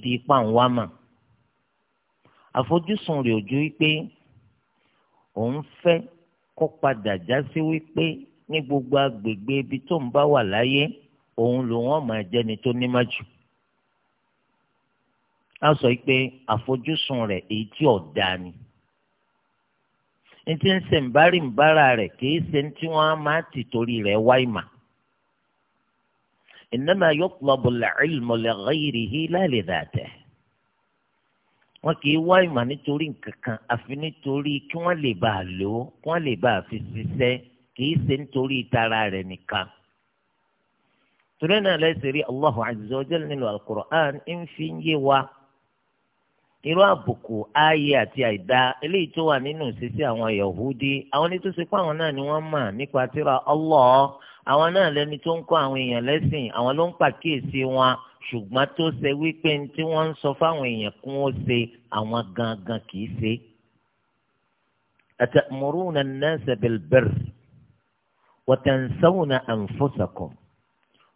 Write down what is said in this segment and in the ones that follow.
di ipá ń wá mà àfojúsùn rẹ̀ ojú wípé òun fẹ́ kó padà já sí wípé ní gbogbo agbègbè ibi tó ń bá wà láyé òun ló wọ́n máa jẹ́ni tó nímọ̀ jù á sọ pé àfojúsùn rẹ̀ èyí tí ọ̀dà ni ní ti ń sèǹbárì ń bára kì í ṣe ní tí wọ́n máa tì torí rẹ̀ wá ìmà. إنما يطلب العلم لغيره لا لذاته wọ́n kì í wá ìmọ̀ nítorí nǹkankan àfi nítorí kí wọ́n lè bá a lò ó kí wọ́n lè bá a fi ṣiṣẹ́ kì í ṣe nítorí ìtara Allahu azza wa al fi nye wa irú àbùkù ààyè àti àìdá eléyìí tó wà nínú ìṣesí àwọn Yahudi àwọn ní tó àwọn náà ni nípa Allah àwọn náà lẹni tó ń kọ́ àwọn èèyàn lẹ́sìn àwọn ló ń pàkíyèsí wọn ṣùgbọ́n tó ṣe wípé tí wọ́n ń sọ fáwọn èèyàn kún ó ṣe àwọn gangan kì í ṣe. atamuruna an-nasa bil-birri wa tansawna anfusakum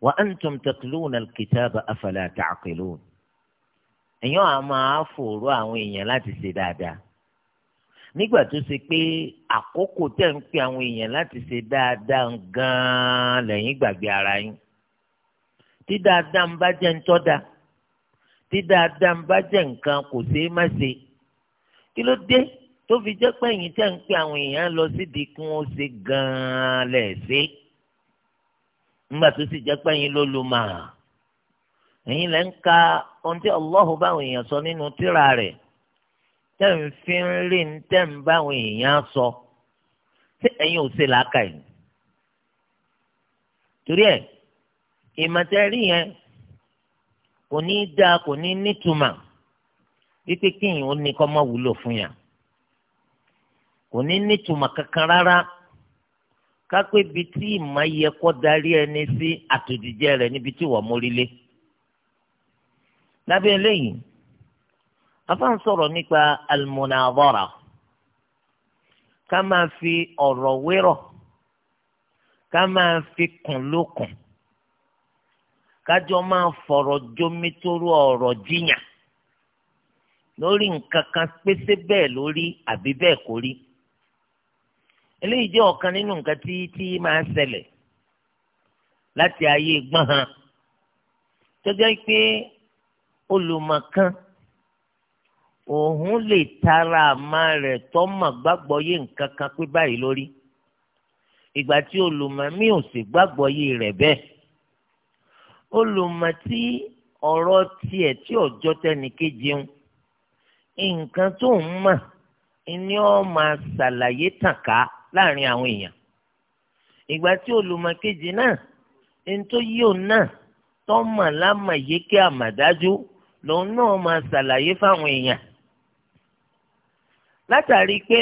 wa antum tatluna al-kitaba afala ta'qilun. èèyàn á máa àwọn èèyàn láti ṣe dáadáa nígbà tó ṣe pé àkókò tẹ̀ ń pe àwọn èèyàn láti ṣe dáadáa gan-an lẹ́yìn gbàgbé ara yín tí dáadáa ń bá jẹ́ ń tọ́da tí dáadáa ń bá jẹ́ nǹkan kò ṣeé má ṣe kí ló dé tó fi jẹ́ pé ẹ̀yin tẹ̀ ń pe àwọn èèyàn lọ sídìí kí wọ́n ṣe gan-an lẹ́ẹ̀ṣẹ́ nígbà tó sì jẹ́ pé ẹ̀yin ló lu màá ẹ̀yin lẹ́ ń ka ohun tí Allahu báwọn èèyàn sọ nínú tírà rẹ̀ tẹ́ ń fi ń rí ní tẹ́ ń bá àwọn èèyàn sọ tí ẹ̀yin ò ṣe làákà yìí. torí ẹ̀ ìmọ̀tẹ́rì yẹn kò ní í dáa kò ní í nítumà wípé kíyìn ó ní kọ́ mọ́ wúlò fún yàn kò ní nítumà kankan rárá kápẹ́ ibi tí ìmọ̀ yẹ kọ́ darí ẹni sí àtòjíjẹ rẹ̀ níbi tí wọ́n mórí lé lábẹ́ eléyìí afáàn sọ̀rọ̀ nípa almunadara ká máa fi ọ̀rọ̀ wérọ̀ ká máa fi kùn lókùn kájọ máa fọ̀rọ̀ jomitoro ọ̀rọ̀ jiyàn lórí nǹkan kan pèsè bẹ́ẹ̀ lórí àbí bẹ́ẹ̀ kò rí eléyìí jẹ́ ọ̀kan nínú nǹkan tí tí máa ń láti ayé gbọ́n hàn tó pé olùmọ̀ kan. òun lè tara àmà rẹ̀ tọ́mọ̀ gbàgbọ́ yé nǹkan kan pé báyìí lórí ìgbà tí olùmọ̀mí ò sì gbàgbọ́ yé rẹ̀ bẹ́ẹ̀ olùmọ̀ tí ọ̀rọ̀ tiẹ̀ tí ọjọ́ tẹnìkejì ń nǹkan tó ń mọ̀ ni ọ máa ṣàlàyé tàn ká láàrin àwọn èèyàn ìgbà tí olùmọ̀ kejì náà ní tó yí òun náà tọ́mọ̀ àmàdájú lòun náà máa ṣàlàyé fáwọn èèyàn látàrí pé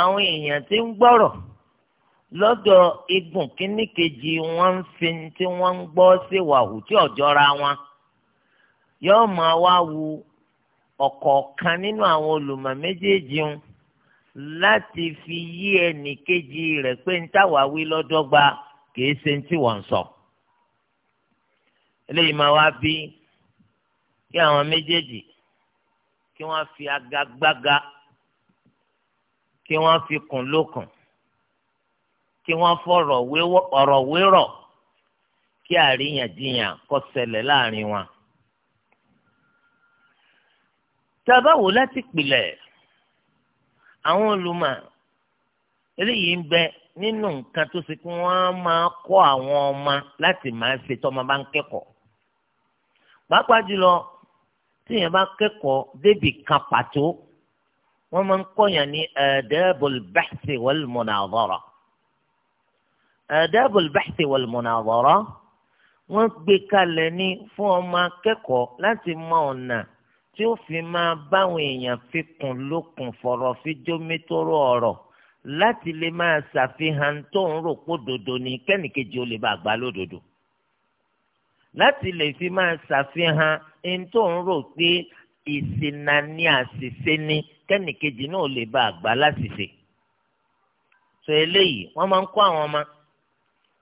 àwọn èèyàn ti ń gbọ́rọ̀ lọ́dọ̀ igun kínní kejì wọ́n ń fi tí wọ́n ń gbọ́ sí wàhù tí ọ̀jọ́ra wọn yóò máa wá wu ọ̀kọ̀ọ̀kan nínú àwọn olùmọ̀ méjèèjì ń láti fi yí ẹnì kejì rẹ̀ pé ń táwa lọ́dọ́gba kìí ṣe tí wọ́n sọ. eléyìí máa wá bí kí àwọn méjèèjì kí wọ́n fi agagbága. tí wọ́n fi kùn lókun kí wọ́n fọ̀rọ̀ ọ̀rọ̀ wérọ̀ kí àríyànjiyàn kó sẹlẹ̀ láàrin wọn. tabawo láti pilẹ̀ àwọn olùmọ̀ eléyìí ń bẹ nínú nǹkan tó ṣe kí wọ́n máa kọ́ àwọn ọmọ láti máa ṣe tọ́mọ bá ń kẹ́kọ̀ọ́ pàápàá jùlọ tíyẹn bá kẹ́kọ̀ọ́ débì kan pàtó. wọ́n máa ń kọ́yàn ní adabul bahthi wal munazara adabul bahthi wal munazara wọ́n gbé kalẹ̀ ní fún ọmọ akẹ́kọ̀ọ́ láti mọ ọ̀nà tí ó fi máa báwọn èèyàn fi kùn lókun fọ̀rọ̀ fi jómítóró ọ̀rọ̀ láti lè máa ṣàfihàn tó ń rò pó dodo ní kẹ́nìkejì ó lè bá gbà lódodo láti lè fi máa ṣàfihàn ẹni tó ń rò pé ìṣìnà ni àṣìṣe ni kẹ́nìkejì náà lè bá àgbà láṣìṣe sọ eléyìí wọ́n máa ń kọ́ àwọn ọmọ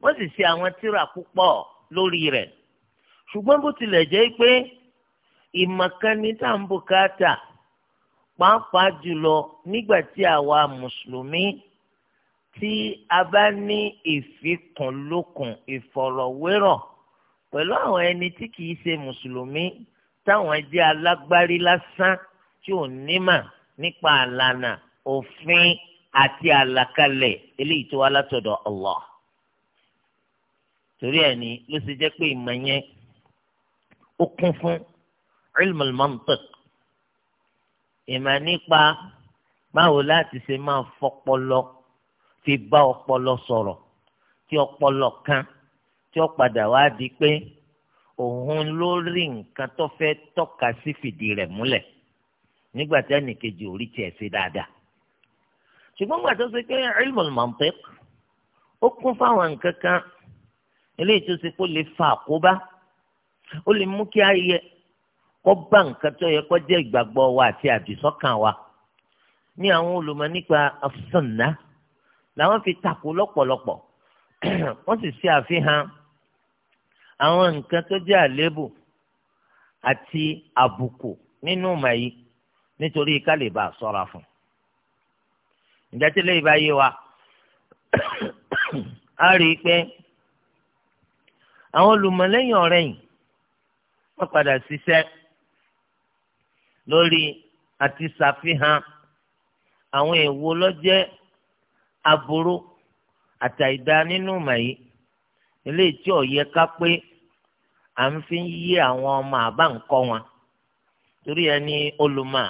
wọ́n sì ṣe àwọn tírà púpọ̀ lórí rẹ̀ ṣùgbọ́n bó tilẹ̀ jẹ́ pé ìmọ̀kánni tá ń bùkátà pàápàá jùlọ nígbà tí àwa mùsùlùmí tí a bá ní ìfikùnlukùn ìfọ̀rọ̀wérọ̀ pẹ̀lú àwọn ẹni tí kìí ṣe mùsùlùmí táwọn jẹ́ alágbárí lásán tí ò ní mà nípa àlànà òfin àti àlàkalẹ̀ eléyìí tó wá látọ̀dọ̀ Allah torí ẹ̀ ni ló ṣe jẹ́ pé ìmọ̀ yẹn ó kún fún ilmul mantiq ìmọ̀ nípa báwo láti ṣe máa fọpọlọ fi bá ọpọlọ sọ̀rọ̀ tí ọpọlọ kan tí ó padà wá di pé òun ló rí nǹkan tó fẹ́ tọ́ka sí fìdí rẹ̀ múlẹ̀ nígbà tí ẹnìkejì ò rí tiẹ̀ ṣe dáadáa ṣùgbọ́n gbà tó ṣe pé ilmul mantiq ó kún fáwọn nǹkan kan eléyìí tó ṣe kó lè fa àkóbá ó lè mú kí ayẹ kó bá nǹkan tó yẹ kó jẹ́ ìgbàgbọ́ wa àti àdìsọ́kàn wa ní àwọn olùmọ̀ nípa as làwọn fi takò lọ́pọ̀lọpọ̀ wọ́n sì ṣe àfihàn àwọn nǹkan tó jẹ́ àléébù àti àbùkù nínú màá yìí nítorí ká lè sọ́ra fún un ǹjẹ́ tí lèyìn bá yé wa a rí i pé àwọn olùmọ̀lẹ́yìn ọ̀rẹ́ yìí wọ́n padà ṣiṣẹ́ lórí àti ṣàfihàn àwọn èèwo lọ́jẹ́ aburú àtàìdá nínú màyí eléyìí tí ò yẹ ká pé à ń fi yí àwọn ọmọ àbá ń kọ́ wọn torí ẹni olùmọ̀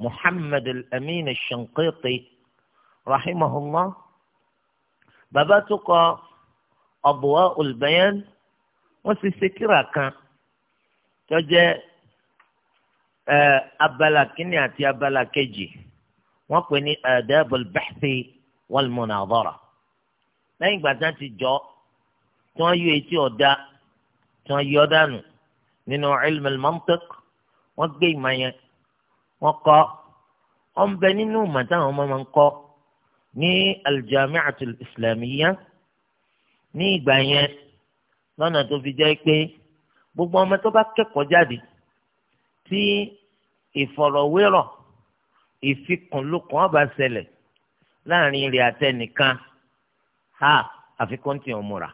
muhammad al-amin al-shanqiti rahimahullah bàbá tó kọ adwa'ul bayan wọ́n sì ṣe kíra kan tó jẹ́ abala kínní àti abala kejì wọ́n pè ní adabul bahthi wal munadara lẹ́yìn ìgbà tí wọ́n ti jọ tí wọ́n yọ etí ọ̀dà tí wọ́n yọ dànù nínú ilm al wọ́n gbé ìmọ̀ yẹn wọ́n kọ́ ọ̀nbẹ nínú màtá àwọn ọmọ máa ń kọ́ ní aljamiatul islamiyya ní ìgbà yẹn lọ́nà tó fi jẹ́ pé gbogbo ọmọ tó bá kẹ́kọ̀ọ́ jáde tí ìfọ̀rọ̀wérọ̀ ìfikùnlukùn ọba ṣẹlẹ̀ láàrin ilé àtẹnìkan ha àfikún tí ò múra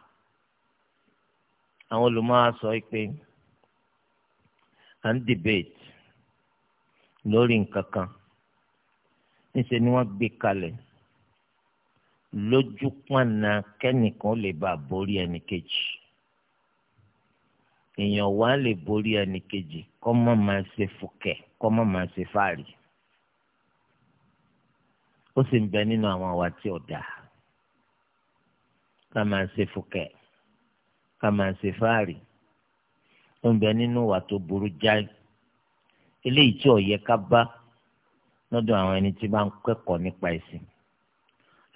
àwọn olùmọ̀ á sọ à ń debate lórí nǹkan kan níṣẹ́ ni wọ́n gbé kalẹ̀ lójú pọ̀nà kẹ́nìkan lè bá borí ẹnì kejì èèyàn wá lè borí ẹnì kejì kọ́ mọ́ máa ṣe fùkẹ́ kọ́ mọ́ máa ṣe fáàrí ó sì ń bẹ nínú àwọn àwa tí ò dáa ká máa ṣe fùkẹ́ ká máa ṣe fáàrí ó ń bẹ nínú ìwà tó burú jáì eléyìí tí ó yẹ ká bá lọ́dọ̀ àwọn ẹni tí bá ń kẹ́kọ̀ọ́ nípa ẹ̀sìn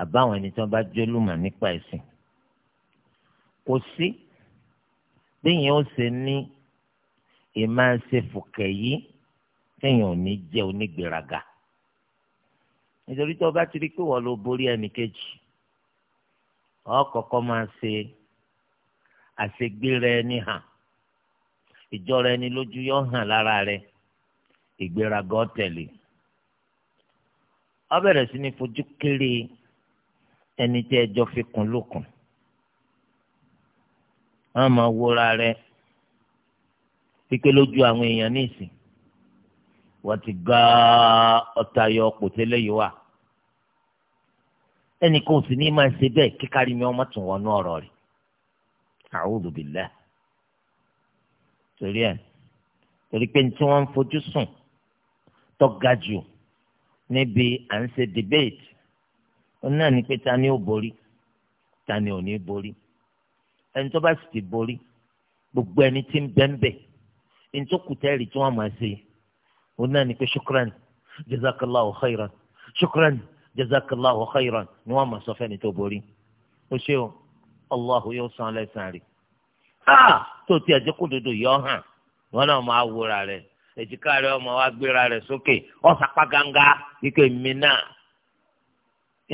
àbáwọn ẹni tí wọ́n bá jólùmọ̀ nípa ẹ̀sìn kò sí bẹ́yìn ó ṣe ní ìmáṣefùkẹ́ yìí tẹ̀yìn ò ní jẹ́ onígbèraga nítorí tó bá ti rí pé wọ́n ló borí ẹnìkejì ọ̀kọ̀ọ̀kọ́ máa ṣe àṣegbèrè ẹni hàn ìjọra ẹni lójú yọ hàn lára rẹ̀ ìgbéraga tẹ̀lé ó bẹ̀rẹ̀ sí ní fojú kéré ẹni tí ẹjọ́ fi kún lókun wọ́n máa wúra rẹ̀ pípé lójú àwọn èèyàn nísìn wọ́n ti gá ọ̀tá yọ yìí wà ẹnì kan ò sì ní máa ṣe bẹ́ẹ̀ kíkárí mi ọmọ tún wọnú ọ̀rọ̀ rẹ̀ a'udhu billah torí ẹ̀ torí pé ní tí wọ́n ń fojú sùn tọ́ga jù níbi à ń ṣe debate ó náà ní pé ta ni ó borí ta ni ò ní borí ẹni tó bá sì ti borí gbogbo ẹni tí ń bẹ́ńbẹ́ ẹni tó kù tẹ́rì tí wọ́n máa ṣe ó náà ní pé ṣukran jazakallahu khairan ṣukran jazakallahu khairan ni wọ́n máa sọ fẹ́ni tó borí ó ṣe o allahu yóò san lẹ́sàn-án rẹ̀ ah! tó tiẹ̀ jẹ́ kó dodo yọ hàn wọn náà máa wúra rẹ̀ èjìká rẹ̀ ọmọ wa gbéra rẹ̀ sókè ọ̀sàpá ganga kíkẹ́ èmi náà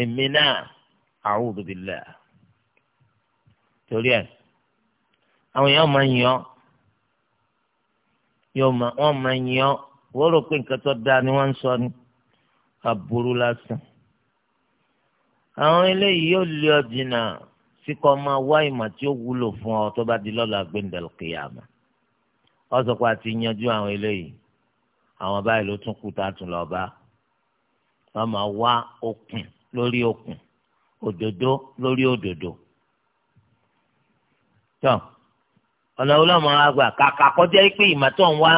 èmi náà a'udhu billah torí ẹ̀ àwọn èèyàn máa yàn ọ́ yóò máa wọ́n máa yàn ọ́ wọ́n rò pé nǹkan tó dáa ni wọ́n ń sọ ni aburú lásán àwọn eléyìí yóò lé ọ jìnnà síkọ́ máa wá ìmọ̀ tí ó wúlò fún ọ tó bá di lọ́la gbẹ̀ndẹ̀lùkìyàmà wọ́n sọ pé a ti yanjú àwọn eléyìí àwọn báyìí ló tún kú tá a tún lọ bá wọ́n máa wá okùn lórí okùn òdòdó lórí òdòdó tó ọ̀nà olóòmọ àgbà kàkà kọjá pé ìmọ̀ tó ń wá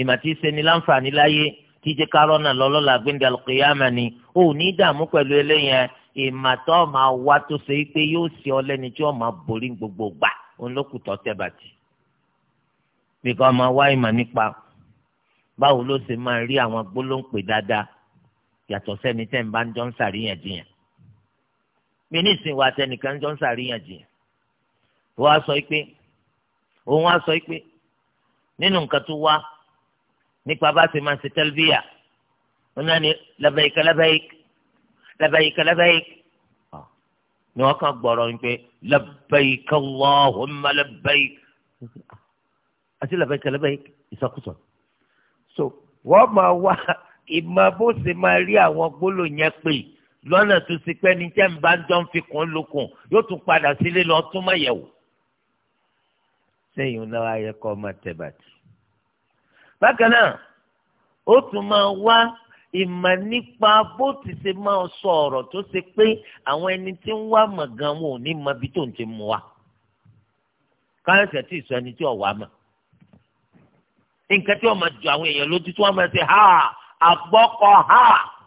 ìmọ̀ tí í láǹfààní láyé tí kárọ́ náà lọ́lọ́la gbẹ́ndé alùkìyàmà ni ó ní dààmú pẹ̀lú eléyẹn ìmọ̀ tó máa wá tó ṣe pé yóò ṣe ọ lẹ́ni tí wọ́n máa borí gbogbo gbà òun ló kù tọ́ tẹ́ bàtì bí kò máa wá ìmọ̀ nípa báwo ló ṣe máa rí àwọn gbólóǹpè dáadáa yàtọ̀ sẹ́ni tẹ́ ń bá ń jọ ń sàríyànjiyàn mi ní ìsìn wa tẹnìkan ń jọ ń sàríyànjiyàn wọ́n á sọ pé òun á sọ pé nínú nǹkan tó wá nípa bá ṣe máa ṣe tẹ́lifíyà wọn náà ní labẹ́yìká labẹ́yìká labẹ́yìká labẹ́yìká ni wọ́n kàn gbọ́rọ̀ wípé labẹ́yìká Allahumma labẹ́yìká àti labbaik labbaik ìsọkúsọ so wọ́n máa wá ìmọ̀ bó ṣe máa rí àwọn gbólò yẹn pé lọ́nà tó ṣe pé ní tẹ́ ń bá ń dán fi kún lókun yóò tún padà sílé lọ tún mọ̀ yẹ̀wò. sẹ́yìn náà ayẹ kọ́ máa tẹ̀ bàtì. bákan náà ó tún máa wá ìmọ̀ nípa bó ti ṣe máa sọ ọ̀rọ̀ tó ṣe pé àwọn ẹni tí ń wá mọ̀ gan wọn ò ní mọ ibi tó ń ti mú wa. káyọ̀sẹ̀ tí ì ẹni tí ò wá mọ̀ nǹkan tí wọ́n máa ju àwọn èèyàn lójú tí wọ́n máa ṣe ha àgbọ́kọ ha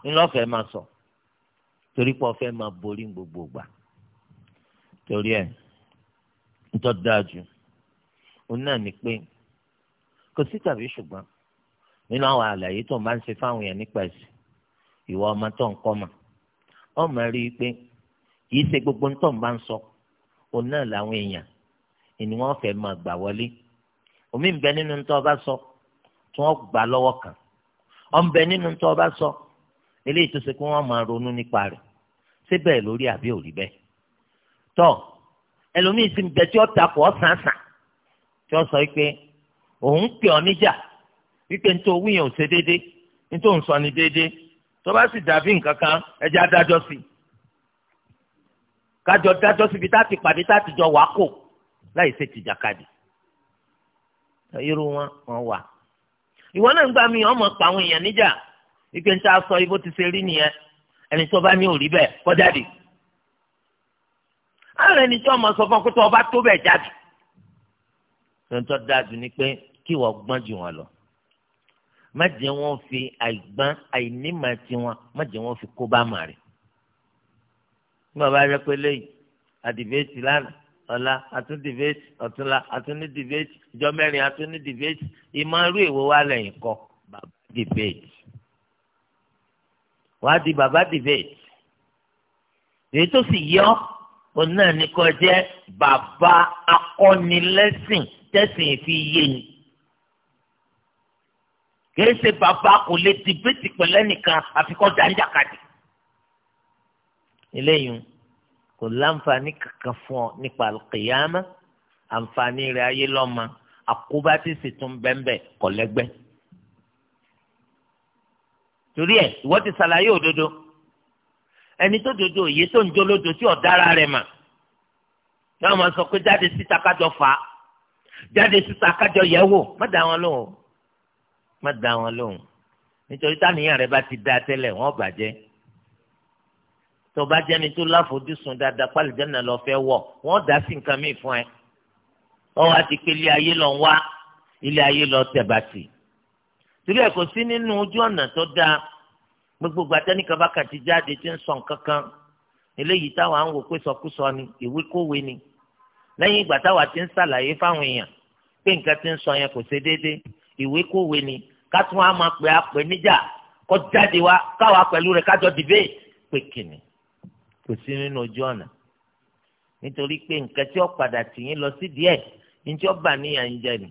ńlọ́fẹ̀ẹ́ máa sọ torí pé ọ̀fẹ́ máa borí gbogbo gbà torí ẹ̀ ńtọ́ dáa jù òun náà ni pé kò sí tàbí ṣùgbọ́n nínú àwọn àlàyé tó máa ń ṣe fáwọn èèyàn nípa ẹ̀sìn ìwọ ọmọ tó ń kọ́ mà wọ́n máa rí i pé kì í ṣe gbogbo tó ń bá ń sọ òun náà làwọn èèyàn ni wọ́n máa gbà wọlé omi ń bẹ nínú tó bá sọ. So tí wọ́n gbà lọ́wọ́ kan ọ̀nbẹ nínú tó ọba sọ eléyìí tó ṣe pé wọ́n máa ronú nípa rẹ̀ ṣé bẹ́ẹ̀ lórí àbí òrí bẹ́ẹ̀ tọ́ ẹlòmíì sì ń bẹ tí ó takò ọ́ sàǹsàn tí ó sọ pé òun pè ọ́ níjà wípé ní tó wíyàn ò ṣe déédéé ní tó ń sọ ni déédéé tó bá sì dàbí nǹkan kan ẹjẹ́ adájọ́ sí kájọ dájọ́ síbi tá pàdé tá jọ wàá kò láì ṣe tìjàkadì irú wọn wọn wà ìwọ náà ń gbà mí ọmọ pa àwọn èèyàn níjà ìpè ń ta sọ ibo ti ṣe rí nìyẹn ẹni tó bá ní òrí bẹ́ẹ̀ kó jáde àwọn ẹni tí ọmọ sọ fún ọ pé tó ọba tó bẹ́ẹ̀ jáde tó ń tọ́ dájú ni pé kí wọ́n gbọ́n jù wọ́n lọ má jẹ́ wọ́n fi àìgbọ́n àìnímọ̀ tiwọn má jẹ́ wọ́n fi kó bá màrí. bí wọ́n bá rẹ́ pé lẹ́yìn àdìbẹ́sì lánàá ọ̀la àtún dìbẹ́tì ọ̀túnla àtún ní dìbẹ́tì ìjọ mẹ́rin àtún ní dìbẹ́tì ìmọ̀rú èwo wa lẹ́yìn kọ́ bàbá dìbẹ́tì wàá di bàbá dìbẹ́tì èyí tó sì yọ òun náà ní kọ́ jẹ́ bàbá akọ́nilẹ́sìn tẹ̀sìn fi yé ni kìí ṣe bàbá kò lè dìbẹ́tì pẹ̀lẹ́ nìkan àfikọ́ dáńjàkadì eléyìí kò láǹfààní kankan fún ọ nípa àlùkìyàmá àǹfààní rẹ̀ ayé lọ́mọ àkóbá tí sì tún bẹ́ńbẹ́ kọ̀ lẹ́gbẹ́. torí ẹ ìwọ ti ṣàlàyé òdodo ẹni tó dodo òye tó ń jólódo tí ọ̀dára rẹ̀ mà yóò máa sọ pé jáde síta kájọ fà á jáde síta kájọ yẹ̀ wò má dá wọn lóhùn má dá wọn lóhùn nítorí táníyàn rẹ̀ bá ti dá tẹ́lẹ̀ wọ́n bàjẹ́ tó bá jẹ́ni tó láfojúsùn dáadáa pálí jẹ́nà lọ fẹ́ wọ̀ wọ́n dá sí nǹkan míì fún ẹ. ọwọ́ àti pé ilé ayé lọ ń wá ilé ayé lọ tẹ̀bàtì. torí ẹ̀ kò sí nínú ojú ọ̀nà tó dáa gbogbo gbàtẹ́nìkan bá kàn jáde tí ń sọ nǹkan eléyìí táwa ń wò pé sọkúsọ ni ìwé kówé ni lẹ́yìn ìgbà táwa ti ń ṣàlàyé fáwọn èèyàn pé nǹkan ti ń sọ yẹn kò ṣe déédéé ìwé kówé ni ká tún á máa pè á pè níjà kó jáde wá káwa pẹ̀lú rẹ̀ kájọ dìbè pé kìnnì kò sí nínú ojú ọ̀nà nítorí pé nǹkan tí ó padà tì yín lọ sí díẹ̀ ní tí ó bà níyàn jẹ ni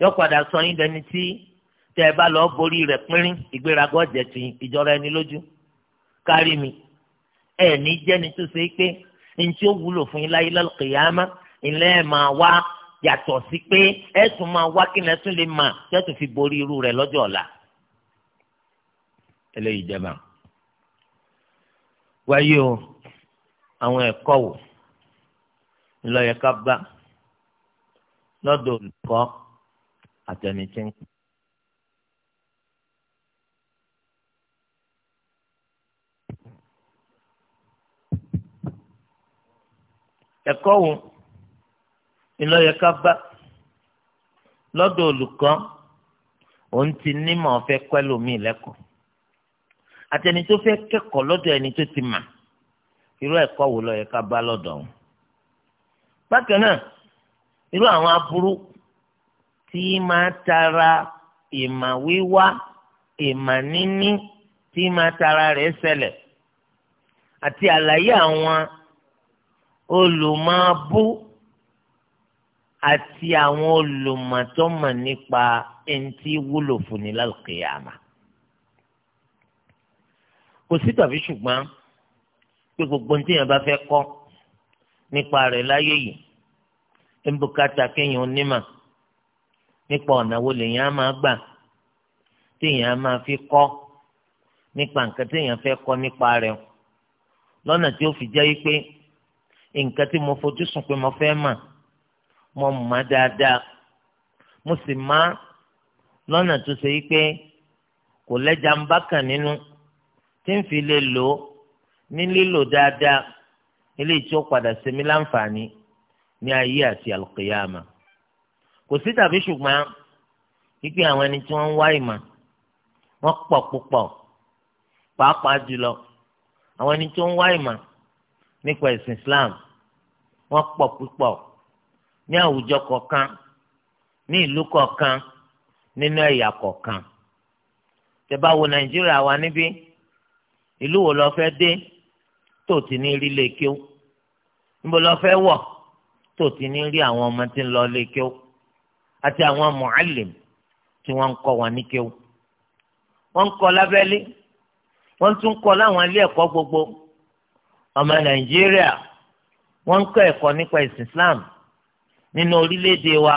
yóò padà sọ yín dẹni tí tẹ ẹ bá lọ borí pínrín ìgbéraga ti ìjọra ẹni lójú kárí mi ẹ ní jẹni tó ṣe pé ní tí ó wúlò fún yín láyé lálùkìyàmá ilé ẹ máa wá yàtọ̀ sí pé ẹ tún máa wá kí ni ẹ tún fi borí irú rẹ̀ lọ́jọ́ ọ̀la. eléyìí wáyé o àwọn ẹ̀kọ́ wò ńlọyẹ ká gbá lọ́dọ̀ olùkọ́ àtẹnitsẹ́ ń pè. ẹ̀kọ́ wo ńlọyẹ ká gbá lọ́dọ̀ olùkọ́ òun ti nímọ̀ ọ̀fẹ́ pẹ́lú mi lẹ́kọ̀ọ́ àtẹni tó fẹ́ kẹ́kọ̀ọ́ lọ́dọ̀ ẹni tó ti mà irú ẹ̀kọ́ wo ló yẹ ká bá lọ́dọ̀ wọn. bákan náà irú àwọn aburú tí máa tara ìmà wíwá ìmà níní tí máa tara rẹ̀ ṣẹlẹ̀ àti àlàyé àwọn olùmọ̀ọ́bù àti àwọn olùmọ̀tọ́mọ̀ nípa ẹni tí wúlò fún ni lálùkìyàmà kò sí tàbí ṣùgbọ́n pé gbogbo ní tíyẹn bá fẹ́ kọ́ nípa rẹ̀ láyé yìí ẹnbùkátà kéèyàn onímọ̀ nípa ọ̀nà wo lèèyàn á máa gbà téèyàn á máa fi kọ́ nípa nǹkan téèyàn fẹ́ kọ́ nípa rẹ̀ lọ́nà tí ó fi jẹ́ pé nǹkan tí mo fojú sùn pé mo fẹ́ mà mo mọ̀ dáadáa mo sì má lọ́nà tó ṣe pé kò lẹ́jà ń bá kàn nínú. No tí ń fi lè lò ó ní lílò dáadáa eléyìí tí ó padà ṣe mí láǹfààní ní ayé àti àlùkìyàmà kò sí tàbí ṣùgbọ́n wípé àwọn ẹni tí wọ́n ń wá ìmọ̀ wọ́n pọ̀ púpọ̀ pàápàá jùlọ àwọn ẹni tó ń wá ìmọ̀ nípa ẹ̀sìn Islam wọ́n pọ̀ púpọ̀ ní àwùjọ kọ̀ọ̀kan ní ìlú kọ̀ọ̀kan nínú ẹ̀yà kọ̀ọ̀kan tẹ́ bá wo Nàìjíríà wa níbí ìlú wo lọ fẹ́ dé tó ti ní rí lè kíó níbo lọ fẹ́ wọ̀ tó ti ní rí àwọn ọmọ tí ń lọ lè kíó àti àwọn mọ̀álìm tí wọ́n ń kọ́ wọn ní kíó wọ́n ń kọ́ lábẹ́lé wọ́n tún kọ́ láwọn ilé ẹ̀kọ́ gbogbo ọmọ nàìjíríà wọ́n ń kọ́ ẹ̀kọ́ nípa ìsìn islam nínú orílẹ̀-èdè wa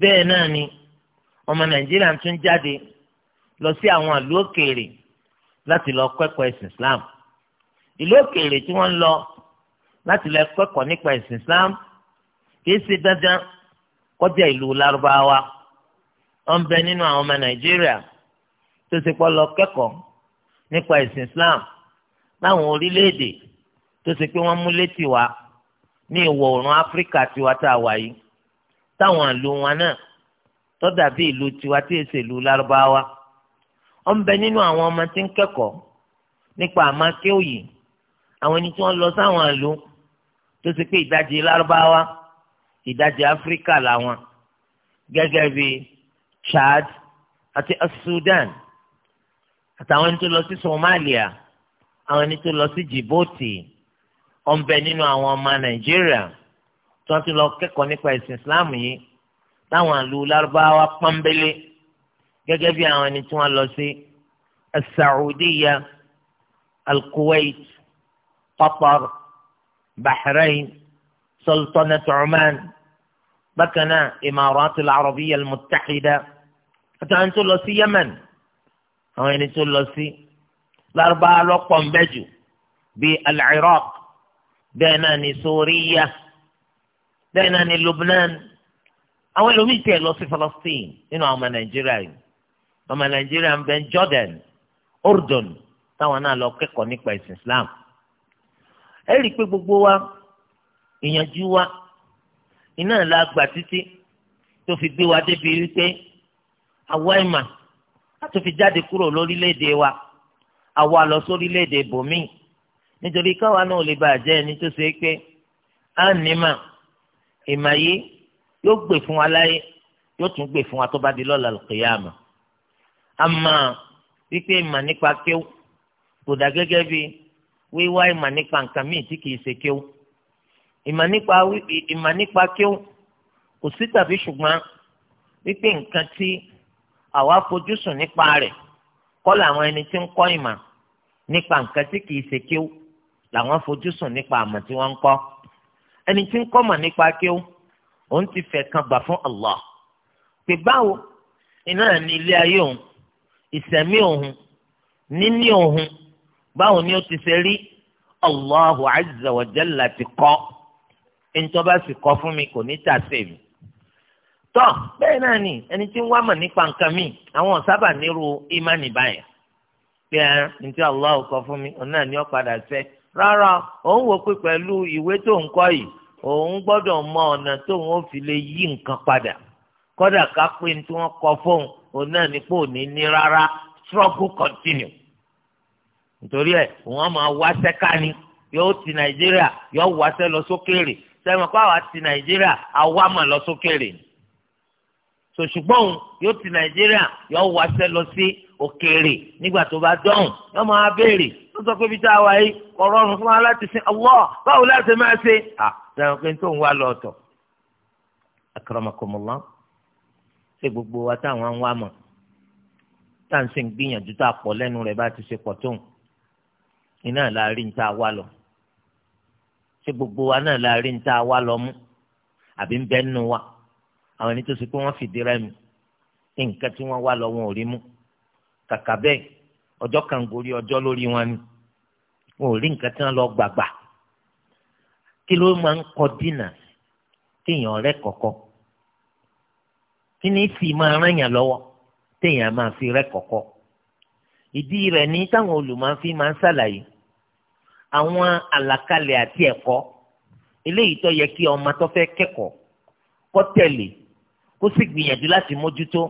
bẹ́ẹ̀ náà ni ọmọ nàìjíríà tún jáde lọ sí àwọn ìlú òkèèrè láti lọ kẹ́kọ̀ọ́ ẹ̀sìn Islam ìlú òkèèrè tí wọ́n ń lọ láti lọ kẹ́kọ̀ọ́ nípa ẹ̀sìn Islam kìí ṣe dandan kọjá ìlú Lárúbáwá ó ń bẹ nínú àwọn ọmọ Nàìjíríà tó ṣe pọ́ lọ kẹ́kọ̀ọ́ nípa ẹ̀sìn Islam láwọn orílẹ̀-èdè tó ṣe pé wọ́n mú létí wa ní ìwọ̀ oòrùn Áfíríkà tiwa tá a wà yìí táwọn ìlú wọn náà tó dàbí ìlú tiwa tí èsè ìlú Lárúbáwá ọ̀n bẹ nínú àwọn ọmọ tí ń kẹ́kọ̀ọ́ nípa àmàkéwò yìí àwọn ẹni tí wọ́n lọ sáwọn àlò tó ti pé ìdajì lárúbáwá ìdajì áfíríkà làwọn gẹ́gẹ́ bí Chad àti Sudan àtàwọn ẹni tó lọ sí Somalia àwọn ẹni tó lọ sí Djibouti ọ̀n bẹ nínú àwọn ọmọ Nàìjíríà tí wọ́n ti lọ kẹ́kọ̀ọ́ nípa ìsìn Islam yìí táwọn àlò lárúbáwá pọ́nbélé gẹ́gẹ́ bí àwọn ẹni tí wọ́n lọ sí asaudiya alkuwait kuwait Bahrain Sultanate Oman bákan náà Imarat Al-Arabiya Al-Muttahida àwọn ẹni to lọ sí Yemen àwọn ẹni tó lọ sí Lárúbáwá lọ́pọ̀ ń bẹ jù bíi bẹ́ẹ̀ náà ní Sóríyà bẹ́ẹ̀ náà ní Lubnan àwọn ẹlòmíì tiẹ̀ lọ sí Palestine nínú àwọn ọmọ Nàìjíríà yìí ọmọ nàìjíríà ń bẹ jordan urdun táwọn náà lọ kẹ́kọ̀ọ́ nípa ẹ̀sìn islam ẹ rí i pé gbogbo wa ìyànjú wa iná la gbà títí tó fi gbé wa débi wípé àwa ìmà láti fi jáde kúrò lórílẹ̀‐èdè wa àwa lọ sórílẹ̀‐èdè bòmíì nítorí káwa náà lè bàjẹ́ ẹni tó ṣe é pé á nímà ìmà yìí yóò gbè fún wa láyé yóò tún gbè fún wa tó bá di lọ́la al àmọ́ wípé ìmọ̀ nípa kéwù kò dà gẹ́gẹ́ bí wíwá ìmọ̀ nípa nǹkan míì tí kìí ṣe kéwù ìmọ̀ nípa ìmọ̀ nípa kéwù kò sí tàbí ṣùgbọ́n wípé nǹkan tí àwa fojú sùn nípa rẹ̀ kọ́ làwọn ẹni tí ń kọ́ ìmọ̀ nípa nǹkan tí kìí ṣe kéwù làwọn fojú sùn nípa àmọ̀ tí wọ́n ń kọ́ ẹni tí ń kọ́ mọ̀ nípa kéwù òun ti fẹ̀ kan gbà fún Allah pé báwo iná ní ilé ayé òun ìsẹ̀mí òun níní òun báwo ni ó ti ṣe rí Allahu azza wa jalla ti kọ́ ntọ́ba sì kọ́ fún mi kò ní tà sí mi. tọ́ bẹ́ẹ̀ náà ni ẹni tí ń wá mọ̀ nípa nǹkan mi àwọn sábà nírú ìmánì báyìí pé ẹ ntí Allah kọ́ fún mi òun náà ni ó padà sẹ́ rárá òun wò pé pẹ̀lú ìwé tó ń kọ́ yìí òun gbọ́dọ̀ mọ ọ̀nà tóun ó fi lè yí nǹkan padà kódà ká pé ní tí wọ́n kọ fóun òun náà ní pé òní ní rárá struggle continue nítorí ẹ wọn máa wá ni yóò ti nàìjíríà yóò wá lọ sókèèrè sẹ́wọ̀n kó àwa ti nàìjíríà àwa mà lọ sókèèrè sòṣùgbọ́n yóò ti nàìjíríà yóò wá lọ sí òkèèrè nígbà tó bá dọ̀hùn yóò máa béèrè ó sọ pé bí tá yìí fún wa láti sin ọwọ́ báwo láti máa ṣe à sẹ́wọ̀n pé tó ń wá lọ ọ̀tọ̀ ṣé gbogbo wa táwọn ń wá mọ̀ tá à ń gbìyànjú tá a pọ̀ lẹ́nu rẹ̀ bá ti ṣe pọ̀ tóun iná la rí ní tá a wá lọ ṣé gbogbo wa náà la rí ní a wá lọ mú àbí ń bẹ nínú wa àwọn ẹni tó ṣe pé wọ́n fìdí rẹmi nǹkan tí wọ́n wá lọ wọn ò rí mú kàkà bẹ́ẹ̀ ọjọ́ kan gorí ọjọ́ lórí wọn ni wọn ò rí nǹkan tí wọ́n lọ gbàgbà kí ló máa ń kọ dínà téèyàn rẹ kọ̀kọ́ kí ni tì máa ràn yàn lọ́wọ́ téèyàn máa fi rẹ́ kọ̀kọ́ ìdí rẹ̀ ní táwọn olùmọ̀ọ́fí máa ń ṣàlàyé àwọn àlàkalẹ̀ àti ẹ̀kọ́ eléyìí tó yẹ kí ọmọ tó fẹ́ kẹ́kọ̀ọ́ kó tẹ̀lé kó sì gbìyànjú láti mójútó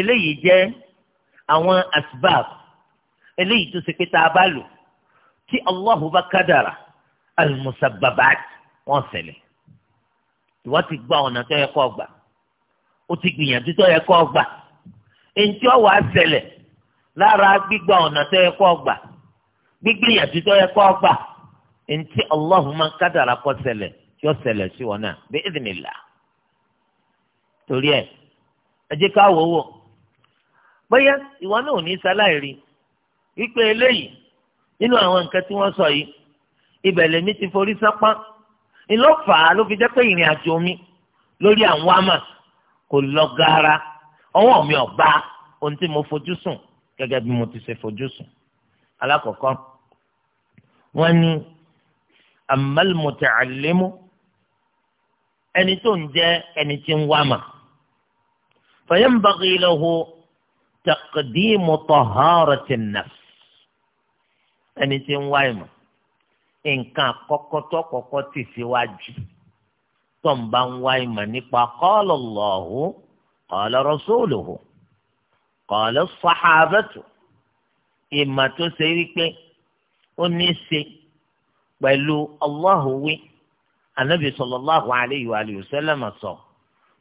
eléyìí jẹ́ àwọn asbab eléyìí tó ṣe pé tá a bá lò tí Allahu bá kádàrà al-musabbabat wọ́n ṣẹlẹ̀ ìwọ́n ti ọ̀nà tó yẹ kó gbà o ti gbìyànjú tó yẹ kó gbà eŋti ọwọ́ àṣẹlẹ̀ lára gbígbà ọ̀nà tó yẹ kó gbà gbígbìyànjú tó yẹ kó gbà eŋti Allahumma kádàrà kó ṣẹlẹ̀ tí ó sí wọn náà bí idhnillah torí ẹ ẹ jẹ́ ká wò wò bóyá ìwọ náà ò ní sáláìrí wípé eléyìí nínú àwọn nǹkan tí wọ́n sọ yìí ibẹ̀ lèmi ti forí sápá ńlọ́fà ló fi jẹ́ pé ìrìn àjò mi lórí àwọn àmà kò lọ gaara ọwọ́ mi ò bá ohun tí mo fojú sùn gẹ́gẹ́ bí mo ti ṣe fojú sùn alákọ̀ọ́kọ́ wọ́n ní amal muta'allimu ẹni tó ń jẹ́ ẹni tí ń wá mà fayanbaghi lahu taqdimu taharatin nafs ẹni tí ń wá ìmọ̀ nǹkan àkọ́kọ́ kọ́kọ́ tì síwájú. Si tó ń bá ń wá ìmọ̀ nípa qala Allahu qala rasuluhu qala sahabatu ìmọ̀ tó ṣe wípé ó ní í ṣe pẹ̀lú Allahu wí anabi sallallahu alayhi wa alihi wa sallam sọ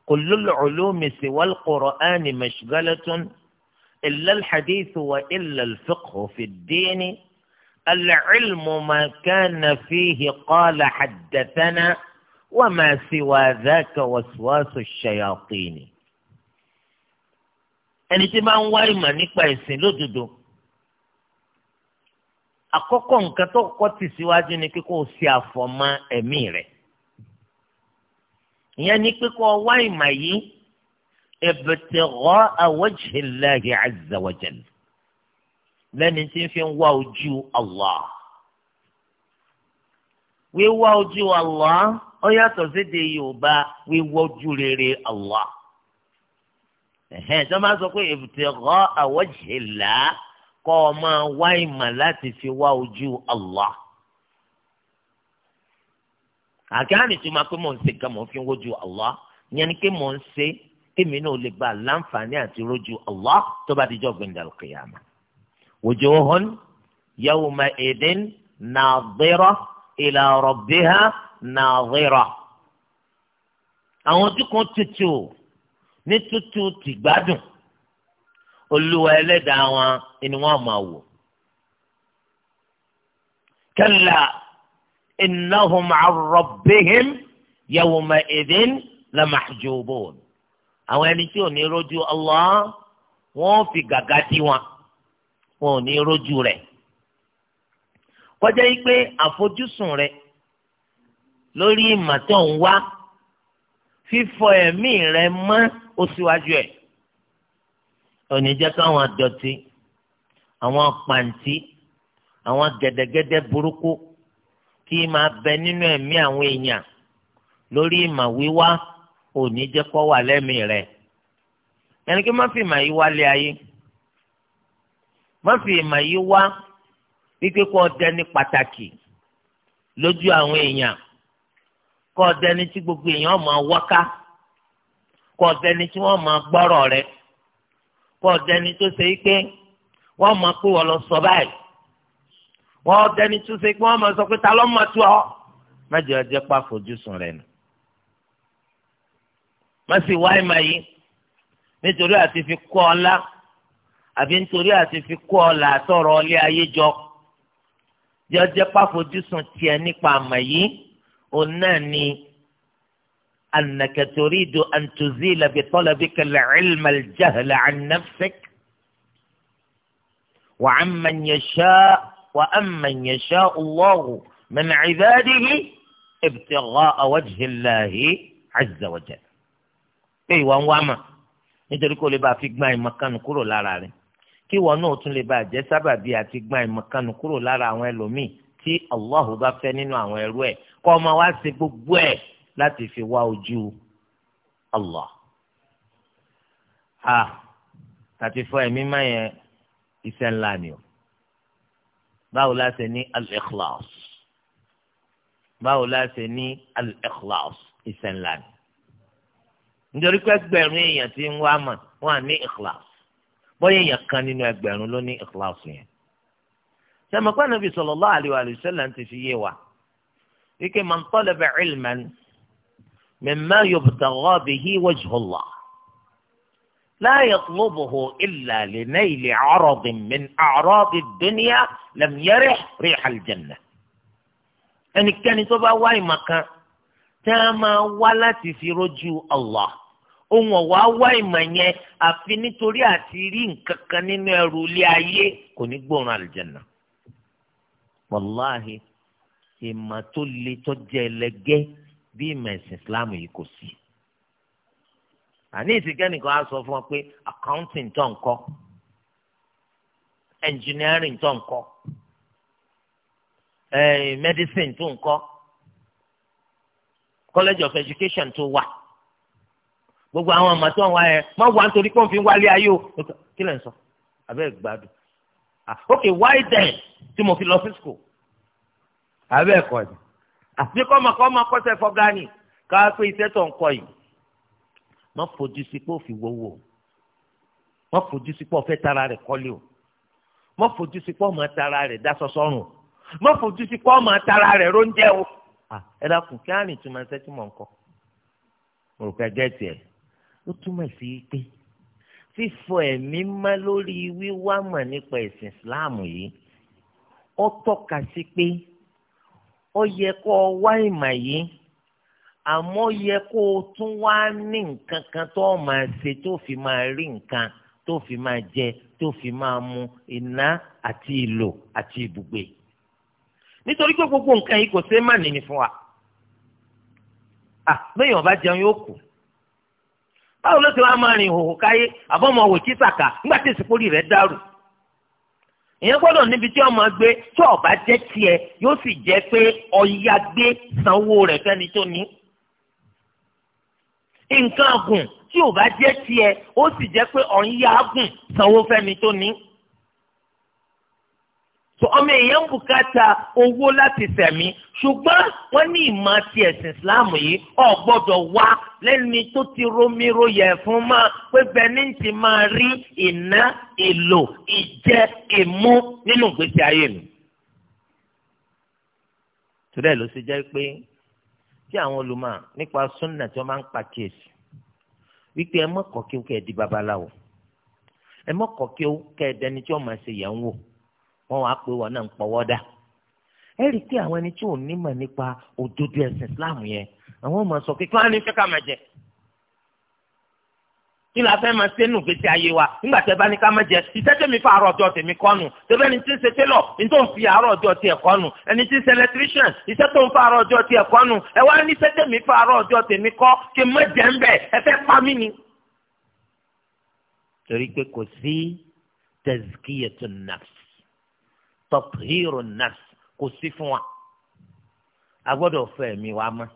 kullul ulumi siwal qur'ani mashghalatun illa al-hadith wa illa al-fiqhu fi ad-din al-ilmu ma kana fihi qala haddathana. وما سوى ذاك dhaka الشياطين. shayatini. ẹni tí máa ń wá ìmọ̀ nípa ẹ̀sìn lódodo àkọ́kọ́ nǹkan tó kọ́ tì síwájú ni pé kó o ṣe àfọ̀mọ́ ẹ̀mí rẹ̀ ìyẹn ni pé kó o wá ìmọ̀ yìí ibtigha'a wajhillahi azza wa lẹ́ni tí ń fi wá ojú Allah wíwá ojú Allah ó yàtọ̀ séde yorùbá wíwọ́jú rere Allah ẹ̀hẹ́n tó máa sọ pé ibtigha wajhillah kọ́ ọ máa wá ìmọ̀ láti fi wá ojú Allah àkáàní tó máa pé mò ń ṣe gan mò ń fi wójú Allah yẹn ni pé mò ń ṣe kémi náà lè ba láǹfààní àti rójú Allah tó bá dijọ́ gbẹ̀ndàlù kìyàmà wujuhun yawma idin nadira ila rabbiha nàzírà àwọn ojú kan tutù ní tutù tìgbádùn olúwa ẹlẹ́dàá wọn ni wọ́n máa wò. kalla innahum an rabbihim yawma idhin lamahjubun àwọn ẹni tí ò ní rojú Allah wọ́n fi gàgà dí wọn wọn ò ní rojú rẹ̀ kọjá yìí pé àfojúsùn rẹ̀ lórí ìmọ̀ tó ń wá fífọ ẹ̀mí rẹ mọ́ ó síwájú ẹ̀ òní jẹ́ káwọn àdọ̀tí àwọn pàǹtí àwọn gẹ́dẹ́gẹ́dẹ́ burúkú kí máa bẹ nínú ẹ̀mí àwọn èèyàn lórí ìmọ̀ wíwá òní jẹ́ kó wà lẹ́mìí rẹ̀ ẹni kí má fi ìmọ̀ yìí wá lé ayé má fi ìmọ̀ yìí wá wípé kó dẹni pàtàkì lójú àwọn èèyàn kọ́ dẹni tí gbogbo èèyàn máa wáká kọ́ dẹni tí wọ́n máa gbọ́rọ̀ rẹ̀ kọ́ dẹni tó ṣe é pé wọ́n máa pé wọ́n lọ sọ báyìí wọ́n dẹni tó ṣe é pé wọ́n máa sọ pé ta ló máa tú ọ májè ọjọ́ pa àfojúsùn rẹ̀ nù má sì wá ìmọ̀ yìí nítorí àti fi kọ́ ọ lá àbí nítorí àti fi kọ́ ọ là àtọ̀rọ̀ ọlé ayé jọ jẹ́ ọjọ́ pàfojúsùn tiẹ̀ nípa àmọ̀ yìí òun náà ni annaka turidu an tuzila bi talabika al-ilma al-jahla an nafsik wa amman yasha wa amman yasha Allahu min ibadihi ibtigha'a wajhi Allahi azza wa jalla. pé ìwà ń wá mà nítorí kó lè bá a fi gbọ́n àìmọ̀kánu kúrò lára rẹ̀ kí ìwọ náà tún lè bá a jẹ́ sábàbí àti gbọ́n àìmọ̀kánu kúrò lára àwọn ẹlòmíì tí Allah bá fẹ́ nínú àwọn ẹrú ẹ̀ kọ́ ọmọ wa ṣe gbogbo ẹ̀ láti fi wá ojú Allah. a tàti fọ ẹ̀mí má yẹn iṣẹ́ ńlá ni o báwo la ṣe ní al-ikhlas báwo la ṣe ní al-ikhlas iṣẹ́ ńlá ni nítorí pé ẹgbẹ̀rún èèyàn ti ń wá mà wọ́n á ní ikhlas bóyá èèyàn kan nínú ẹgbẹ̀rún ló ní ikhlas yẹn sẹ́mi pé Ànábì sallallahu alayhi wa sallam ti fi yé wa wíkẹ́ man talaba ilman mimma yubtagha bihi wajhullah la yatlubuhu illa li nayli 'aradin min a'radi ad-dunya lam yarih riha al-jannah. ẹnikẹ́ni tó bá wá ìmọ̀ kan tẹ́ ẹ máa wá láti fi rojú Allah ohun ọ̀wá wá ìmọ̀ yẹn àfi nítorí àti rí nǹkan kan nínú ẹrù ilé ayé kò ní gbóòórùn àlùjànnà. wàláhì ìmọ̀ tó le tó jẹ ẹlẹgẹ́ bí ìmọ̀ ẹ̀sìn islam yìí kò sí. àní ìsìnkẹ́nìkan á sọ fún ọ pé accounting tó ń kọ́ engineering tó ń kọ́ eh, medicine tó ń kọ́ college of education tó wà gbogbo àwọn ọmọ tó ń wá yẹn pé òun fi ń wálé ayé o kí lè sọ Ah, ok why then tí mo fi lọ sí school àbẹ́ ẹ̀kọ́ ni àti ah, kọ́mọkọ́ máa kọ́sẹ̀ fọ́gání ká pé iṣẹ́ tó ń kọ yìí má fojú sí pé ó fi wọ́wọ́ má fojú sí pé ó fẹ́ tara rẹ̀ kọ́lé o má fojú sí pé ó máa tara rẹ̀ dáṣọ sọ́rùn o má fojú sí pé ó máa tara rẹ̀ róúnjẹ o ah, ẹ dákun kí á rìn túmọ̀ iṣẹ́ tí mò ń kọ́ mo rò pé gẹ́ẹ̀tì ẹ̀ ó túmọ̀ sí pé fífọ ẹ̀mí mọ́ lórí wíwá mọ̀ nípa ẹ̀sìn islam yìí ó tọ́ka sí pé ó yẹ kó o wá ìmọ̀ yìí àmọ́ ó yẹ kó o tún wá ní nǹkan kan tó máa ṣe tó fi máa rí nǹkan tó fi máa jẹ tó fi máa mu iná àti ìlò àti ibùgbé nítorí pé gbogbo nǹkan yìí kò ṣeé má nìyí fún wa ah bẹ́ẹ̀ yàn jẹun yóò kù báwo ló ti wá máa rìn ìhòhò káyé àbọ̀mọ̀ òwò kísàkà nígbà tí ìsìnkúrì rẹ̀ dàrú ìyẹn gbọ́dọ̀ níbi tí ọmọ gbé tí ọba jẹ́ tiẹ̀ yóò sì jẹ́ pé ọya gbé sanwó rẹ̀ fẹ́ni tó ní. nǹkan gùn tí ọba jẹ́ tiẹ̀ ó sì jẹ́ pé ọ̀nyá gùn sanwó fẹ́ni tó ní so ọmọ èèyàn bùkátà owó láti sẹ̀mí ṣùgbọ́n wọ́n ní ìmọ̀ ti ẹ̀sìn islam yìí ọ̀ gbọ́dọ̀ wá lẹ́ni tó ti romiroyẹ̀ fún mọ́ pé bẹ́ẹ̀ni ti máa rí ìná èlò ìjẹ ìmú nínú ìgbésí ayé mi. torí ẹ̀ ló ṣe jẹ́ pé tí àwọn olùmọ̀ nípa súnà tí wọ́n máa ń pa kíyèsí wípé ẹ mọ̀kọ́ kí ó kẹ́ ẹ di babaláwo ẹ mọ̀kọ́ kí ó kẹ́ ẹ dẹni tí wọ́n máa ṣe yẹn ń wò wọ́n wá pé wọn náà ń pọwọ́ dà ẹ rí i pé àwọn ẹni tí ò nímọ̀ nípa òdodo ẹ̀sìn Islam yẹn àwọn ọmọ sọ pé kí wọ́n á ní fẹ́ ká máa jẹ kí la fẹ́ máa sẹ́nu gbèsè ayé wa nígbà tẹ́ bá ní ká má jẹ iṣẹ́ tẹ̀mí fún àárọ̀ ọjọ́ tèmi kọ́nu tẹ́bẹ́ ni tí ń ṣe télọ̀ ní tó ń fi àárọ̀ ọjọ́ tiẹ̀ kọ́nu ẹni tí ń ṣe electrician iṣẹ́ tó ń fún àárọ̀ ọjọ́ tiẹ̀ kọ́nu ẹ wá ní iṣẹ́ tẹ̀mí fún àárọ̀ ọjọ́ tèmi kọ́ kí n má jẹ ń bẹ̀ ẹ fẹ́ pa mí ni. torí pé kò sí tazkiyatun nafs tọ̀pìrò nafs kò sí fún wa a gbọ́dọ̀ fẹ́ ẹ̀mí wa mọ́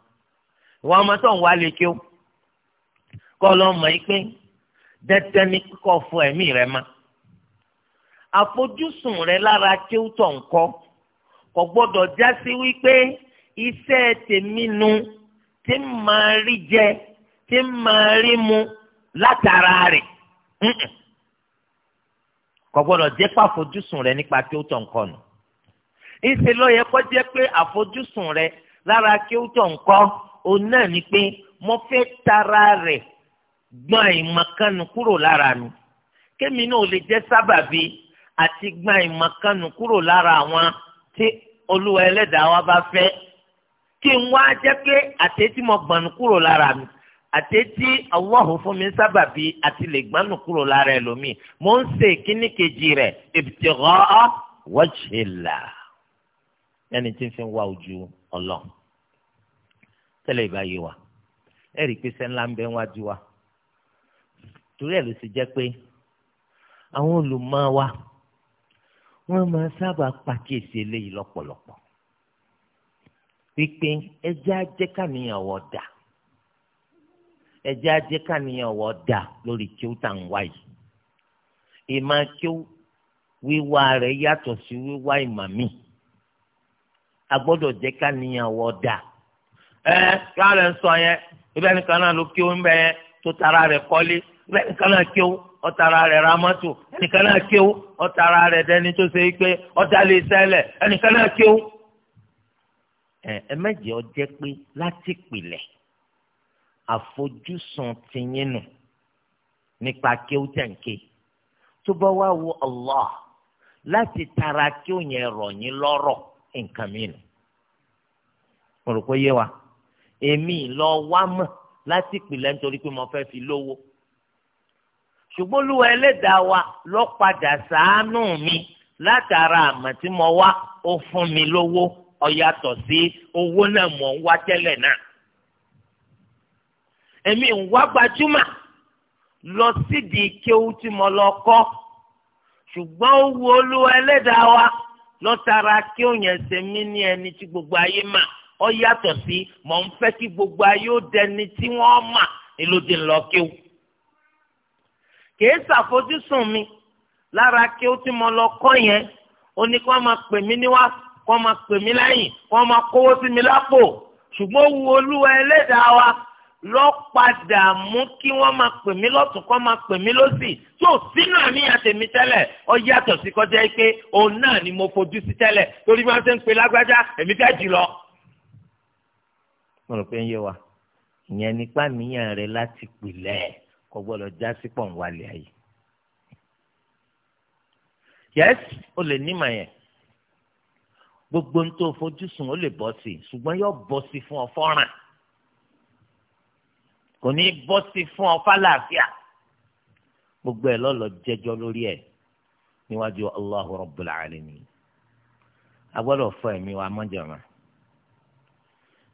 ìwà ọmọ tó ń wá lè kí ó kọ́ lọ́ mọ̀ pé dẹ́tẹ́ ní kíkọ́ fún ẹ̀mí rẹ mọ́ àfojúsùn rẹ lára kí ó tọ̀ ń kọ́ kò gbọ́dọ̀ já sí wípé iṣẹ́ tèmi nu tí màá rí jẹ tí màá rí mu látara rẹ̀. Mm-mm kò gbọ́dọ̀ jẹ́ pé àfojúsùn rẹ nípa kí ó tọ̀ nǹkan nù ìṣe ló yẹ kó jẹ́ pé àfojúsùn rẹ lára kí ó tọ̀ nǹkan òun náà ni pé mo fẹ́ tara rẹ̀ gbọ́n àìmọ̀kánu kúrò lára mi kémi náà lè jẹ́ sábàbí àti gbọ́n àìmọ̀kánu kúrò lára àwọn tí olúwa ẹlẹ́dàá wa bá fẹ́ kí n wá jẹ́ pé àtẹ́tí mo gbọ̀nù kúrò lára mi àtẹ́tí Allahu fún mi sábàbí àti lè gbánu kúrò lára ẹ lómi mò ń ṣe kíní kejì rẹ̀ ibtigha'a wajhillah ẹni tí ń fi wá ojú ọlọ́run tẹ́lẹ̀ ìbáyé wa ẹ rí i pé sẹ́ńlá ń bẹ wájú wa torí ẹ̀ ló sì jẹ́ pé àwọn olùmọ̀ wa wọ́n máa sábà pàkíyèsí eléyìí lọ́pọ̀lọpọ̀ pípín ẹjẹ́ ajẹ́kàníyàn wọ̀ dáa ẹjẹ́ ajé kàníyàn wọ́ dà lórí kíw tà ń wá yìí ìmà kíw wíwá yàtọ̀ sí wíwá ìmà mi a gbọ́dọ̀ kàníyàn wọ́ dà ẹ yàrá ń sọ yẹn nìkan náà ló kíw ń bẹ yẹn tó tara rẹ kọ́lé nìkan náà kíw ẹnìkan náà kíw àfojúsùn tiyín nù nípa kéwútẹ̀ǹké tó bá wá wo Allah láti tara kéwù yẹn rọ̀ yín lọ́rọ̀ nǹkan mìíràn mo rò pé yé wa èmi lọ wá mọ̀ láti pìlẹ̀ nítorí pé mo fẹ́ fi lówó ṣùgbọ́n olúwa ẹlẹ́dàá wa lọ padà sàánú mi látara àmọ̀ tí mo wá ó fún mi lówó ó sí owó náà mò ń wá tẹ́lẹ̀ náà èmi ń wá gbajúmọ̀ lọ sídìí kéwú tí mo lọ kọ́ ṣùgbọ́n ó wu olúwa ẹlẹ́dàá wa lọ́tara kí òyìn ẹsẹ̀ mi ní ẹni tí gbogbo ayé mà ọ yàtọ̀ sí mọ̀ ń fẹ́ kí gbogbo ayé ó dẹni tí wọ́n mà elóde ńlọ kéwú. kìí ṣàfojúsùn mi lára kéwú tí mo lọ kọ́ yẹn ó ní kí wọ́n máa pè mí níwá kí wọ́n máa pè mí lẹ́yìn kí wọ́n máa kówó sí mi lápò ṣùgbọ́n ó olúwa ẹlẹ́dàá wa lọ́padà mú kí wọ́n máa pè mí lọ́tún kọ́ máa pè mí lọ́sì tí ò sínú àníyàn tèmi tẹ́lẹ̀ ọ yàtọ̀ sí kọjá pé òun náà ni mo fojú sí tẹ́lẹ̀ torí bí wọ́n ṣe ń pe lágbájá èmi fẹ́ jù lọ. mo rò pé ń yé wa ìyẹn nípa míyàn rẹ láti pìlẹ̀ kò gbọ́dọ̀ já sí pọ̀ ń wálé ayé. yẹ́s o lè ní màyẹn gbogbo ń tó fojú sùn ó lè bọ́ sí ṣùgbọ́n yóò bọ́ sí fún ọ fọ́ràn kò ní bọ́ sí fún ọ fálàáfíà gbogbo ẹ̀ lọ́lọ́ jẹ́jọ́ lórí ẹ̀ níwájú Allahu Rabbul Alamin a gbọ́dọ̀ fọ ẹ̀mí wa mọ́jọ̀mọ́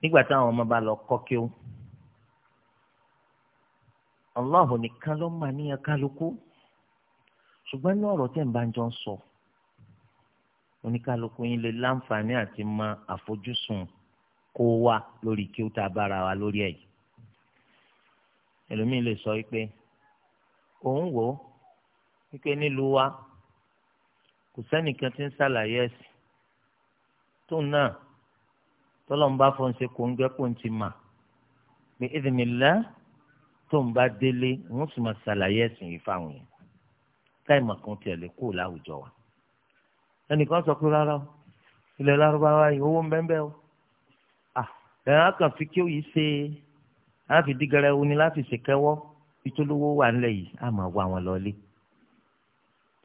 nígbà táwọn ọmọ bá lọ kọ́ kí ó Allahu nìkan ló máa níyàn kálukú ṣùgbọ́n ní ọ̀rọ̀ tẹ̀ ń bá jọ sọ oníkálukú yín lè láǹfààní àti mọ àfojúsùn kó wa lórí kí ó ta bára wa lórí ẹ̀yìn ẹlòmíì lè sọ pé òun wò ó wípé nílùú wa kò sẹ́nìkan tí ń ṣàlàyé ẹ̀sìn tóun náà tọ́lọ́mùbá fọ́n ṣe kò ń gbẹ́ kó ń ti mà pé ìdìmílá tóun bá délé òun sì máa ṣàlàyé ẹ̀sìn yìí fáwọn yẹn táìmọ̀ kan tiẹ̀ lè kó láwùjọ wa ẹnìkan sọ pé rárá ilẹ̀ lárúbáwá yìí owó ń bẹ́ẹ̀ bẹ́ẹ̀ o à ah, ẹ̀rọ akànfi kí ó yìí ṣe é láfi dígẹrẹ wo ni láfi ṣèkẹwọ́ ìtòlówó wà ńlẹ̀ yìí á máa wá wọn lọlé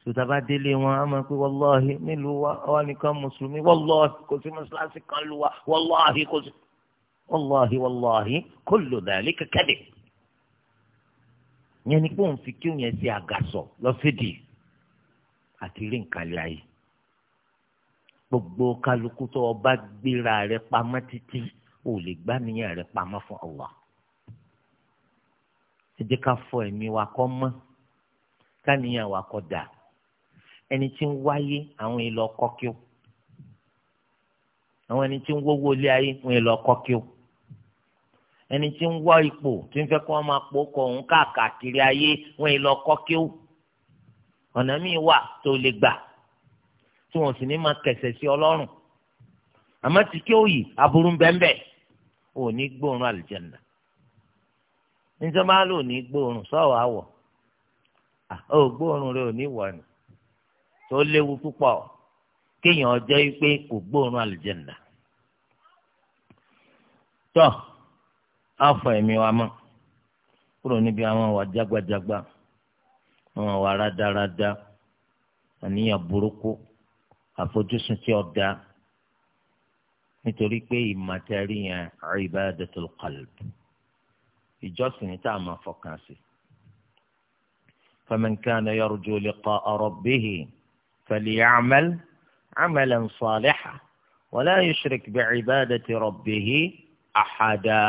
sọta bá délé wọn á máa pé wọlọ́ọ̀hì nílùú wa wọn nìkan mùsùlùmí wọlọ́ọ̀hì kò sí mọ́ṣáláṣí kan lù wá wọlọ́ọ̀hì kò sí wọlọ́ọ̀hì wọlọ́ọ̀hì kò lò dàlí kẹkẹ́dẹ̀ yẹn ni pé òun fi kí òun yẹn ṣe àgàsọ lọ́sídìí àti rí nǹkan láyé gbogbo kálukú tó o bá gbéra rẹ pamọ́ títí o lè gbá níyàn rẹ pamọ́ fún Allah ẹ jẹ́ ká fọ ẹ̀mí wa kọ́ mọ́ káníyàn wa kọ́ dà ẹni tí ń wáyé àwọn èèlò ọkọ kí ó àwọn ẹni tí ń wówó ilé ayé wọn èèlò ọkọ kí ó ẹni tí ń wá ipò tí ń fẹ́ kó wọn máa pò kọ òun káàkiri ayé wọn èèlò ọkọ ọ̀nà míì wà tó lè gbà tí wọn sì ní máa kẹsẹ̀ sí ọlọ́run àmọ́ tí kí ó aburú ń bẹ́ẹ̀ bẹ́ẹ̀ ò ní gbóòórùn àlùjànnà níjọ́ máa lò ní gbóòórùn sọ́ọ̀ àwọ̀ ó gbóòórùn rẹ ò ní wọ̀ ni tó léwu púpọ̀ kéèyàn ọjọ́ yìí pé kò gbóòórùn àlùjẹ̀nà tọ́ àfọ ẹ̀mí wa mọ́ kúrò níbi àwọn wà jágbajàgba àwọn wà rádaràda àníyàn burúkú àfojúsùn tí ó dáa nítorí pé ìmọ̀tẹ́rì yẹn ibadatul qalb ìjọsìn tá a máa fọkàn sí. faman kana yarju liqa'a rabbihi falya'mal 'amalan salihan wa la yushrik bi'ibadati rabbihi ahada.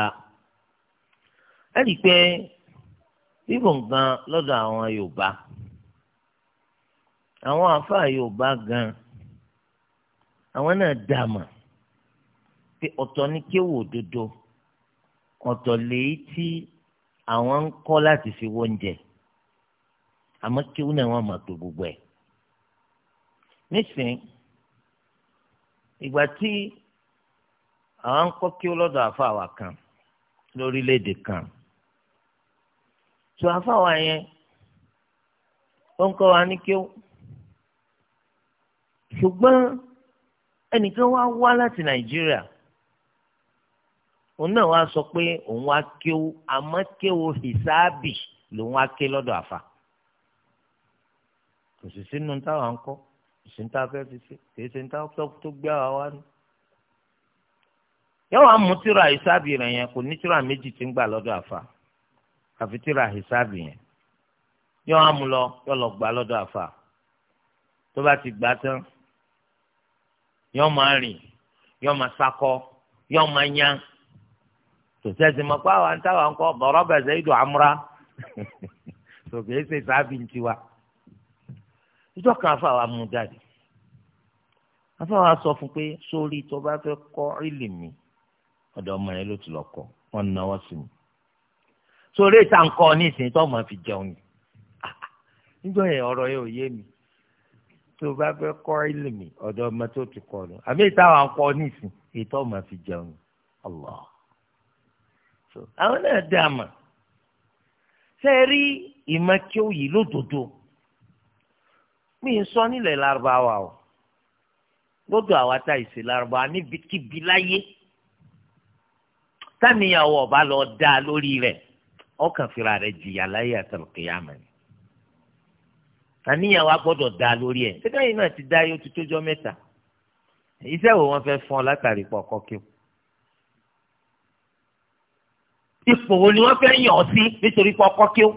ẹ rí i pé bíbò nǹkan lọ́dọ̀ àwọn Yorùbá àwọn àfáà Yorùbá gan àwọn náà dààmú pé ọ̀tọ̀ ní kéwò òdodo ọ̀tọ̀ lèyí tí àwọn ń kọ́ láti fi wọ́njẹ àmọ́ kí wọ́n náà wọ́n máa tó gbogbo ẹ̀. nísìnyí ìgbà tí àwọn ń kọ́ kí ó lọ́dọ̀ àfàwà kan lórílẹ̀‐èdè kan tó àfàwà yẹn ó ń kọ́ wa ní kí ó ṣùgbọ́n ẹnìkan wá wá láti nàìjíríà òun náà wá sọ pé òun wá kéwú àmọ́ kéwú hìsáàbì lòun wá ké lọ́dọ̀ àfa kò sì sínú táwa ń kọ́ kò sí táwa fẹ́ fi ṣe kì í ṣe táwa tó gbé àwa wá ní. yóò wá mú tíra hìsáàbì rẹ̀ yẹn kò ní tíra méjì tí ń gbà lọ́dọ̀ àfa àfi tíra hìsáàbì yẹn yóò wá mú lọ yóò lọ gbà lọ́dọ̀ àfa tó bá ti gbà tán yóò máa rìn yóò máa sakọ yóò máa yan tòsí ẹsìn mọ̀ pé àwọn àǹtáwà ń kọ́ bọ̀rọ̀ bẹ̀sẹ̀ ìdò àmúra tòkè ẹsẹ̀ sábì ń tiwa. ìjọ kan afáwa mú jáde afáwa sọ fún pé sórí tó bá fẹ́ kọ́ ìlì mi ọ̀dọ̀ ọmọ rẹ ló ti lọ kọ́ wọ́n náwó sí mi. sórí ìta nǹkan ní ìsìn tó mọ̀ fi jẹun ni níjọ́ yẹn ọ̀rọ̀ yẹn ò yé mi tó bá fẹ́ kọ́ ìlì mi ọ̀dọ̀ ọmọ tó ti kọ́ ni àmì ìta wà ń kọ́ ní ọmọ fi jẹun ni Allah àwọn náà dá a mà ṣe é rí ìmọ̀ kí ó yìí lódodo mi ń sọ nílẹ̀ lárúbáwá o lọ́dọ̀ àwa tá ìṣe lárúbáwá níbikíbi láyé táníyàwó ọba lọ dá a lórí rẹ̀ ọkàn fìrà rẹ̀ jìyà láyé àtàlùkìyàmẹ́ ni àníyàn wa gbọ́dọ̀ dá lórí ẹ̀ ṣé káyìn náà ti dá yóò ti tójọ́ mẹ́ta iṣẹ́ wo wọ́n fẹ́ fún látàrí pọ̀ kọ́kí o ipò wo ni wọ́n fẹ́ yàn ọ́ sí nítorí pé ọkọ kí ó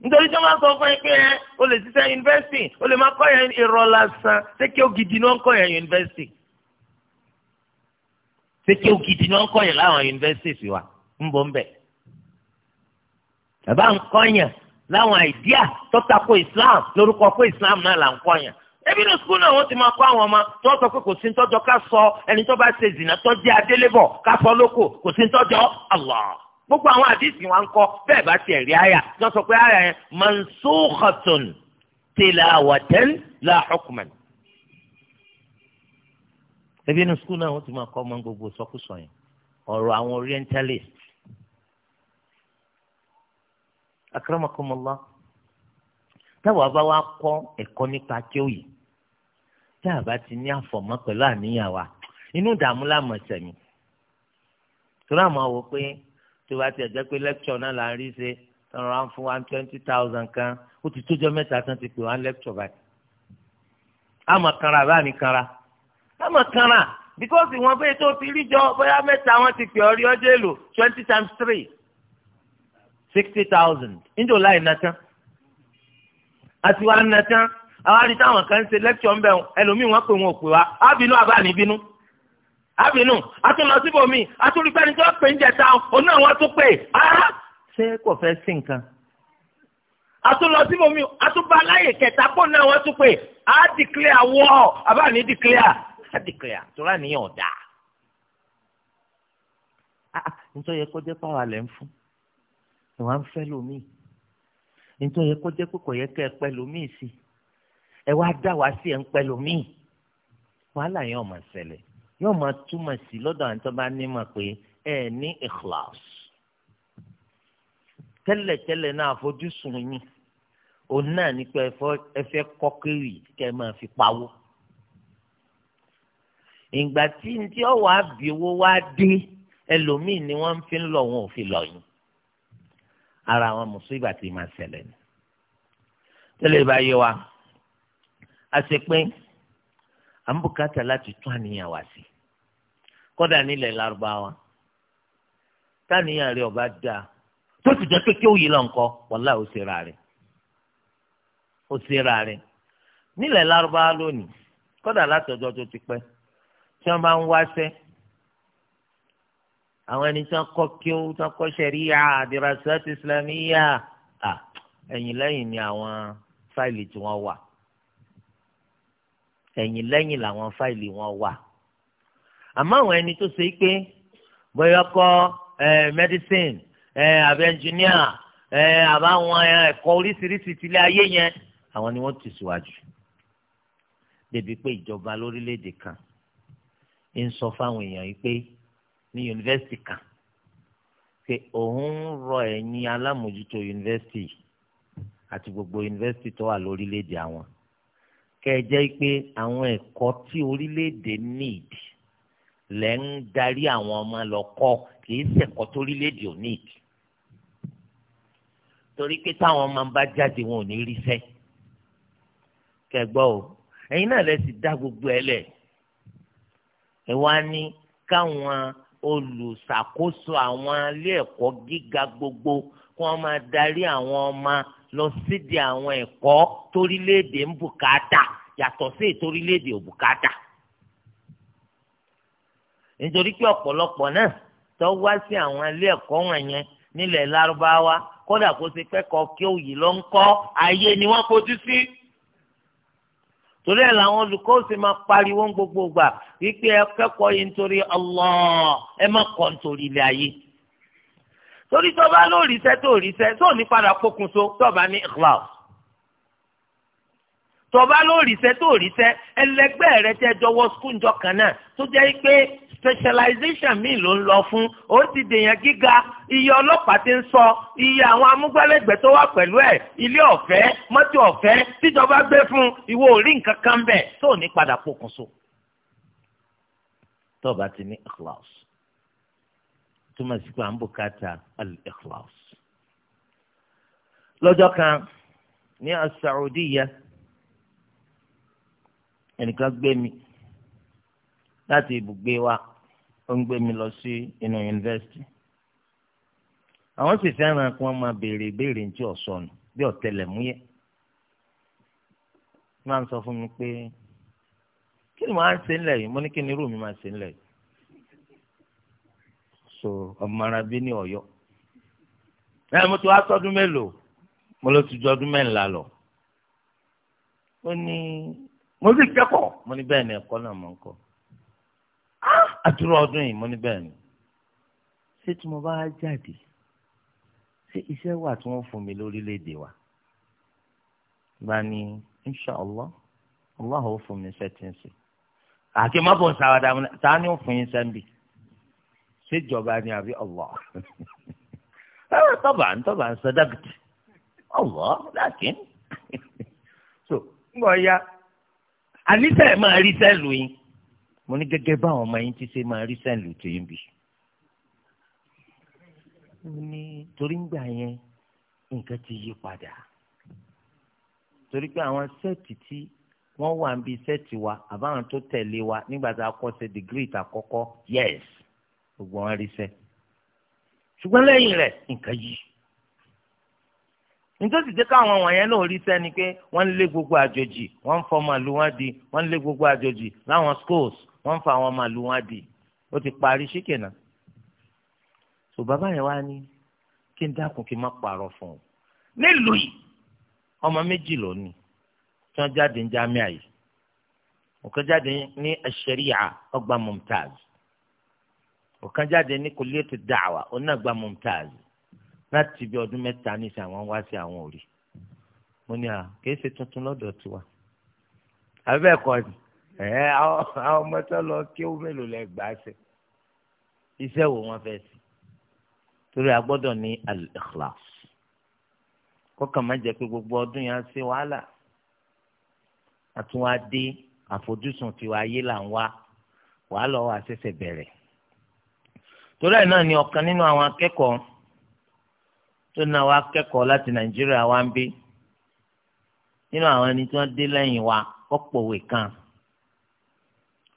nítorí tí wọ́n máa sọ fún ẹ pé ẹ o lè ṣiṣẹ́ yunifásitì o lè máa kọ́ yẹn irọ́ lásán ṣé kí ó gidi ni wọ́n ń kọ́ yẹn yunifásitì ṣé kí ó gidi ni wọ́n ń kọ́ yẹn láwọn yunifásitì wa ń bọ̀ ń bẹ̀ bàbá ń kọ́ yẹn láwọn àìdíà tó tako Islam lórúkọ pé Islam náà là ń kọ́ yẹn ẹbí ní sukùl náà wọ́n ti máa kọ́ àwọn ọmọ tó sọ pé kò sí ntọ́jọ́ ká sọ ẹni tó bá ṣe zìnà tó jẹ́ adélébọ̀ ká sọ lóko kò sí ntọ́jọ́ Allah gbogbo àwọn àdìsí wa ń kọ bẹ́ẹ̀ bá tiẹ̀ rí àyà tó sọ pé àyà yẹn mansukhatun tilawatan la hukman ẹbí ní sukùl náà wọ́n ti máa kọ́ ọmọ gbogbo sọkúsọ yẹn ọ̀rọ̀ àwọn orientalist akramakumullah táwa bá wa kọ́ ẹ̀kọ́ nípa kéwì tá a bá ti ní àfọ̀mọ́ pẹ̀lú àníyàn wa inú ìdààmú láàmú ẹsẹ̀ mi torí àmọ́ wò pé tó bá tiẹ̀ jẹ́ pé lẹ́kṣọ̀ náà là ń rí ṣe tọrọ à fún wa twenty thousand kan ó ti tójọ́ mẹ́ta tán ti pè wá lẹ́kṣọ̀ báyìí àmọ́ kanra bá mi kanra àmọ́ kanra because ìwọ̀n bẹ́ẹ̀ tó ti rí jọ bóyá mẹ́ta wọn ti pè ọ́ ọjọ́ èlò twenty times three sixty thousand níjọ́ láì nàtán àti wàá nàtán àwọn àti táwọn kan ń ṣe lẹ́kṣọ̀ ń bẹ̀ wọn ẹlòmíì wọ́n pè wọn ò pè wá ábínú àbá níbínú ábínú àtúnlọ síbò míì àtúrípẹ́ni tó pè ń jẹta òun náà wọ́n tún pè á ṣé kò fẹ́ sí nǹkan àtúnlọ síbò míì àtúbà láyè kẹta kó náà wọ́n tún pè á dìklẹ́ àwọ̀ àbá ní dìklẹ́ á dìklẹ́ àtúrà níyàn ọ̀dà ah, ah, nítorí ẹ̀kọ́ jẹ́ pàwọn alẹ́ ń fún ìwà ń fẹ́ lómi nítorí ẹ̀kọ́ jẹ́ pé kò yẹ kẹ́ ẹ pẹ́ lómi sí i ẹ wá dá wá sí ẹ̀ ń pẹ́ lómìn wàhálà yẹn ọmọ ṣẹlẹ̀ yóò máa túmọ̀ sí lọ́dọ̀ àwọn tó bá nímọ̀ pé ẹ ní ikhlas tẹ́lẹ̀tẹ́lẹ̀ náà àfojúsùn yín òun náà ní pé ẹ fẹ́ kọ́ kéwì kẹ́ ẹ máa fi pawó ìgbà tí tí ó wàá wá dé ẹlòmíì ni wọ́n fi ń lọ wọn ò fi lọ yín ara àwọn mùsùlùmí àti ìmọ̀ ṣẹlẹ̀ ni tẹ́lẹ̀ bá yé wa àṣepé ambukata ń bùkátà láti tún àníyàn wá sí kódà nílẹ̀ lárúbáwá táníyàn rẹ ọba dáa tó sì jẹ́ kékeré òye lọ nǹkan wàlá ó ṣe ra rẹ̀ ó ṣe ra rẹ̀ nílẹ̀ lárúbáwá lónìí kódà látọjọ́ tó ti pẹ́ tí wọ́n bá ń wáṣẹ́ àwọn ẹni tí wọ́n kọ́ kí ó tí wọ́n kọ́ sẹ̀ríyà àdìrásẹ́tì islámíyà ẹ̀yìn lẹ́yìn ni àwọn fáìlì tí wọ́n wà ẹ̀yìn lẹ́yìn làwọn fáìlì wọn wà àmọ́ àwọn ẹni tó ṣe pé bóyá kọ́ medicine àbí engineer àbáwọn ẹ̀kọ́ oríṣiríṣi tilé ayé yẹn àwọn ni wọ́n ti síwájú débi pé ìjọba lórílẹ̀‐èdè kan ń sọ fáwọn èèyàn yìí pé ní yunifásitì kan pé òun ń rọ ẹ̀yin alámòjútó yunifásitì àti gbogbo yunifásitì tó wà lórílẹ̀‐èdè àwọn kẹjẹ́ pé àwọn ẹ̀kọ́ tí orílẹ̀-èdè need lẹ́ ń darí àwọn ọmọ lọ kọ́ kìí ṣẹ̀kọ́ torílẹ̀-èdè ò need torí pé táwọn ọmọ bá jáde wọn ò ní ríṣẹ́ kẹgbọ́ o ẹ̀yin náà lẹ sì dá gbogbo ẹ lẹ̀ ẹ wá ní káwọn olùṣàkóso àwọn ilé ẹ̀kọ́ gíga gbogbo kí wọ́n máa darí àwọn ọmọ lọ si àwọn ẹ̀kọ́ torílẹ̀èdè ń bùkátà yàtọ̀ sí ìtorílẹ̀èdè ò bùkátà nítorí pé ọ̀pọ̀lọpọ̀ náà tó wá sí àwọn ilé ẹ̀kọ́ wọ̀nyẹn nílẹ̀ lárúbáwá kódà kó ṣe kẹ́kọ̀ọ́ kí òyì ló ń kọ́ ayé ni wọ́n kojú sí. torí ẹ̀ làwọn olùkọ́ sì máa pariwo gbogbo gbà wípé ẹ kẹ́kọ̀ọ́ yìí nítorí Allah ẹ má kọ́ nítorí ilé ayé. torí tó bá ló ríṣẹ́ tó ríṣẹ́ tó ní padà pokùnso tó bá ní ikhlas tó bá ló ríṣẹ́ tó ríṣẹ́ ẹlẹgbẹ́ rẹ tẹ́ jọwọ́ skúnjọ kan náà tó jẹ́ pé specialization mi ló ń lọ fún ó ti dèèyàn gíga iye ọlọ́pàá ti ń sọ iye àwọn amúgbálẹ́gbẹ̀ẹ́ tó wà pẹ̀lú ẹ̀ ilé ọ̀fẹ́ mọ́tò ọ̀fẹ́ tíjọba gbé fún ìwọ orí nǹkan kan bẹ̀ tó ní padà pokùnso tó ti ní ikhlas túmọ̀ sí pé à ń bùkátà al-ikhlas. lọ́jọ́ kan ní asaudiya ẹnìkan gbé mi láti ibùgbé wa ó ń gbé mi lọ sí inú yunifásitì àwọn sì fẹ́ràn kí wọ́n máa béèrè ìbéèrè ní tí ọ̀sọ́nù bí ọ̀tẹlẹ̀múyẹ́ wọ́n máa ń sọ fún mi pé kí ni màá ń ṣe ńlẹ̀ yìí mo ní kí ni irú mi máa ṣe ńlẹ̀ yìí so ọmọràn bí ní Ọ̀yọ́ ẹ mo ti wá sọdún mélòó mo lọ ti ju ọdún mẹ́ńlá lọ ó ní mo sì kẹ́kọ̀ọ́ mo ní bẹ́ẹ̀ ni ẹ̀kọ́ náà mo ń kọ́ ah! àtúrò ọdún yìí mo ní bẹ́ẹ̀ ni ṣé tí mo bá jáde ṣé iṣẹ́ wà tí wọ́n fún mi lórílẹ̀‐èdè wa gba ni inṣàlá Allah ò fún mi ṣẹ́tìǹsì àkè má bọ̀ ń sáwádà ta ni ó fún yín sẹ́ńbì. ṣèjọba ni àbí Allah ẹ̀rọ n ń tọ́ba ń sọdágìtì Allah lákìn so ńgbọ́ ya àníṣe máa rí sẹ́ẹ̀lù yín mo ní gẹ́gẹ́ báwọn ọmọ yín ti ṣe máa rí sẹ́ẹ̀lù tó yín bì ní torí ńgbà yẹn nǹkan ti yí padà torí pé àwọn sẹ́ẹ̀tì tí wọ́n wà ń bi sẹ́ẹ̀tì wa àbáwọn tó tẹ̀lé wa nígbà tá a kọ́ ṣe dìgírì ìtàkọ́kọ́ yẹ́sì gbogbo wọn rí sẹ́ ṣùgbọ́n lẹ́yìn rẹ̀ nǹkan yìí nítorí jẹ́ káwọn wọ̀nyẹn náà rí sẹ́ni pé wọ́n ń lé gbogbo àjòjì wọ́n ń fọmọ àlù wọn di wọ́n lé gbogbo àjòjì láwọn schools wọ́n ń fa àwọn ọmọ wọn di ó ti parí ṣíkìnà. sọ bàbá yẹn wá ní kí n dákun kí n má parọ́ fún un. nílùú yìí ọmọ méjì lónìí tí wọ́n jáde ń jámẹ́ àyè òkè jáde ní ẹ̀ṣẹ̀ríyà ọgbà mumtaz ọ̀kan jáde ní kòlíẹ̀tì dàwà onágbà mumtaz láti bí ọdún mẹ́ta níṣẹ́ àwọn wá sí àwọn òrì mo ní à kìí ṣe tuntun lọ́dọ̀ tiwa abẹ́ẹ̀kọ́ ni ẹ̀ẹ́ àwọn ọmọ tó lọ kí ó mélòó lẹ gbà á ṣe iṣẹ́ wo wọ́n fẹ́ sí torí a gbọ́dọ̀ ní al kọ́kàn má jẹ́ pé gbogbo ọdún yẹn á ṣe wàhálà àtúnwá àfojúsùn tiwa ayé là ń wá wàhálà ọ̀ àṣẹ̀ṣẹ̀ bẹ̀rẹ̀ torí ẹ̀ náà ni ọ̀kan nínú àwọn akẹ́kọ̀ọ́ tó náà wá kẹ́kọ̀ọ́ láti nàìjíríà wá ń bí nínú àwọn ẹni tí wọ́n dé lẹ́yìn wa ọ̀pọ̀ òwe kan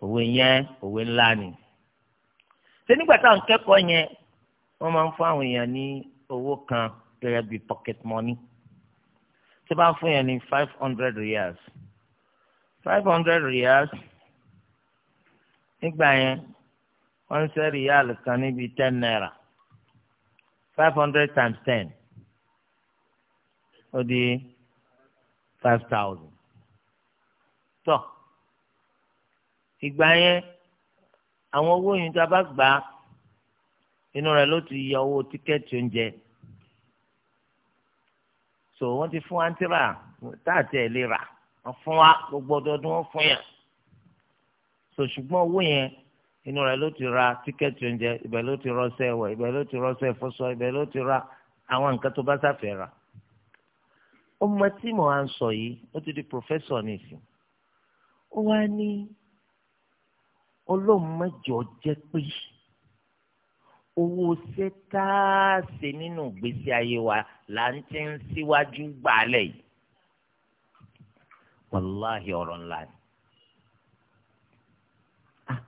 òwe yẹn òwe ńlá ni ṣé nígbà táwọn kẹ́kọ̀ọ́ yẹn wọ́n máa ń fún àwọn èèyàn ní owó kan gẹ́gẹ́ bíi pocket money tí bá fún yẹn ní five hundred riyals five hundred riyals nígbà yẹn wọ́n ń ṣe ríyàlì kan níbi ten naira five hundred times ten ó di five thousand tọ́ ìgbà yẹn àwọn owó yìí tá a bá gbà á inú rẹ̀ ló ti yọ owó tíkẹ́ẹ̀tì oúnjẹ so wọ́n ti fún wa ń tíra a tẹ̀ lè rà wọ́n fún wa gbogbo ọdọọdún wọ́n fún yàn so ṣùgbọ́n owó yẹn inú re ló ti ra tíkẹ́ẹ̀tì oúnjẹ ibẹ̀ ló ti rọ́ṣẹ́ ẹ̀wọ̀ ibẹ̀ ló ti rọ́ṣẹ́ ẹ̀fọ́sọ ibẹ̀ ló ti ra àwọn nǹkan tó bá ra. ọmọ tí mò ń sọ yìí ó ti di pòfẹ́sọ̀ nìsín ó wá ní olóòmọjọ jẹ́ pé owó ṣe tá a ṣe nínú ìgbésí ayé wa là ń ti ń síwájú gbàálẹ̀ yìí ọ̀rọ̀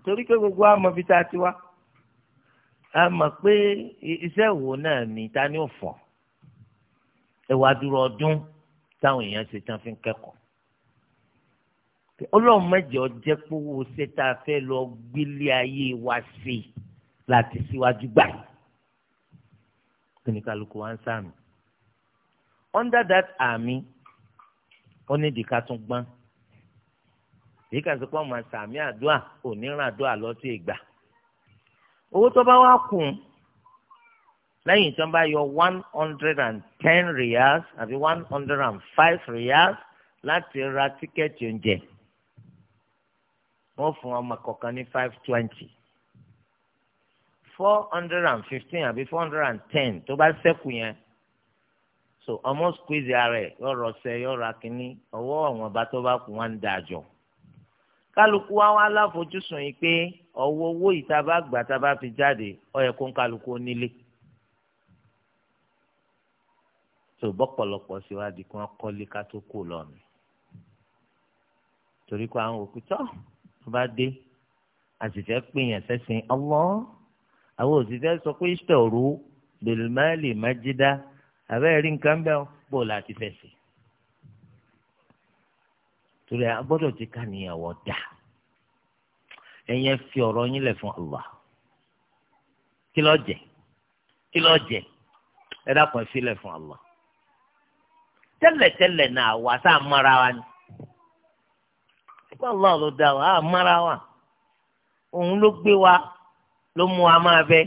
torí pé gbogbo àmọ́ fi ta tiwa a mọ̀ pé iṣẹ́ wo náà ni ta ni ò fọ̀ ẹ dúró ọdún táwọn èèyàn ṣe tán fi ń kẹ́kọ̀ọ́ ọlọ́run mẹ́jọ jẹ́ kówó ṣe tá a fẹ́ lọ gbélé ayé wa sí láti síwájú gbà yìí oníkàlùkù wa ń sàmì under that army ó ní ìdíkà tún gbọ́n èyí kà sí pé ọmọ sàmì àdúà òníran àdúà lọ́tí ìgbà owó tó bá wá kùn lẹ́yìn tí wọ́n bá yọ one hundred and ten riyals àbí one hundred and five riyals láti ra tíkẹ́ẹ̀tì oúnjẹ wọ́n fún ọmọ kọ̀ọ̀kan ní five twenty four hundred and fifteen àbí four hundred and ten tó bá ṣẹ́kù yẹn so ọmọ squeeze ara ẹ̀ yọ̀rọ̀ ṣẹ yọ̀rọ̀ akínní ọwọ́ àwọn ọba tó bá kù wọ́n ń da àjọ kálukú wa wá láfojúsùn yìí pé ọwọ́ owó ìtaba gbà taba fi jáde ó yẹ kó ń kálukú nílé. tó bọ́pọ̀lọpọ̀ síwádìí kí wọ́n kọ́lé ká tó kù lọ́nà torí pé àwọn òkútọ́ tó bá dé a sì sẹ́sìn Allah àwọn òṣìṣẹ́ sọ pé ìṣòro bèlùmáàlì májídá àbẹ́ẹ̀rí nǹkan bẹ́ẹ̀ bò láti fẹ̀sìn. torí a gbọ́dọ̀ jẹ́ ká níyàwó dà ẹ̀yin fi ọrọ yín fún Allah kí jẹ kí ló fún Allah náà wà mara wa ni ṣùgbọ́n ló wa á mara wa òun ló gbé wa ló mú wa máa bẹ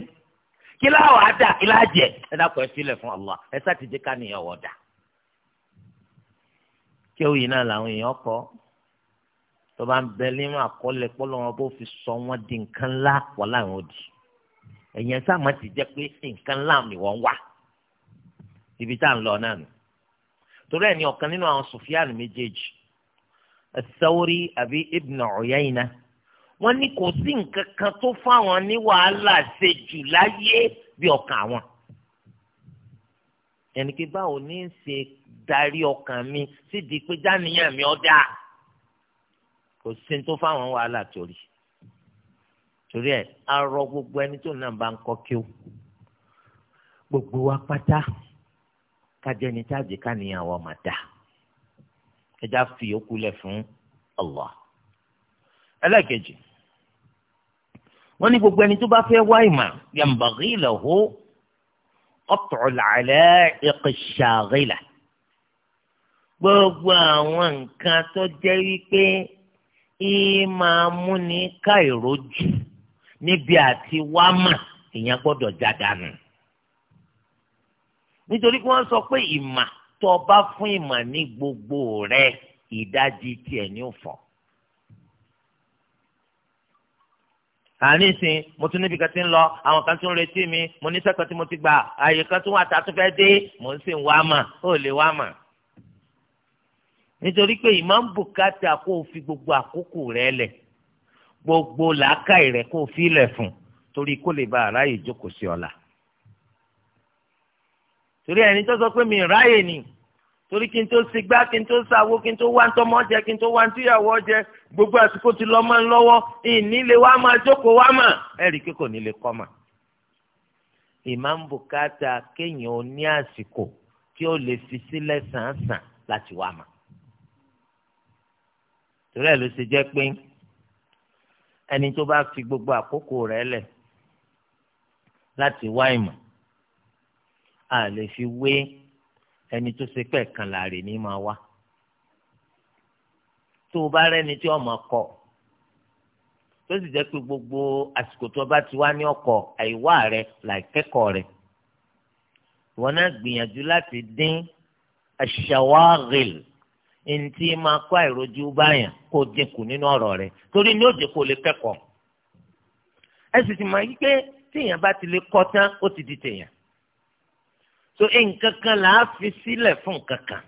kí jẹ ẹ fi fún ẹ sá kéwì náà làwọn èèyàn kọ́ tó bá ń bẹ nínú àkọọ́lẹ̀ pọ́lọ́ wọn bó fi sọ wọn di nǹkan ńlá wọ́n láwọn òdì ẹ̀yẹn sáàmù ti jẹ́ pé nǹkan ńlá ni wọ́n wà ibi tá à ń lọ náà nù torí ẹ̀ ní ọ̀kan nínú àwọn Sufyan méjèèjì As-Sawri àbí Ibn Uyayna wọ́n ní kò sí nǹkan kan tó fáwọn ní wàhálà ṣe jù láyé bí ọkàn àwọn ẹnì báwo ní í ṣe darí ọkàn mi sídìí pé jáníyàn mi ọ́ dáa kò sí ní tó fáwọn wàhálà torí torí ẹ arọ gbogbo ẹni tó náà bá ń kọ́ kí o gbogbo wa pátá kájẹ ní táàjì káníyàwó ọmọ dá ẹjá fi òkú lẹ fún Allah ẹlẹ́kejì wọ́n ní gbogbo ẹni tó bá fẹ́ wá ìmọ̀ yambaghi lahu qat'u al-ala'iq ash-shaghila gbogbo àwọn nǹkan tó jẹ́ wípé ìyí máa múni ká ìrójú níbi àti wá mà èèyàn gbọ́dọ̀ já dànù. nítorí pé wọ́n sọ pé ìmà tó o bá fún ìmà ní gbogbo rẹ ìdajì tiẹ̀ ní òfò. àní sìn mo tún níbi kan ti ń lọ àwọn kan tún retí mi mo ní sẹ́kọ̀ọ́ tí mo ti gbà àyè kan tún wà tá a tún fẹ́ dé mo ń sìn wá mà ó lè wá mà nítorí pé ìmáà ń bùkátà kó o fi gbogbo àkókò rẹ lẹ̀ gbogbo làákàyè rẹ kó o fi lẹ̀ fún torí kó lè ba àráyè jókòó sí ọ̀la torí ẹni tó sọ pé mi ráyè ni torí kí n tó ṣe gbá kí n tó ṣàwo kí n tó wá ń tọmọ jẹ kí n tó wá ń tíyàwó jẹ gbogbo àsìkò ti lọ mọ́ ń lọ́wọ́ ìnílé wa máa jókòó wa mà ẹ̀rí kí kò nílé kọ́ mà. ìmáàmù bùkátà kéèyàn ó ní àsìkò tí ó lè fi sílẹ̀ sàn-án sàn láti wá mà torí ẹ̀ ló ṣe jẹ́ pé ẹni tó bá fi gbogbo àkókò rẹ̀ lẹ̀ láti wá ìmọ̀ a lè fi wé ẹni tó ṣe pẹ̀ kan láre ní máa wá tó o bá rẹ́ni tí ọmọ kọ tó sì jẹ́ pé gbogbo àsìkò tó bá ti wá ní ọkọ̀ àìwá rẹ̀ láìkẹ́kọ̀ọ́ rẹ̀ wọn náà gbìyànjú láti dín aṣàwárìlì. ntí máa kó àìrojú báyàn kó dínkù nínú ọ̀rọ̀ rẹ̀ torí ní òde kò lè kẹ́kọ̀ọ́ ẹ sì ti mọ̀ yí pé bá ti lè kọ́ tán ó ti di téèyàn so nǹkan kan là á fi sílẹ̀ fún nǹkan kan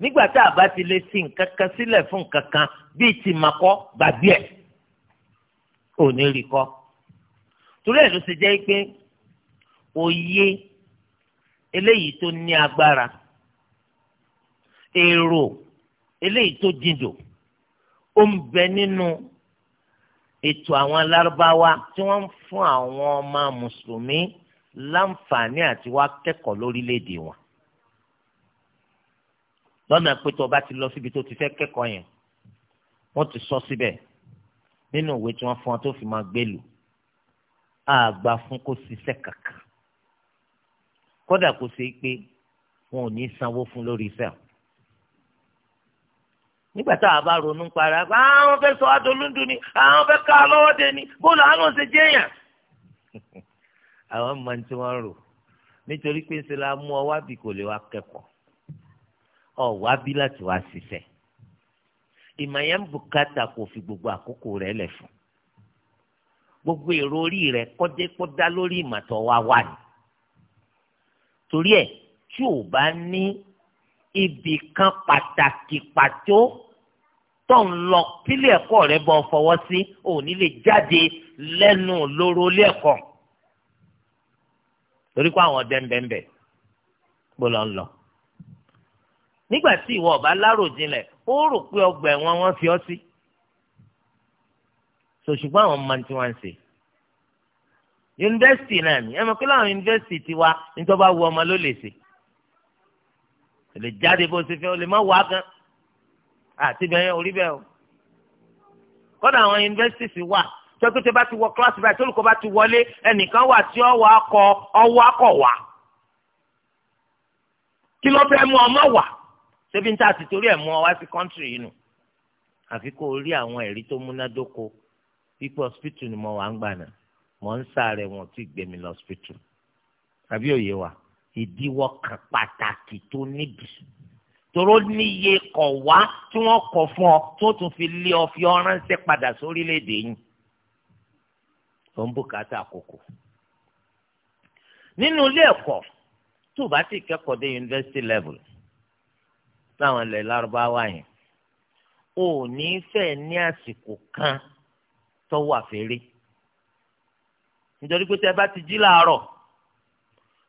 nígbà tá a bá ti lè fi nǹkan kan sílẹ̀ fún nǹkan kan bíi ti máa kọ́ gbàgbé ẹ̀ ò ní rí kọ́ torí ẹ̀ ló ṣe jẹ́ pé òye eléyìí tó ní agbára èrò eléyìí tó jìnjò ó ń bẹ nínú ètò àwọn lárúbáwá tí wọ́n ń fún àwọn ọmọ mùsùlùmí láǹfààní àti wá kẹ́kọ̀ọ́ lórílẹ̀‐èdè wọn lọ́nà pé tó o bá ti lọ síbi tó ti fẹ́ kẹ́kọ̀ọ́ yẹn wọ́n ti sọ síbẹ̀ nínú ìwé tí wọ́n fún ọ tó fi máa gbélù àgbà fún kó ṣiṣẹ́ kankan kódà kó ṣe é pé wọn ò ní sanwó fún lórí iṣẹ́ nígbà tá a bá ronú para ah, àwọn fẹ́ sọ adolúndú ni àwọn fẹ́ ká lọ́wọ́ dé ni bóòlù àwọn ṣe jẹ́yàn. àwọn mọ ní tí wọ́n rò nítorí pé ṣe la mú ọ wá bí kò lè wá kẹ́kọ̀ọ́ ọ wá bí láti wá ṣiṣẹ́ ìmọ̀ yẹn ń bùkátà kò fi gbogbo àkókò rẹ̀ lẹ̀ fún gbogbo èrò orí rẹ̀ kọ́dé kọ́dá lórí ìmọ̀tọ̀ wa wà ní torí ẹ̀ tí ò bá ní ibì kan pàtàkì pàtó tó ń lọ kílé ẹ̀kọ́ rẹ bọ́ fọwọ́ sí ò ní lè jáde lẹ́nu lóró ilé ẹ̀kọ́ torí pé àwọn ọdẹ ń bẹ ń bẹ bó lọ ń lọ. nígbà tí ìwọ ọba láròjinlẹ̀ ó rò pé ọgbà ẹ̀wọ̀n wọn fi ọ́ sí. sòṣùgbọ́n àwọn ọmọ tí wọ́n ń ṣe. yunifásitì náà ni ẹ mọ̀ pé láwọn yunifásitì ti wa nítorí wọ́n wọ ọmọ ló lè ṣe. lè jáde bó ṣe fẹ́ o lè má wá gan-an àti bẹ́ẹ̀ orí bẹ́ẹ̀ o kọ́dà àwọn yunifásitì wà tẹ́kùtẹ́ bá ti wọ kíláàsì báyìí tólùkọ́ bá ti wọlé ẹnìkan wà tí ọwọ́ akọ ọwọ́ akọ wà kí ló fẹ́ mú ọmọ wà ṣébi níta àti torí ẹ̀ mú ọ wá sí kọ́ńtìrì yìí nù àfi kó o rí àwọn ẹ̀rí tó múnádóko pípọ̀ hospital ni mo wà ń gbà náà mo ń sáré wọn tí gbé mi lọ hospital àbí òye wa ìdíwọ́ kan pàtàkì tó níbi tòró níye kọ̀ wá tí wọ́n kọ̀ fún ọ tó tún fi lé ọ fi ọ ránṣẹ́ padà sórílẹ̀-èdè yìí ó ń bùkátà àkókò. nínú ilé ẹ̀kọ́ tó bá ti kẹ́kọ̀ọ́ dé university level láwọn ilẹ̀ lárúbáwá yẹn o ò ní fẹ́ ní àsìkò kan tó wà fèrè nítorí pé tẹ bá ti jí láàárọ̀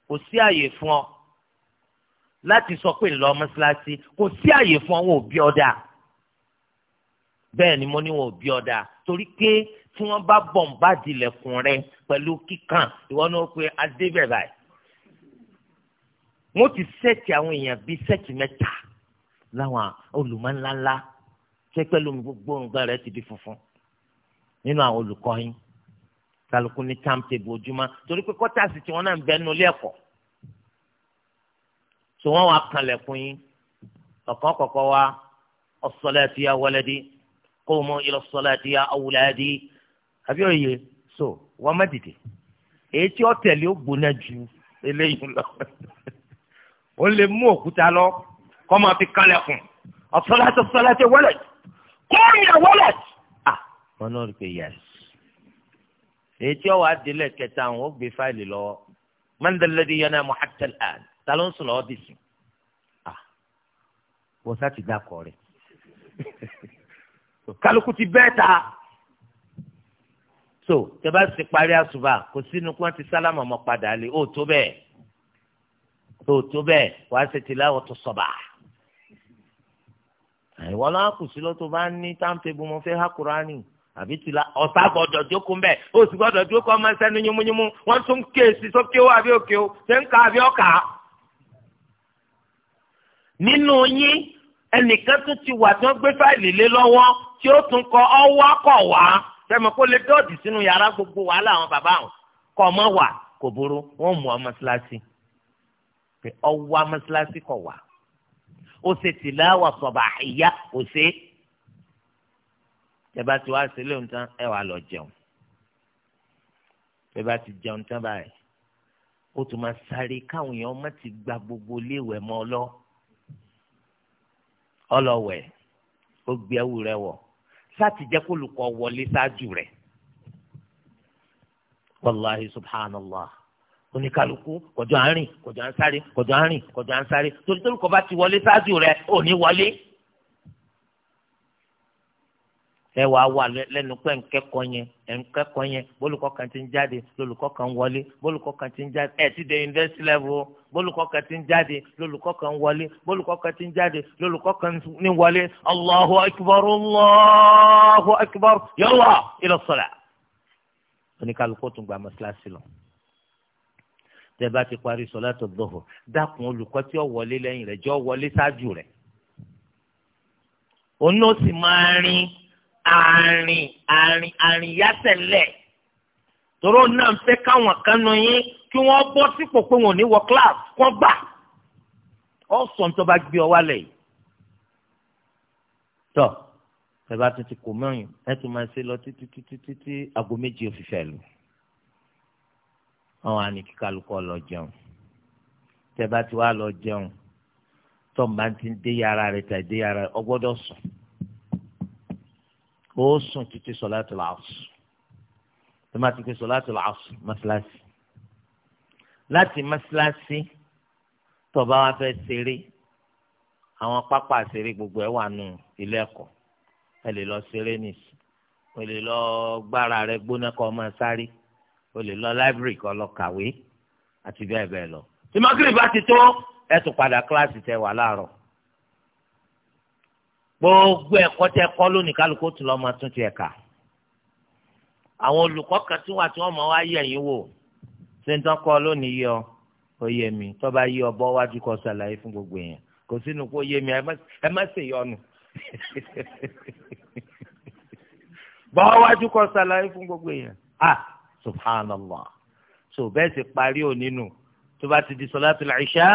kò sí àyè fún ọ láti sọ pé ńlọ mọ́ṣáláṣí kò sí àyè fún àwọn òbí ọ̀dà bẹ́ẹ̀ ni mo ní wọn òbí ọ̀dà torí pé tí wọ́n bá bọ̀ ń bá dilẹ̀kùn rẹ pẹ̀lú kíkan ìwọ náà pé adébẹ̀ báyìí wọ́n ti sẹ́ẹ̀tì àwọn èèyàn bíi sẹ́ẹ̀tì mẹ́ta láwọn olùmọ̀ ńláńlá tẹ́pẹ́ lómi gbogbo nǹkan rẹ̀ ti di funfun nínú àwọn olùkọ́ yín kálukú ní táǹtẹ̀bù ojúmọ́ torí pé kọ́tàsì so wọn wàá kanlẹ̀kùn yín ọ̀kan kọ̀kọ́ wa as-salati ya waladi qumu ila as-salati ya awladi àbí òye so wọ́n má dìde èyí tí ó tẹ̀lé ó gbóná ju eléyìí lọ ó lè mú òkúta lọ kọ́ máa fi kanlẹ̀kùn as-salati as-salati ya waladi qumu ya ah wọn náà rí pé yẹs èyí tí ó wàá délẹ̀ kẹta àwọn ó gbé fáìlì lọ́wọ́ man dhal ladhi yanamu hatta al-an ta ló ń sùn lọ́wọ́ dìsì à wọ́n sá ti dákọ̀ rẹ̀ kálukú ti bẹ́ẹ̀ ta so tẹ́bá sì parí àṣùbà kò sínú kí wọ́n ti sálámà mọ́ padà lé ó tó bẹ́ẹ̀ ó tó bẹ́ẹ̀ wàá ṣe tìláwọ̀ tó sọ̀bà ìwọ náà kù sí lọ́tọ̀ bá ní táǹtẹ̀bù mo fẹ́ há Kùránì àbí tìlá ọ̀sá gbọ́dọ̀ jókòó ń bẹ̀ sì gbọ́dọ̀ jókòó ọmọ sẹ́nu yúnmúyúnmú wọ́n tún ké sókè ó àbí òkè ó ṣé ń ka àbí ọ̀kà nínú yín ẹnìkan tún ti wà tí wọ́n gbé fáìlì lé lọ́wọ́ tí ó tún kọ ọwọ́ kọ̀ wá sẹ́mi kó lè dọ́ọ̀dì sínú yàrá gbogbo wàhálà àwọn bàbá àwọn kọ́ ọmọ wà kò burú wọ́n mú ọmọ síláṣí pé ọwọ́ mọ́sálásí kọ̀ wá ó ṣe tìláwà sọ̀bà ìyá kò ṣe é tẹ́bá ti wá sí ilé nǹkan ẹ wàá lọ jẹun tẹ́bá ti jẹun tán báyìí ó tún máa sáré káwọn èèyàn má ti gba gbogbo iléèwé mọ́ ọ lọ́wọ́ ọlọ́wẹ̀ ó gbé ẹ̀wù rẹ wọ̀ láti jẹ́ kó olùkọ́ wọlé ṣáájú rẹ̀ wàláhi subhanallah oníkàlùkù kọjọ àárín kọjọ ànsáré kọjọ àárín kọjọ ànsáré ti wọlé ṣáájú rẹ̀ ò wọlé. ẹ wà wà lẹ́nu pé nkẹ́kọ̀ọ́ yẹn nkẹ́kọ̀ọ́ yẹn bólùkọ́ kan ti ń jáde lólùkọ́ kan wọlé bólùkọ́ kan ti ń jáde ẹ ti dé yunifásitì level bólùkọ́ kan ti ń jáde lólùkọ́ kan wọlé bólùkọ́ kan ti ń jáde lólùkọ́ kan ní wọlé allahu akbar allahu akbar yalla ila salat. oníkàlùkù tún gba mọ́sálásí lọ tẹ́bá ti parí sọ́látù dọ́hùr dákun olùkọ́ tí ó wọlé lẹ́yìn rẹ̀ jọ wọlé ṣáájú rẹ̀ òun náà sì máa rin àárín àárín àárín yásẹ̀lẹ̀ tòró náà ń fẹ́ káwọn kan nu yín kí wọ́n bọ́ sípò pé wọn ò ní wọ class kọ́ gbà ọ́ sọ̀n tó bá gbé ọ wálẹ̀ yìí. tọ́ ẹ bá tún ti kò mọ́yìn ẹ tún máa ṣe lọ títí títí títí aago méje òfìfẹ́ lù. àwọn àní kíkálukọ́ lọ jẹun tẹ bá ti wá lọ jẹun tọ́ máa ti dé yàrá rẹ̀ tàbí dé yàrá rẹ̀ ọ gbọ́dọ̀ sùn ó sùn títí sọláàtì làásù tó má ti pé sọláàtì làásù mọ́sálásì láti mọ́sálásì tó bá wá fẹ́ ṣeré àwọn pápá ṣeré gbogbo ẹ̀ wà nù ilé ẹ̀kọ́ ẹ lè lọ ṣeré nìsí o lè lọ gbára rẹ gbóná kó máa sáré o lè lọ láìbírì kó lọ kàwé àti bẹ́ẹ̀ bẹ́ẹ̀ lọ. tí mọ́kìrì bá ti tó ẹ tún padà kíláàsì tẹ wà láàárọ̀ gbogbo ẹ̀kọ́ tẹ kọ́ lónìí kálukú tún lọ́ọ́ máa tún tiẹ̀ kà àwọn olùkọ́ kan tí wà tí wọ́n máa wá yẹ̀ yín wò ṣé ń tán kọ́ lónìí yọ ó yé mi tó bá yí ọbọ̀ wájú kọ́ ṣàlàyé fún gbogbo èèyàn kò sínú kó yé mi ẹ má ṣe yọnu bọ́ wájú kọ́ ṣàlàyé fún gbogbo èèyàn ah subhanallah so bẹ́ẹ̀ sì parí òní nù tó bá ti di sọlá tó lọ ìṣá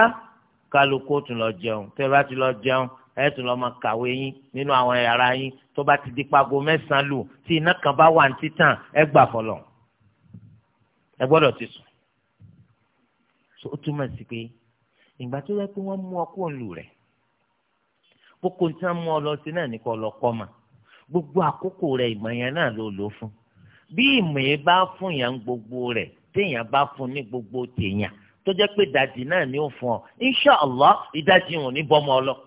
kálukú tún lọ jẹun tẹ́ bá ti lọ jẹun ẹ tún lọ́ọ́ máa kàwé yín nínú àwọn yàrá yín tó bá ti di pago mẹ́sàn-án lù tí iná kan bá wà ní títàn ẹ gbà fọlọ́ ẹ gbọ́dọ̀ ti sùn. so ó túmọ̀ sí pé ìgbà tó yẹ pé wọ́n mú ọkú òǹlù rẹ̀ kókó tí wọ́n mú ọ lọ sí náà ní kọ́ lọ mà gbogbo àkókò rẹ̀ ìmọ̀ yẹn náà ló lò fún bí ìmọ̀ yẹn bá fún yàn gbogbo rẹ̀ téèyàn bá fún ní gbogbo téèyàn tó jẹ́ pé ìdajì náà ni ó fún ọ inṣàlá ìdajì wọn bọ́mọ ọlọ́ọ̀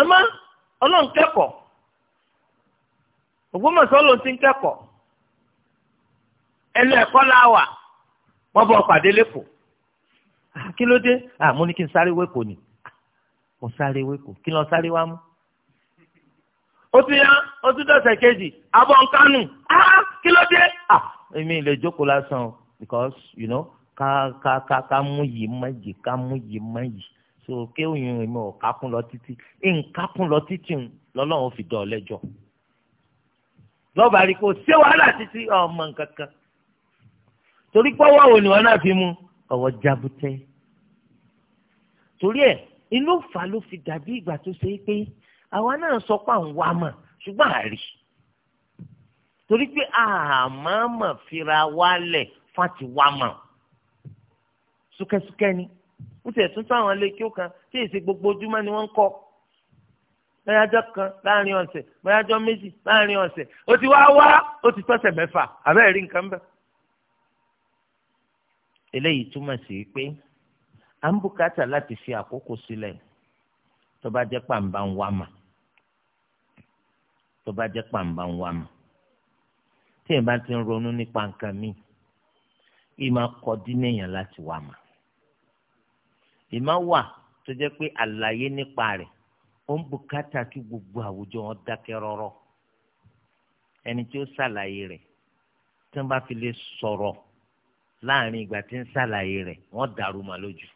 àmọ́ ọlọ́run kẹ́kọ̀ọ́ Ògbómọ̀ṣọ́ ló ti ń kẹ́kọ̀ọ́ ẹnu ẹ̀kọ́ la wà wọ́n bọ̀ pàdé lẹ́kọ̀ọ́ kí ló dé àmú ni kí n sáré wẹ́kọ̀ọ́ ni mo sáré wẹ́kọ̀ọ́ kí lọ sáré wá mú. ó ti yá ó ti dọ̀sẹ̀ kejì abọ́ ń kánú kí ló dé. èmi lè jókòó lásán because you know ká ká ká ká mú yìí má yìí ká mú yìí má yìí so kéwìn ìmọ̀ kákún lọ títí nkákún lọ títí lọ́lọ́run fi dọ̀ lẹ́jọ́ lọ́ba rí kó ṣé wàhálà títí ọmọ nǹkan kan torí pọ́wọ́ wo ni wọ́n náà fi mú ọwọ́ jábútẹ́ torí ẹ̀ inú fa ló fi dàbí ìgbà tó ṣe é pé àwa náà sọ pé à ń wá mọ̀ ṣùgbọ́n àárí torí pé àmọ́ mọ̀ fira wálẹ̀ fún àti wá mọ̀ súkẹ́súkẹ́ ni ń tẹ̀ tún táwọn ilé kí ó kan kí èsì gbogbo ojúmọ́ ni wọ́n ń kọ́ bẹ́yàjọ́ kan láàrin ọ̀sẹ̀ bẹ́yàjọ́ méjì láàrin ọ̀sẹ̀ ó ti wá wá ó ti tọ́sẹ̀ mẹ́fà àbẹ́ẹ̀ rí nǹkan bẹ́ẹ̀. eléyìí túmọ̀ sí pé à ń bùkátà láti fi àkókò sílẹ̀ tó bá jẹ́ pàǹbá ń wá mà tó bá jẹ́ pàǹbá ń wá mà tí èèyàn bá ti ń ronú nípa nǹkan míì ìmọ̀ kọ́ dín láti wá mà. ìmá wà tó jẹ́ pé àlàyé nípa rẹ̀ ó ń bùkátà kí gbogbo àwùjọ wọn dákẹ́ rọ́rọ́ ẹni tí ó ṣàlàyé rẹ̀ tí wọ́n bá fi lè sọ̀rọ̀ láàrin ìgbà tí ń ṣàlàyé rẹ̀ wọ́n dàrú ma lójú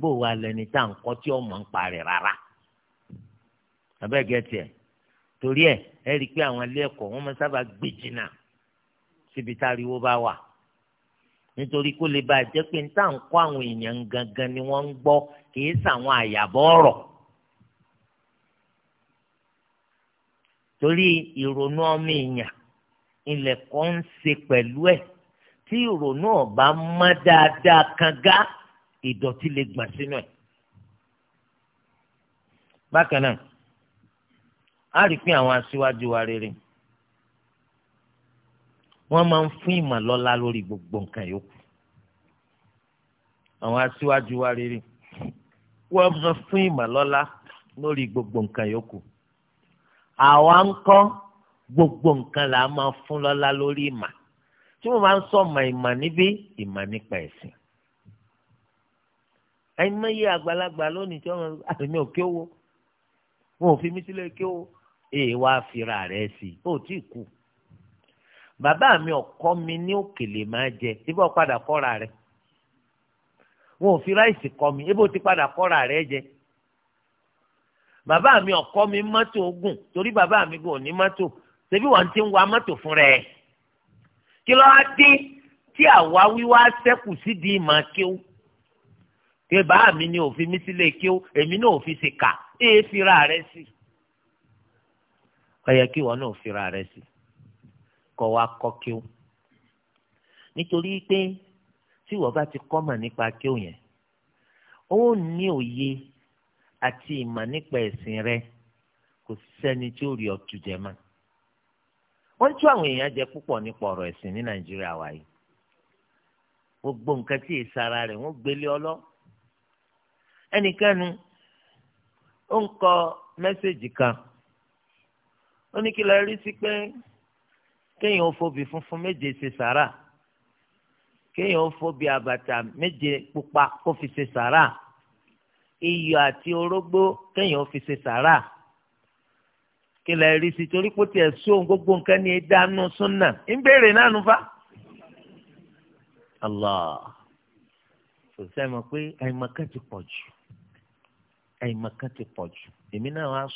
bó wa lẹni tá à ń kọ́ tí ń parẹ́ rárá abẹ́gẹ́ tiẹ̀ torí ẹ̀ rí i pé àwọn ilé ẹ̀kọ́ wọn máa sábà nítorí kó lè bá jẹ́ pé níta ń kó àwọn èèyàn gangan ni wọn ń gbọ́ kì í sàwọn àyàbọ̀ ọ̀rọ̀. torí ìrònú ọmọ èèyàn ilẹ̀ kan ń ṣe pẹ̀lú ẹ̀ tí ìrònú ọ̀bá má dáadáa kan gá ìdọ̀tí lè gbà sínú ẹ̀. bákan náà a rí i pé àwọn aṣíwájú wa rere. wọ́n máa ń fún ìmọ̀ lọ́lá lórí gbogbo nǹkan yòókù àwọn aṣíwájú wa rere wọ́n máa ń fún ìmọ̀ lọ́lá lórí gbogbo nǹkan yòókù àwa ń kọ́ gbogbo nǹkan là á máa fún lọ́lá lórí ìmọ̀ tí wọ́n máa ń sọ ọmọ ìmọ̀ níbí ìmọ̀ nípa ẹ̀sìn àìmọye àgbàlagbà lónìí tí wọ́n àtẹ̀mí ò kéwò wọn ò fi mí sílẹ̀ kéwò èèwà fira rẹ̀ sí i ó tí ì kú bàbá mi ọkọ mi ní òkèlè máa jẹ síbí ó padà kọ́ra rẹ̀ wọn ò fi ráìsì kọ́ mi ebó ti padà kọ́ra rẹ̀ jẹ bàbá mi ọkọ mi mọ́tò ogun torí bàbá mi gùn ní mọ́tò ṣebí wọn ti ń wa mọ́tò fún rẹ̀ kí ló wá dé tí àwa wíwá ṣẹ́kù sídìí máa kíw pé bàá mi ni òfin mi sílé kíw èmi náà ò fi kà é fira rẹ̀ sí ó yẹ kí wọn náà fira rẹ̀ sí. Si kọ́ wa kọ kíw nítorí pé tí wọ́n bá ti kọ́ mà nípa kíw yẹn ó ní òye àti ìmọ̀ nípa ẹ̀sìn rẹ kò sẹ́ni tí ó rí ọtú jẹ mọ́ wọ́n tún àwọn èèyàn jẹ púpọ̀ nípa ọ̀rọ̀ ẹ̀sìn ní nàìjíríà wa yìí gbogbo nǹkan tí èsì ara rẹ̀ wọ́n gbélé ọlọ́ ẹnikẹ́nu ó ń kọ mẹ́sẹ̀jì kan ó ní kí lọ rí sí pé. kéèyàn ó fòbì funfun méje ṣe sàrà kéèyàn ó fòbì àbàtà pupa kó fi ṣe sàrà iyọ̀ àti orógbó kéèyàn ó fi ṣe sàrà kí rí torí pé tiẹ̀ gbogbo nǹkan ní dánú súnà ń béèrè náà nù fa. Allah kò sẹ́mi pé ti pọ̀ jù ti pọ̀ jù èmi náà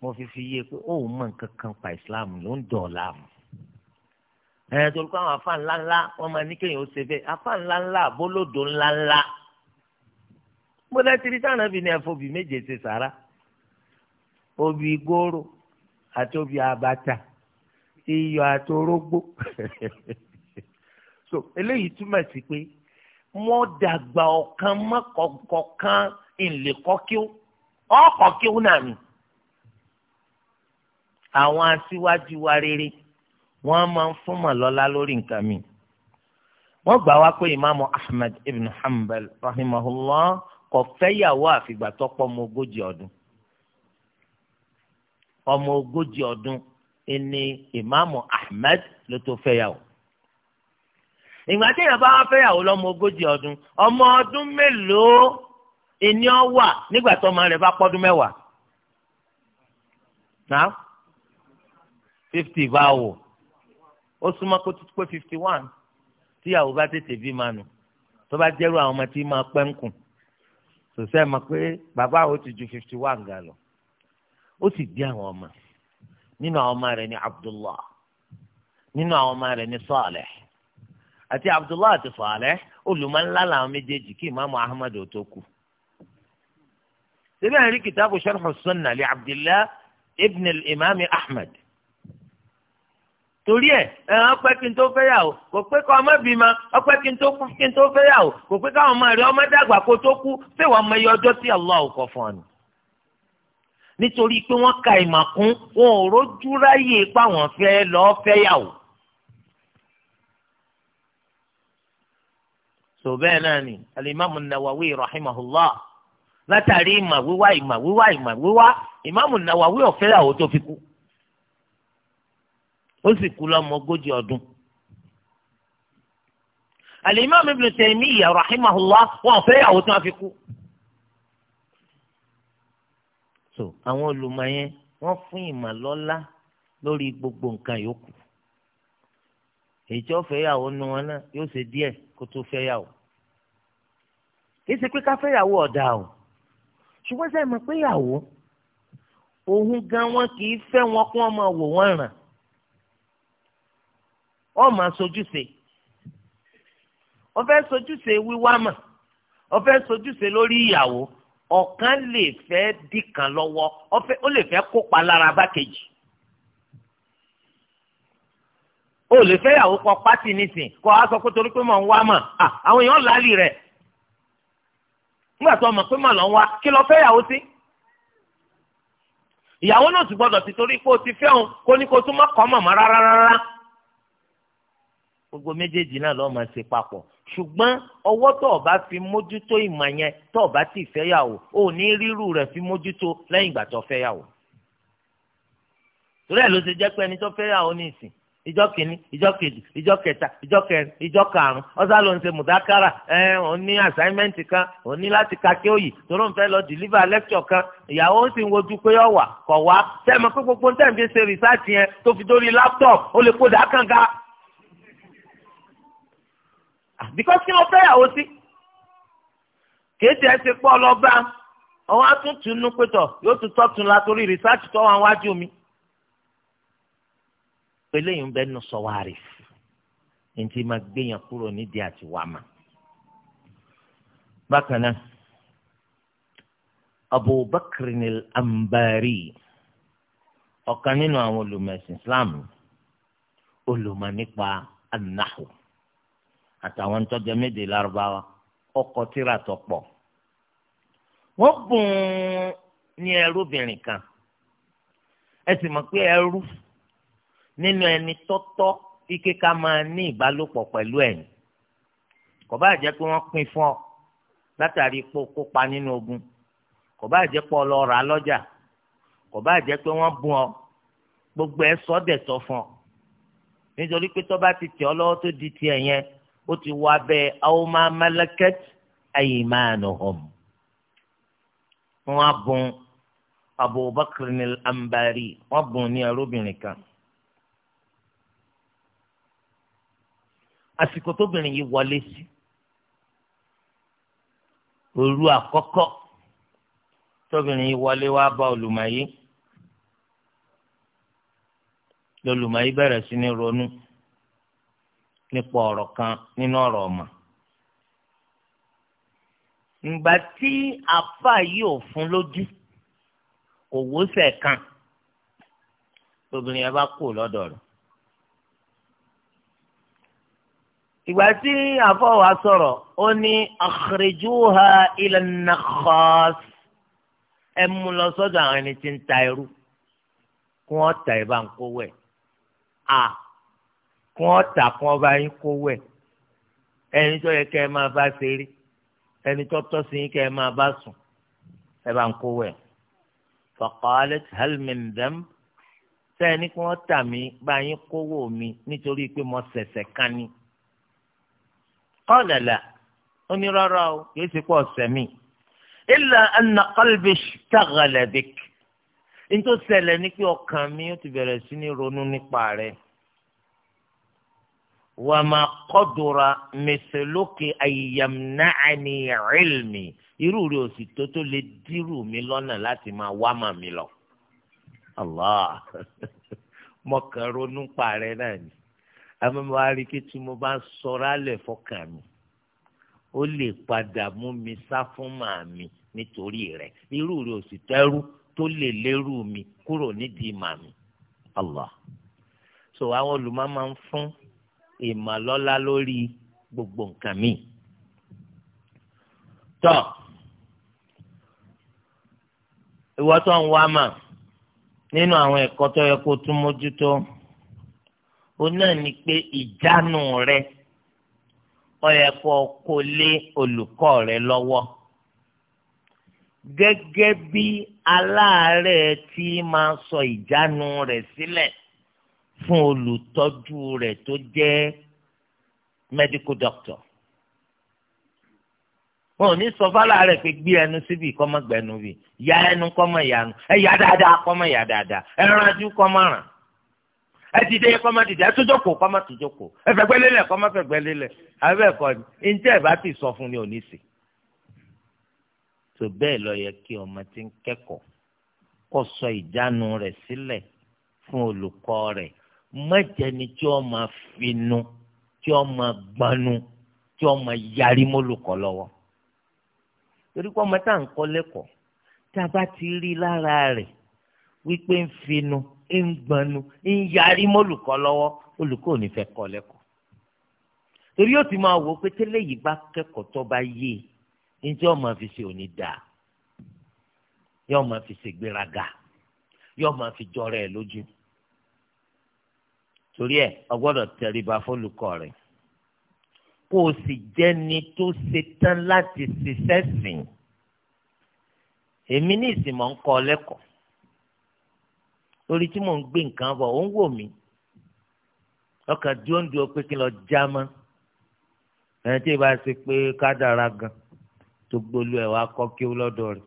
mo fi fi yé e pé òun mọ̀ nǹkan kan pa islam ló ń dọ̀ láàmú. ẹ torí pé àwọn afa ńláńlá wọn máa ní kéèyàn ó ṣe bẹ́ẹ̀ afa ńláńlá bólódò ńláńlá mo lẹ́tìrí táwọn ẹbí ni ẹ̀fọ́bì méje ṣe sàrà obì góró àti obì àbàtà iyọ̀ àti orógbó so eléyìí túmọ̀ sí pé mo dàgbà ọ̀kan mọ́kọ̀ọ̀kan ìlẹ̀kọ́kíw ọ̀kọ̀kíw náà mi àwọn aṣíwájú wa rere wọ́n máa ń fún mọ̀lọ́lá lórí nǹkan mi. wọ́n gbà wá pé ìmáàmù ahmed ibn hanbal rahimahullah kò fẹ́yàwó àfìgbà tọ́pọ̀ ọmọ ogójì ọdún. ọmọ ogójì ọdún ni ìmáàmù ahmed ló tó fẹ́yàwó. ìgbà tí èèyàn bá wá fẹ́yàwó lọ́mọ ogójì ọdún ọmọ ọdún mélòó ni ó wà nígbà tó ọmọ rẹ̀ bá pọ́dún mẹ́wàá. náà fifty báwo ó súnmọ́ kó títí pé fifty one tíyàwó bá tètè bí máa nù tó bá jẹ́rú àwọn ọmọ tí máa pẹ́ ń kùn sòsẹ́ mọ̀ pé bàbá àwọn ti ju fifty one ga lọ ó sì bí àwọn ọmọ nínú àwọn ọmọ rẹ̀ ní Abdullah nínú àwọn ọmọ rẹ̀ ní Saleh àti Abdullah àti Saleh olùmọ̀nlá làwọn méjèèjì kí ìmáàmù Ahmad ò tó kù. síbẹ̀ rí kìtàbù sharh as-sunnah li ibn al-imam torí ẹ ẹ ọpẹ kí n tó fẹ́yàwó kò pé kọ ọmọ bí ma ọpẹ kí n tó kú kí n tó fẹ́yàwó kò pé káwọn ọmọ rẹ ọmọ dàgbà kó tó kú fẹwàá ọmọ iye ọjọ́ tí Allah kọ fún ọ ni. nítorí pé wọ́n ka ìmọ̀ kún wọn ò rójú ráyè páwọn fẹ́ lọ́ọ́ fẹ́yàwó. sọ bẹ́ẹ̀ náà ni alimami Nawawi rahimahullah látàrí ìmọ̀ wíwá ìmọ̀ wíwá ìmọ̀ wíwá ìmáàmù Nawawi ọ̀fẹ́yàwó tó fi kú ó sì kú lọ́mọ ogójì ọdún. Al-Imam Ibn Taymiyyah rahimahullah wọn ò fẹ́yàwó tí wọ́n fi kú. so àwọn olùmọ̀ yẹn wọ́n fún ìmọ̀ lọ́lá lórí gbogbo nǹkan yòókù èyí tí wọ́n fẹ́yàwó nu wọn náà yóò ṣe díẹ̀ kó tó fẹ́yàwó kì ṣe pé ká fẹ́yàwó ọ̀dà o ṣùgbọ́n sẹ́yìn mọ̀ pé yàwó òun gan wọn kì í fẹ́ wọn kó wọn máa wò wọ́n ràn Ọ ma sojuse wọ́n sojuse wiwa wíwá mà sojuse lórí ìyàwó ọkan lè fẹ́ dìkan lọ́wọ́ ó lè fẹ́ kópa lára ó lè yàwó kọ pátì nísìn kọ́ a sọ pé torí pé mọ̀ ń wá mà àwọn èèyàn làálì pé ń wá kí lọ yàwó sí ti torí pé o ti fẹ́ òun kó ní kó tún kọ́ mọ̀ gbogbo méjèèjì náà lọ́ọ́ máa ṣe papọ̀ ṣùgbọ́n ọwọ́ tó o bá fi mójútó ìmọ̀ yẹn tó o bá ti fẹ́yàwó o ní rírù rẹ̀ fi mójútó lẹ́yìn ìgbà tó fẹ́yàwó. torí ẹ̀ ló ṣe jẹ́ pé ẹni tó fẹ́yàwó ní ìsìn ìjọ kìíní ìjọ kejì ìjọ kẹta ìjọ kẹrin ìjọ karùn ọsà ló ń ṣe mùdákàrà ẹ òun ní àsáímẹ́ǹtì kan òun ní láti ka kéòyì torí òun fẹ́ lọ dìlíva lẹ́kṣọ̀ kan ìyàwó sì ń wojú pé ọ̀wà kọ̀ wá tẹ́ ẹ mọ̀ pé gbogbo ń tẹ̀ ń fi ṣe rìsáàtì yẹn tó fi dórí láptọ̀pù ó lè kó dàákànga Ah, because kí ló fẹ́yàwó sí kéde ẹsẹ̀ pọ̀ lọ́ba ọwọ́ àtúntò inú pétọ̀ yóò tún tọ́tún la torí rìsáàtì tó wọn wájú mi pẹ̀lẹ́ yìí ń bẹ́ nu sọ̀wárì ntí máa gbéyàn kúrò nídìí àti wàmà bákan náà abubakar al-ambari ọ̀kan nínú àwọn olùmọ̀ ẹ̀sìn islam olùmọ̀ nípa anahu. An àtàwọn tọ́jọ́ méde lárúbáwá ọkọ̀ tíra tó pọ̀ wọ́n bùn ní ẹrúbìnrin kan ẹ sì mọ̀ pé ẹrú nínú ẹni tọ́tọ́ ike ká máa ní ìbálòpọ̀ pẹ̀lú ẹ̀yìn kò bá jẹ́ pé wọ́n pín fún ọ látàrí pé o kópa nínú ogun kò bá jẹ́ pé o lọ rà á lọ́jà kò bá jẹ́ pé wọ́n bùn ọ gbogbo ẹ sọ́dẹ̀ tọ́ fún ọ nítorí pé tó bá ti tẹ̀ ọ́ lọ́wọ́ tó di tiẹ̀ yẹn ó ti wá bẹ́ẹ̀ aw ma malakat aymanuhum. wọ́n á bùn Abubakar ní Ambari wọ́n bùn ní arúbìnrin kan. àsìkò tóbìnrin yìí wọlé sí òru àkọ́kọ́ tóbìnrin yìí wọlé wá bá olùmọ̀ yìí lọ́lùmọ̀ yìí bẹ̀rẹ̀ sí ní ronú nípa ọ̀rọ̀ kan nínú ọ̀rọ̀ ọmọ. ìgbà tí àfa yìí ò fún lójú kò wóṣẹ̀ kan obìnrin yẹn bá kú lọ́dọ̀ rẹ̀. ìgbà tí àfọwà sọ̀rọ̀ ó ní akhrijuha ila an ẹ mú lọ sọ́dọ̀ àwọn ẹni tí ń ta irú kí wọ́n ta ìbá ń kówó ẹ̀ kí wọ́n tà kí wọ́n bá yín kówó ẹ̀ ẹni tó yẹ kẹ́ ẹ máa bá ṣeré ẹni tó tọ́ sí yín kẹ́ ẹ máa bá sùn ẹ bá ń kówó ẹ̀. faqalat hal sẹ́ni kí wọ́n tà bá yín kówó mi nítorí pé mo ṣẹ̀ṣẹ̀ kan ni. qala la ó ní rárá o pọ̀ sẹ́mi. illa anna qalbi ishtaghala bik. ní ní pé ọkàn mi ó ti bẹ̀rẹ̀ sí ní ronú nípa rẹ̀ wàmà kọ́dùrà mẹsẹ̀lókè àyàmnáàní ìlmì irú rẹ̀ ò sì tó tó lè dírù mi lọ́nà láti máa wá mà mí lọ. Allah mọ̀kàn ronú parẹ́ náà ni amẹ́mọ́ aríkí tí mo bá sọ̀rọ̀ alẹ̀ fọkàn mi ó lè padà mú mi sá fún màá mi nítorí rẹ̀ irú rẹ̀ ò sì tẹ́rú tó lè lérú mi kúrò nídìí màá mi. Allah so àwọn olùmọ̀ máa ń fún ìmọ̀lọ́lá lórí gbogbo nǹkan mi. tọ́ ìwọ tó ń wá mà nínú àwọn ẹ̀kọ́ tó yẹ kó tún mójútó o náà ni pé ìjánu rẹ ó yẹ kó kó lé olùkọ́ rẹ lọ́wọ́ gẹ́gẹ́ bí aláàárẹ̀ tí máa sọ ìjánu rẹ̀ sílẹ̀. Si fún olùtọ́jú rẹ̀ tó jẹ́ medical doctor. wọn ò ní sọ fálà rẹ̀ pé gbé ẹnu síbi kọ́mọ́gbẹ́nu bì ya ẹnu kọ́mọ́ ìyanu ẹ yà dáadáa kọ́mọ́ yà dáadáa ẹ ránjú kọ́mọ́ ràn ẹ dìde kọ́mọ́ dìde ẹ tójókòó kọ́mọ́ tójókòó ẹ fẹ̀gbẹ́ lélẹ̀ kọ́mọ́ fẹ̀gbẹ́ lélẹ̀ abẹ́ẹ̀kọ́ ni ntẹ́ ẹ̀ bá ti sọ fún ni ò ní sè. tó bẹ́ẹ̀ lọ yẹ kí ọmọ ti ń kẹ́kọ̀ọ́ kó sọ ìjánu rẹ̀ sílẹ̀ fún olùkọ́ rẹ̀ mọ̀jẹ̀ni tí wọ́n máa finu tí wọ́n máa gbanu tí wọ́n máa yarí mólùkọ́ lọ́wọ́. torí pé ọmọ tá à ń kọ́ lẹ́kọ̀ọ́ tá a bá ti rí lára rẹ̀ wípé ń finu ń gbanu ń yarí mólùkọ́ lọ́wọ́ olùkọ́ ò ní fẹ́ kọ́ lẹ́kọ̀ọ́. torí yóò ti máa wò pé tẹ́lẹ̀ yìí bá kẹ́kọ̀ọ́ tó bá yé e ní tí wọ́n máa fi ṣe òní dáa yóò máa fi ṣègbéraga yóò máa fi jọra ẹ̀ lójú torí ẹ ọgbọ́dọ̀ tẹríba fólùkọ́ rẹ̀ kó o sì jẹ́ni tó ṣe tán láti ṣiṣẹ́ sìn èmi ní ìsìnmọ̀ ń kọ́ lẹ́kọ̀ọ́ lórí tí mò ń gbé nǹkan bọ̀ ó ń wò mí ọkàn dúró ń dúró pé kí n lọ já mọ́ ẹni tí ìbá ṣe pé kádàrá gan tó gbólú ẹ̀ wá kọ́ kí ó lọ́dọ̀ rẹ̀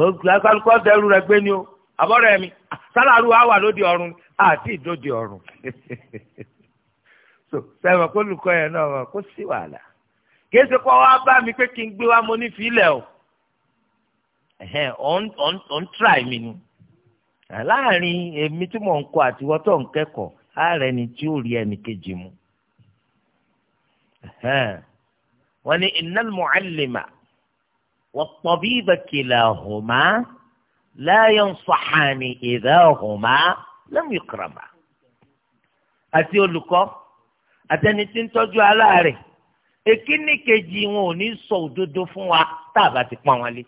ó kálukọ́ dẹrù rẹ̀ gbé ni o àbọ̀rọ̀ ẹ̀mí sálàrú wa wà lóde ọ̀run àti ìdóde ọ̀run so sẹ́wọ̀n kó lùkọ́ yẹn náà wọ̀ kó sí wàhálà kìí ṣe kó wá bá mi pé kí n gbé wá mo ní fílẹ̀ o ọ̀n tíráì mi ni láàrin èmi tí mò ń kọ àti ìwọ tó ń kẹ́kọ̀ọ́ ààrẹ ni tí ó rí ẹnì kejì mu wọ́n ní innal mu'allima wat tabiba kilahuma la yansahani idha huma lam yukrama. àti olùkọ́ àtẹni tí ń tọ́jú aláàárẹ̀ èkíní kejì wọn ò ní sọ òdodo fún wa tá a bá ti pọ́n wọn lé.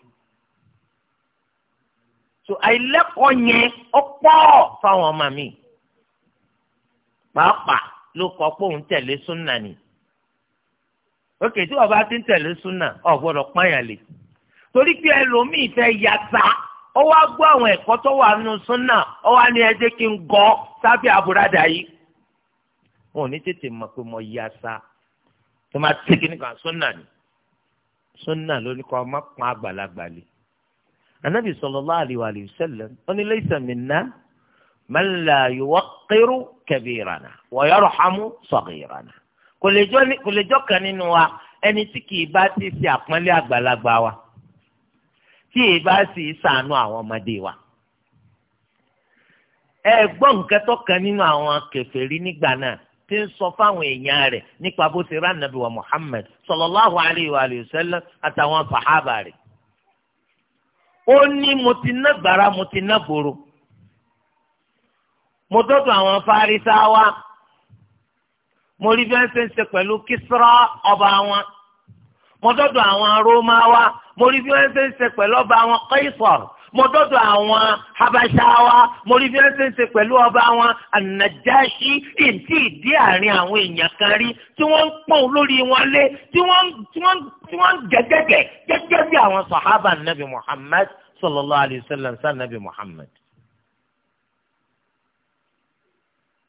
so àìlẹ́kọ̀ọ́ yẹn ó pọ̀ fáwọn ọmọ mi pàápàá ló kọ pé òun tẹ̀lé súnà ni òkè tí wọn bá ti ń tẹ̀lé súnà ọ̀ gbọ́dọ̀ pọ́n yàn lé torí pé ẹlòmíì fẹ́ yàtá ó wá gbọ́ àwọn ẹ̀kọ́ tó wà nínú súnà ó wá ní ẹ jẹ́ kí n gọ́ sábẹ́ àbúradà yìí. wọn ò ní tètè mọ̀ pé mo yí asa tó máa tẹ́ kí nìkan súnà ni súnà ló ní kọ́ ọ má pọn àgbàlagbà lé. anabi sallallahu alaihi wa alihi wasallam ó ní laysa minna man la yuwaqqiru kabirana wa yarhamu saghirana kò lè jọ́ kan nínú wa ẹni tí kì í bá ti ṣe àpọ́nlé àgbàlagbà wa. tí èyí bá sì sànú àwọn ọmọdé wa. ẹ gbọ́ nǹkan tó kan nínú àwọn kèfèrí nígbà náà tí ń sọ fáwọn èèyàn rẹ̀ nípa bó ti rán nàbí wa Muhammad sallallahu alayhi wa sallam àtàwọn sàhábà rẹ̀. ó ní mo ti ná gbàrà mo ti ná bòrò. mo dọ́dọ̀ àwọn farisáwa mo rí bí wọ́n ṣe ń ṣe pẹ̀lú Kisra ọba wọn mo dọ́dọ̀ àwọn rómáwa. mo rí bí wọ́n ṣe ń ṣe pẹ̀lú ọba wọn Qaisar mo dọ́dọ̀ àwọn habashawa mo rí bí wọ́n ṣe ń ṣe pẹ̀lú ọba wọn anajashi èyí ìdí àárín àwọn èèyàn kan rí tí wọ́n ń pọ́n lórí wọn lé tí wọ́n ń gẹ́gẹ́gẹ́ gẹ́gẹ́ bí àwọn sahaba nabi Muhammad sallallahu alayhi wa sallam sa nabi Muhammad.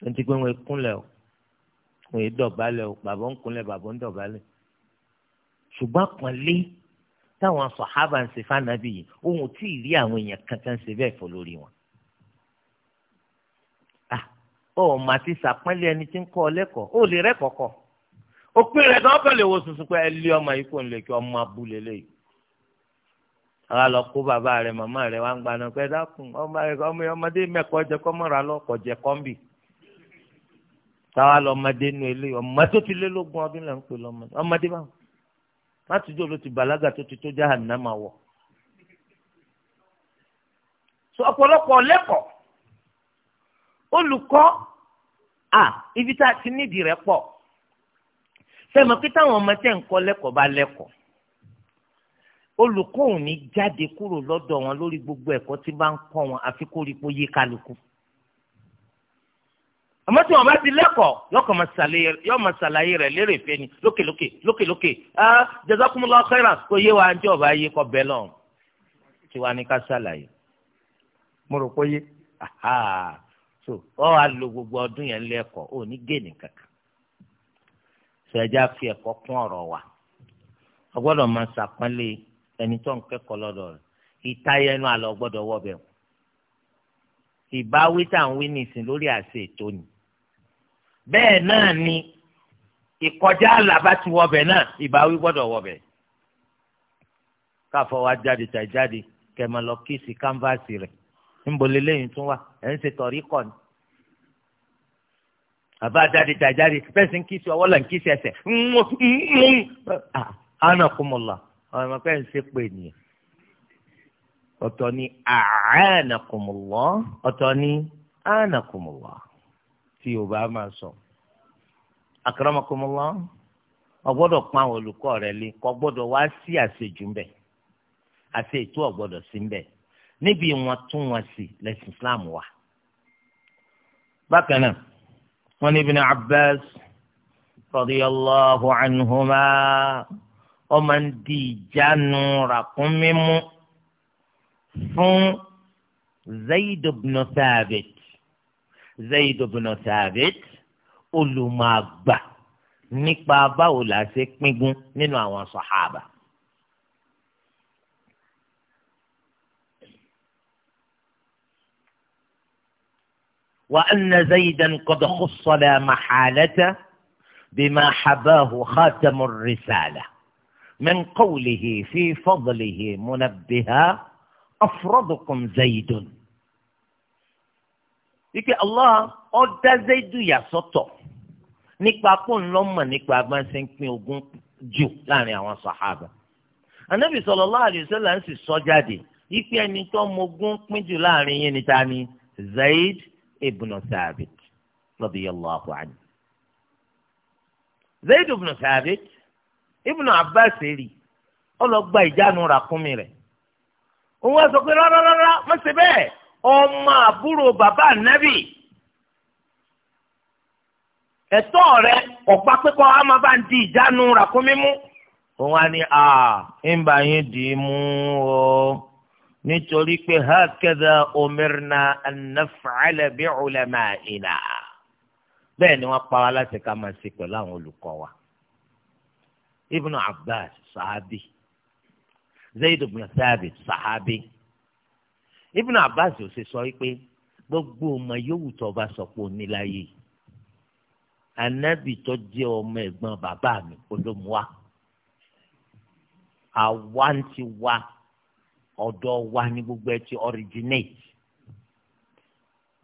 ẹni tí pé wọn kúnlẹ̀ o wọn dọ̀bálẹ̀ o bàbá ń kúnlẹ̀ bàbá ń dọ̀bálẹ̀ ṣùgbọ́n àpọ̀nlé táwọn sọ̀hábà ń ṣe fánàbí yìí ohun tí ì rí àwọn èèyàn kankan ṣe bẹ́ẹ̀ fọ lórí wọn. ó mà ti sàpẹ́lẹ̀ ẹni tí ń kọ́ ọ lẹ́kọ̀ọ́ ó lè rẹ́kọ̀ọ́kọ́ òpin rẹ̀ náà bẹ̀rẹ̀ wo sùsù pé ẹ lé ọmọ yìí kò ń lè kí ọmọ abúlé léyìí. àwa lọ kó bàbá rẹ màmá rẹ wá ń gbaná pé dákun ọmọdé mẹ́kọ̀ọ́ jẹ kọ́mọ́ra lọ́kọ̀ jẹ kọ́ńbì táwa lọ ọmọdé nu ilé ọmọdé tó ti lé lógún ọdún lẹ́ pè lọ́mọdé báwọn látijọ́ ló ti bàlágà tó ti tó jahannama wọ̀ so ọ̀pọ̀lọpọ̀ lẹ́kọ̀ọ́ olùkọ́ à ibi tá a ti nídìí rẹ̀ pọ̀ sẹ́mi pé táwọn ọmọ tẹ̀ ń kọ́ lẹ́kọ̀ọ́ bá lẹ́kọ̀ọ́ olùkọ́ ò ní jáde kúrò lọ́dọ̀ wọn lórí gbogbo ẹ̀kọ́ tí bá ń kọ́ wọn àfi kó rí i pé yé kálukú àmọ́ tí wọ́n bá ti lẹ́kọ̀ọ́ yóò máa ṣàlàyé rẹ̀ lérè fẹ́ ni lókèlókè lókèlókè ah jazakumullahu khairan kò yé wa àǹtí ọ̀bá yé kọ́ bẹ́ẹ̀ lọ́n tí wàá ní ká ṣàlàyé mo rò pé yé so ọ wàá lo gbogbo ọdún yẹn lẹ́kọ̀ọ́ ò ní géènì kankan sọ ẹja fi ẹ̀kọ́ kún ọ̀rọ̀ wa ọ gbọ́dọ̀ máa ṣàpọ́nlé ẹni tó ń kẹ́kọ̀ọ́ lọ́dọ̀ rẹ̀ ìtayẹ àlọ́ gbọ́dọ̀ wọ́ bẹ̀rù ìbáwí tá à ń wí nìsín lórí àṣẹ ètò ni bẹ́ẹ̀ náà ni ìkọjá àlàbá ti wọbẹ̀ náà ìbáwí gbọ́dọ̀ wọbẹ̀ káfọ́ wa jáde tàì jáde kẹmọ lọ kíìsì kánfàsì rẹ̀ níbolé lẹ́yìn tún wà ẹ̀ ń ṣe tọ̀rí kọ̀ ni àbá jáde tàì jáde pẹ́sì ń kíìsì ọwọ́ là ń kíìsì ẹsẹ̀ àánà kùmùlà ọ̀rọ̀ ń ṣe pé nìyẹn ọ̀tọ̀ ni àánà ọ̀tọ̀ ni àánà tí yorùbá máa sọ akaramakomola ó gbọ́dọ̀ pa àwọn olùkọ́ rẹ̀ lé kò gbọ́dọ̀ wá sí àṣejù ńbẹ àti ètò ó gbọ́dọ̀ sí ńbẹ níbi wọn tún wọn sí lẹ́sìn islam wa bákan náà wọn ní ibn abbas radiyallahu anhuma ó ọmọ ń di ìjánu ràkúnmí fún zayid ibn thabit زيد بن ثابت olùmọ̀àgbà nípa báwo la ولا píngun نينو اوان صحابه وأن زيدا قد خص لا محالة بما حباه خاتم الرسالة من قوله في فضله منبها أفرضكم زيد wípé Allah ó Zaidu yà sọ́tọ̀ nípa pọ́ńlọ́mọ̀ nípa bá pín ogún jù láàrin àwọn sàhábà anabi sallallahu alaihi wasallam ń sì sọ jáde wípé ẹni tó mogún pín jù láàrin yín ni ni Zaid ibn Thabit radiyallahu anhu Zaid ibn Thabit ibn Abbas rí ọlọ́gba ìjánu ràkúnmi rẹ̀ òun wá sọ pé rárá rárá má ọmọ àbúrò bàbá ànábì ẹ̀tọ́ rẹ̀ ọ̀pá pípọ̀ ìjánu ràkúnmí òun á ní à ń bá yín dì í mú o nítorí pé an naf'ala bi ulama'ina bẹ́ẹ̀ ni wọ́n pa wá láti ká máa ṣe pẹ̀lú àwọn olùkọ́ wa. ibnu sahabi zayd ibn sahabi. Ibn Abbas ò ṣe sọ pé gbogbo ọmọ yòówù tó bá sọ pé oníláyè anabi tó jẹ́ ọmọ ẹ̀gbọ́n bàbá mi olómuwa àwa ń ti wa ọ̀dọ̀ wa ní gbogbo ẹ ti originate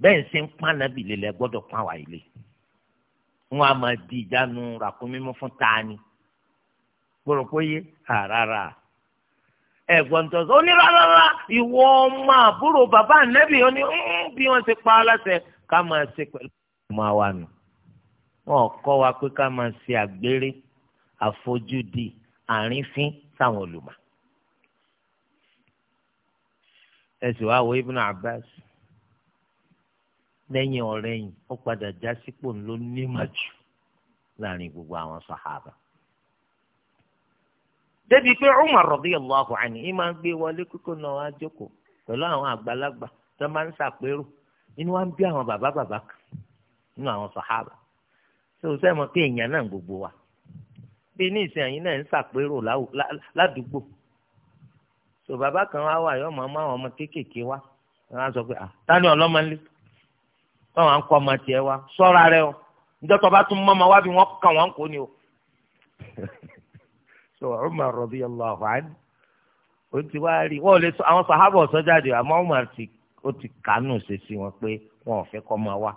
bẹ́ẹ̀ ṣe ń pa anabi lè lẹ gbọ́dọ̀ pa wà ilé wọn a máa di ìjánu ràkúnmímú fún taani gbọ́dọ̀ pé yé rárá ẹ̀gbọ́n tó sọ ní rárá ìwọ ọmọ àbúrò bàbá ànẹ́bì ó ní hmm, bí wọ́n ti pa á láṣẹ ká máa ṣe pẹ̀lú ọmọ wa nù. wọn kọ́ wa pé ká máa ṣe àgbèrè àfojúdi àrífín sáwọn olùmọ̀. ẹ sì wá wo Ibn Abbas lẹ́yìn ọ̀rẹ́yìn ó padà já sípò ńlọ nímọ̀ jù láàrin gbogbo àwọn sàhábà. débi pé Umar radiyallahu anhu yìí máa ń gbé wọlé kókó náà wá jókòó pẹ̀lú àwọn àgbàlagbà tó máa ń ṣàpérò inú wa ń bí àwọn bàbá bàbá kan nínú àwọn sàhábà tó o sẹ́mọ̀ pé èèyàn náà gbogbo wa bí ní ìsìn àyín náà ń ṣàpérò ládùúgbò tó bàbá kan wá wà àwọn ọmọ kéékèèké á sọ pé tani ọlọ́mọlé ń kọ́ ọmọ tiẹ̀ sọ́ra rẹ o so Umar radiyallahu anhu ó ti wá rí wọ́n lè sọ àwọn sàhábà ọ̀sán jáde àmọ́ Umar ti ó ti kánú ṣe sí wọn pé wọn ò fẹ́ kọ́ máa wá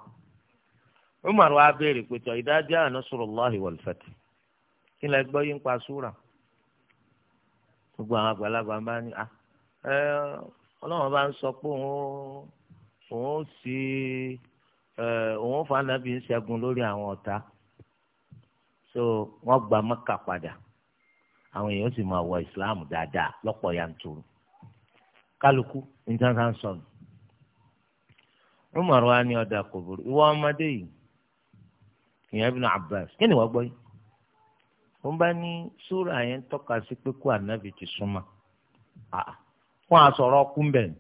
Umar wa béèrè pé tọ́ ìdájọ́ àná nasrullahi wal fath kí lẹ gbọ́ yín pa súra gbogbo àwọn àgbàlagbà bá ní à ah, ẹ ọlọ́wọ́n bá ń sọ pé òun òun sì ẹ òun fanabi ń ṣẹ́gun lórí àwọn ọ̀tá so wọ́n gba Mẹ́kà padà àwọn èèyàn sì máa wọ islam dáadáa lọ́pọ̀ yanturu kálukú nítaǹtà ń sọnù Umar wa ni ọ̀dà kò burú ìwọ ọmọdé yìí ìyẹn Ibn Abbas kí ni wọ́n gbọ́ yìí wọ́n bá ní sóra yẹn tọ́ka sí pé kó ànábì ti súnmọ́ fún ah, àsọ̀rọ̀ kúmbẹ̀ ni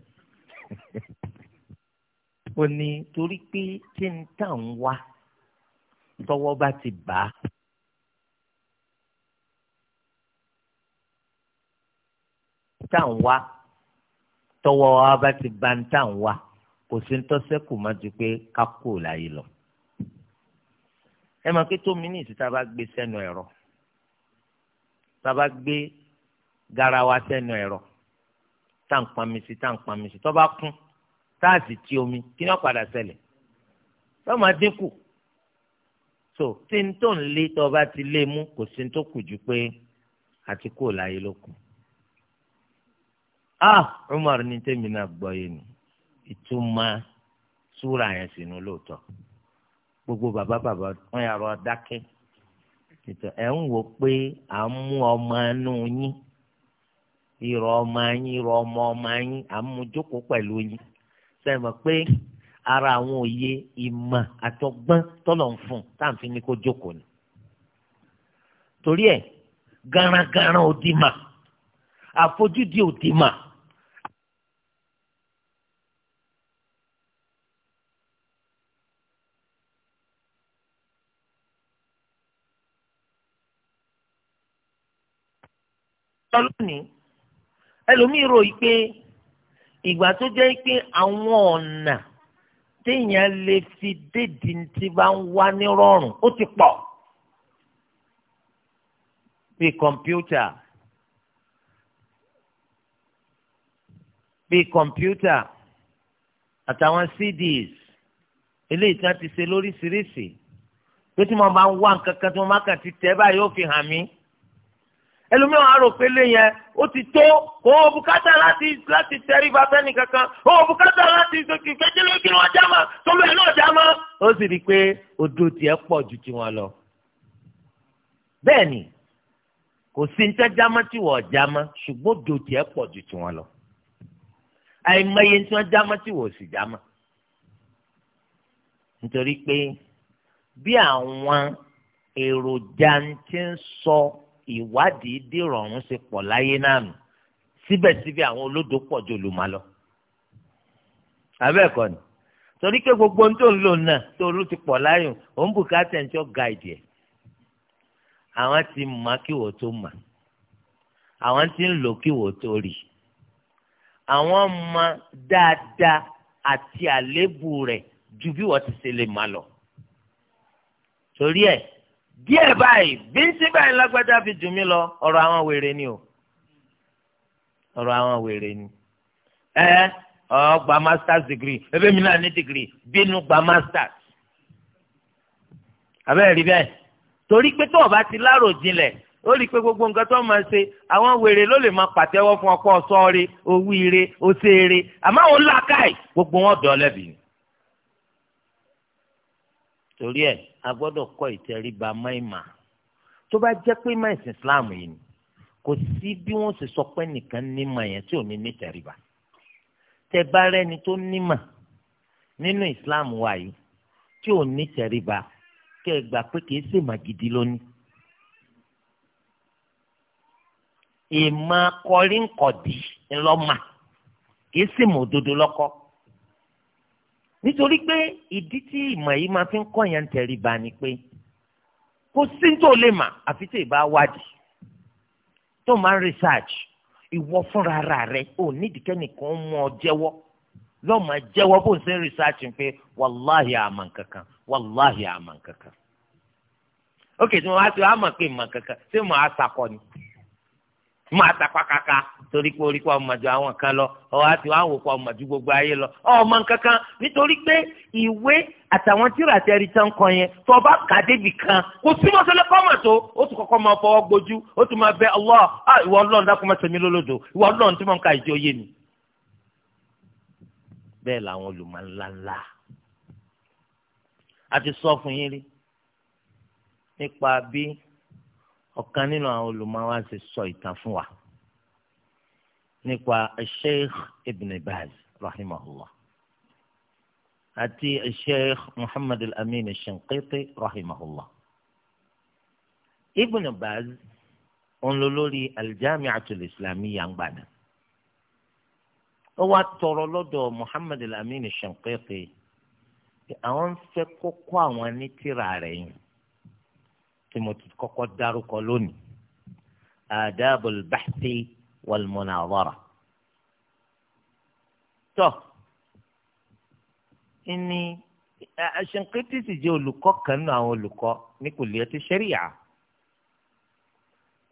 ó ní torí pé tí ń tà wá tọwọ́ bá ti bá a. tá à ń wá tọwọ́ wa bá ti ba tá à ń wá kò sí ń tọ́sẹ́kù má ju pé ká kú láyé lọ. ẹ máa ké tó mínítì tá a bá gbé sẹ́nu ẹ̀rọ tá a bá gbé garawa sẹ́nu ẹ̀rọ tá à ń pamí sí tá à ń pamí sí tó bá kún tá a sì ti omi kí ni padà ṣẹlẹ̀ tó máa dínkù so tí n tó ń lé tó bá ti lé mú kò sí ń ju pé àti kú láyé ló ah Umar ní tèmi náà gbọ́ yé ni ìtumọ̀ súra yẹn sì ní lóòótọ́ gbogbo bàbá bàbá wọn yàrá dákẹ́ tètè ẹ̀ ń wò pé à ń mú ọmọ inú yín irọ́ ọmọ yín irọ́ ọmọ ọmọ yín à ń mú jókòó pẹ̀lú yín sẹ́yìn mọ̀ pé ara àwọn òye ìmọ̀ àtọgbọ́n tọ́lọ̀ ń fún táǹfin ní kó jókòó ni. torí ẹ̀ garagara òdì mà àfojúdi òdì mà lọ lónìí ẹlòmíì rò yìí pé ìgbà tó jẹ́ pé àwọn ọ̀nà téèyàn lè fi dédìí tí bá ń wá ní rọrùn ó ti pọ̀ bí kọ̀mpútà bí kọ̀mpútà àtàwọn CDs eléyìí tí wọ́n ti ṣe lóríṣiríṣi pé tí wọ́n bá ń wá nǹkan kan tí wọ́n má kàn ti tẹ̀ báyìí ó fi hàn mí. ẹlòmíràn á rò pé lé yẹn ó ti tó òun bùkátà láti láti tẹrí kankan òun bùkátà láti kékeré kí wọ́n já ma tọ́lú náà já ó sì rí i pé odò lọ. bẹ́ẹ̀ni kò sí ní tẹ́ tí wọ́n jámá ṣùgbọ́n odò tiẹ̀ pọ̀ ju lọ. àìmọye wọ́n tí wọ́n sì nítorí pé bí àwọn èròjà ti ìwádìí dìrọ̀rùn ṣe pọ̀ láyé náà nù síbẹ̀síbẹ̀ àwọn olódò pọ̀ jù olùmọ̀ lọ. abẹ́ẹ̀kọ́ ni torí pé gbogbo ohun tó ń lò náà tó olú ti pọ̀ láyò òun bùkátà ń jọ gáìdì ẹ̀. àwọn ti mọ̀ kí wò tó mọ̀ àwọn ti ń lò kí wò tó rì àwọn mọ̀ dáadáa àti àléébù rẹ̀ ju bí wọ́n ti ṣe lè má lọ. torí ẹ̀ díẹ̀ báyìí bíntí báyìí lágbájá fi jù mí lọ ọ̀rọ̀ àwọn wèrè ni o ọ̀rọ̀ àwọn wèrè ni ẹ ọ gba masters degree ebe mi náà ní degree bínú gba masters abẹ́rẹ́ rí bẹ́ẹ̀ torí pé tó o bá ti lárò jinlẹ̀ ó rí i pé gbogbo nǹkan tó máa ṣe àwọn wèrè ló lè máa pàtẹ́wọ́ fún ọkọ sọ́ọ́rẹ́ owó ire oṣeere àmọ́ àwọn làákàyè gbogbo wọn dọ̀ ọ́ lẹ́bi torí ẹ̀ a gbọ́dọ̀ kọ́ ìtẹríba máìmá tó bá jẹ́ pé máa ìsìn islam yìí ni kò sí bí wọ́n ṣe sọ pé nìkan nímọ̀ yẹn tí ò ní ní ìtẹríba tẹ bá rẹni tó nímọ̀ nínú islam wa yìí tí ò ní ìtẹríba kẹ́ ẹ gbà pé kìí ṣe màgídí lónìí. ìmọ̀ akọrin kọ̀dí ńlọ́mà kìí ṣe mọ̀ òdodo lọ́kọ́ nítorí pé ìdí tí ìmọ̀ yìí máa fi ń kọ́ yẹn ń tẹ̀rí ba ni pé kò sí tó lè mà àfi tí ìbá wádìí tó máa ń research ìwọ fúnra ara rẹ ò ọ jẹ́wọ́ lọ́ọ́ máa jẹ́wọ́ bó ń ṣe ń research pé wàláhì àmọ̀ kankan wàláhì àmọ̀ kankan. ókè tí mo bá ti wá mọ̀ pé ìmọ̀ kankan mo á sakọ ni. máa tàpá kaka, torí pé orí pa ọmọdé àwọn kan lọ ọwọ́ àti wọn àwòkọ ọmọdé gbogbo ayé lọ ọmọ kankan nítorí pé ìwé àtàwọn tíra tẹrí tán kan yẹn tó bá kà débi kan kò sí mọ́sálẹ́ kọ́mọ̀ tó ó tún kọ́kọ́ máa fọwọ́ gbójú ó tún máa bẹ Allah ah, ìwọ ọlọ́run dákun máa sẹ́mi lólódò ìwọ ọlọ́run tí mo ń ka ìjọ yé mi. bẹ́ẹ̀ làwọn olùmọ̀ ńláńlá a ti sọ fún yín rí nípa bí ọ̀kan nínú àwọn olùmọ̀wá ti sọ ìtàn fún wa nípa sheikh ibn baz rahimahullah àti sheikh muhammad al-amin al-shinqiti rahimahullah ibn baz òun ló lórí al-jami'atul islamiyya ń ó wá tọrọ lọ́dọ̀ muhammad al-amin al àwọn ń fẹ́ kókó àwọn ní tírà rẹ̀ yìí tí mo ti kọ́kọ́ dárúkọ lónìí adabul bahthi wal munazara. tọ́ ìní Ṣinkiti sì jẹ́ olùkọ́ kan nínú àwọn olùkọ́ ní kulliyati sharia.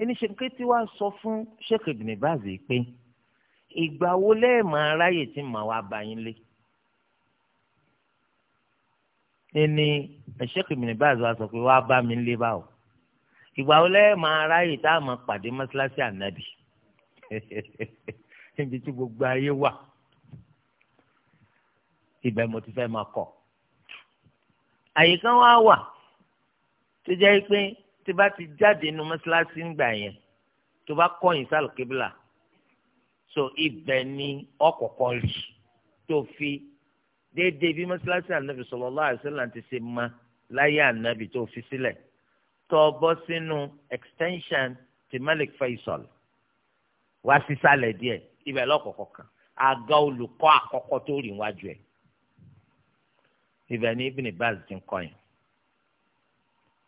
ìní Ṣinkiti wá sọ fún Sheikh Ibn Baz pé ìgbà wo lẹ́ẹ̀mọ́ aráyè tí màá wá bá lé ẹni Sheikh Ibn Baz wá sọ pé wá bá mi lé báwo ìgbà wo lẹ́ẹ̀ máa ráyè tá a máa pàdé mọ́ṣáláṣí ànábì níbi tí gbogbo ayé wà ibẹ̀ mo ti fẹ́ máa kọ̀ àyè kan wá wà tó jẹ́ pé tí bá ti jáde nu mọ́ṣáláṣí ńgbà yẹn tó bá kọ̀yìn sálùkébìlà so ibẹ̀ ni ọ̀kọ̀ọ̀kọ̀ rí tó fi déédéé bí mọ́ṣáláṣí ànábì sallallahu alaihi wasallam ti ṣe ma láyé ànábì tó fi sílẹ̀. Si tọ́ sínú extension ti Malik Faisal wá sísàlẹ̀ díẹ̀ ibẹ̀ lọ́kọ̀ọ̀kọ̀ kan àga olùkọ́ àkọ́kọ́ tó rìn wájú ẹ̀ ibẹ̀ ní Ibn Baz ti ń kọ́ yẹn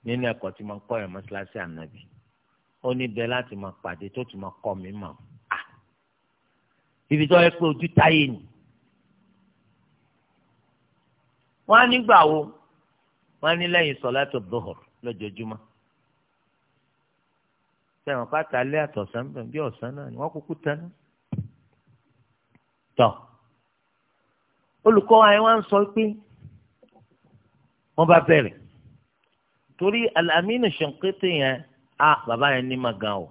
nínú ẹ̀kọ́ tí mo ń kọ́ yẹn mọ́ṣáláṣí ànábì ó ní bẹ́ẹ̀ láti máa pàdé tó tún máa kọ́ mi mọ̀ á ibi tó yẹ pé ojú táyé ni wọ́n á nígbà wo wọ́n á ní lẹ́yìn sọ̀látù dhuhr lójoojúmọ́ sẹ́wọ̀n pátá alẹ́ àtọ̀sán bí ọ̀sán náà ni wọ́n kúkú tán náà. tọ́ olùkọ́ wa yẹn wá ń sọ pé wọ́n bá bẹ̀rẹ̀ torí Al-Aminu Shinqiti yẹn á bàbá yẹn ní magan o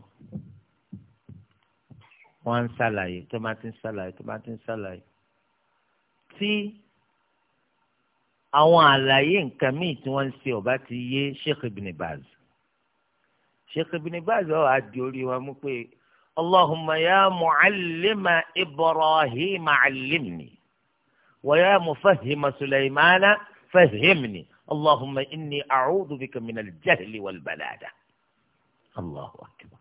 wọ́n ń ṣàlàyé tó bá ti ń ṣàlàyé tó bá ti ń ṣàlàyé tí àwọn àlàyé nǹkan míì tí wọ́n ń ṣe ọba ti yé Sheikh Ibn Baz sheikh ibn baz ọ̀ àdì orí wa mú pé allahumma ya mu'allima ibrahim allimni wa ya mufahhima sulaymana fahhimni allahumma inni a'udhu bika min al-jahli wal balada allahu akbar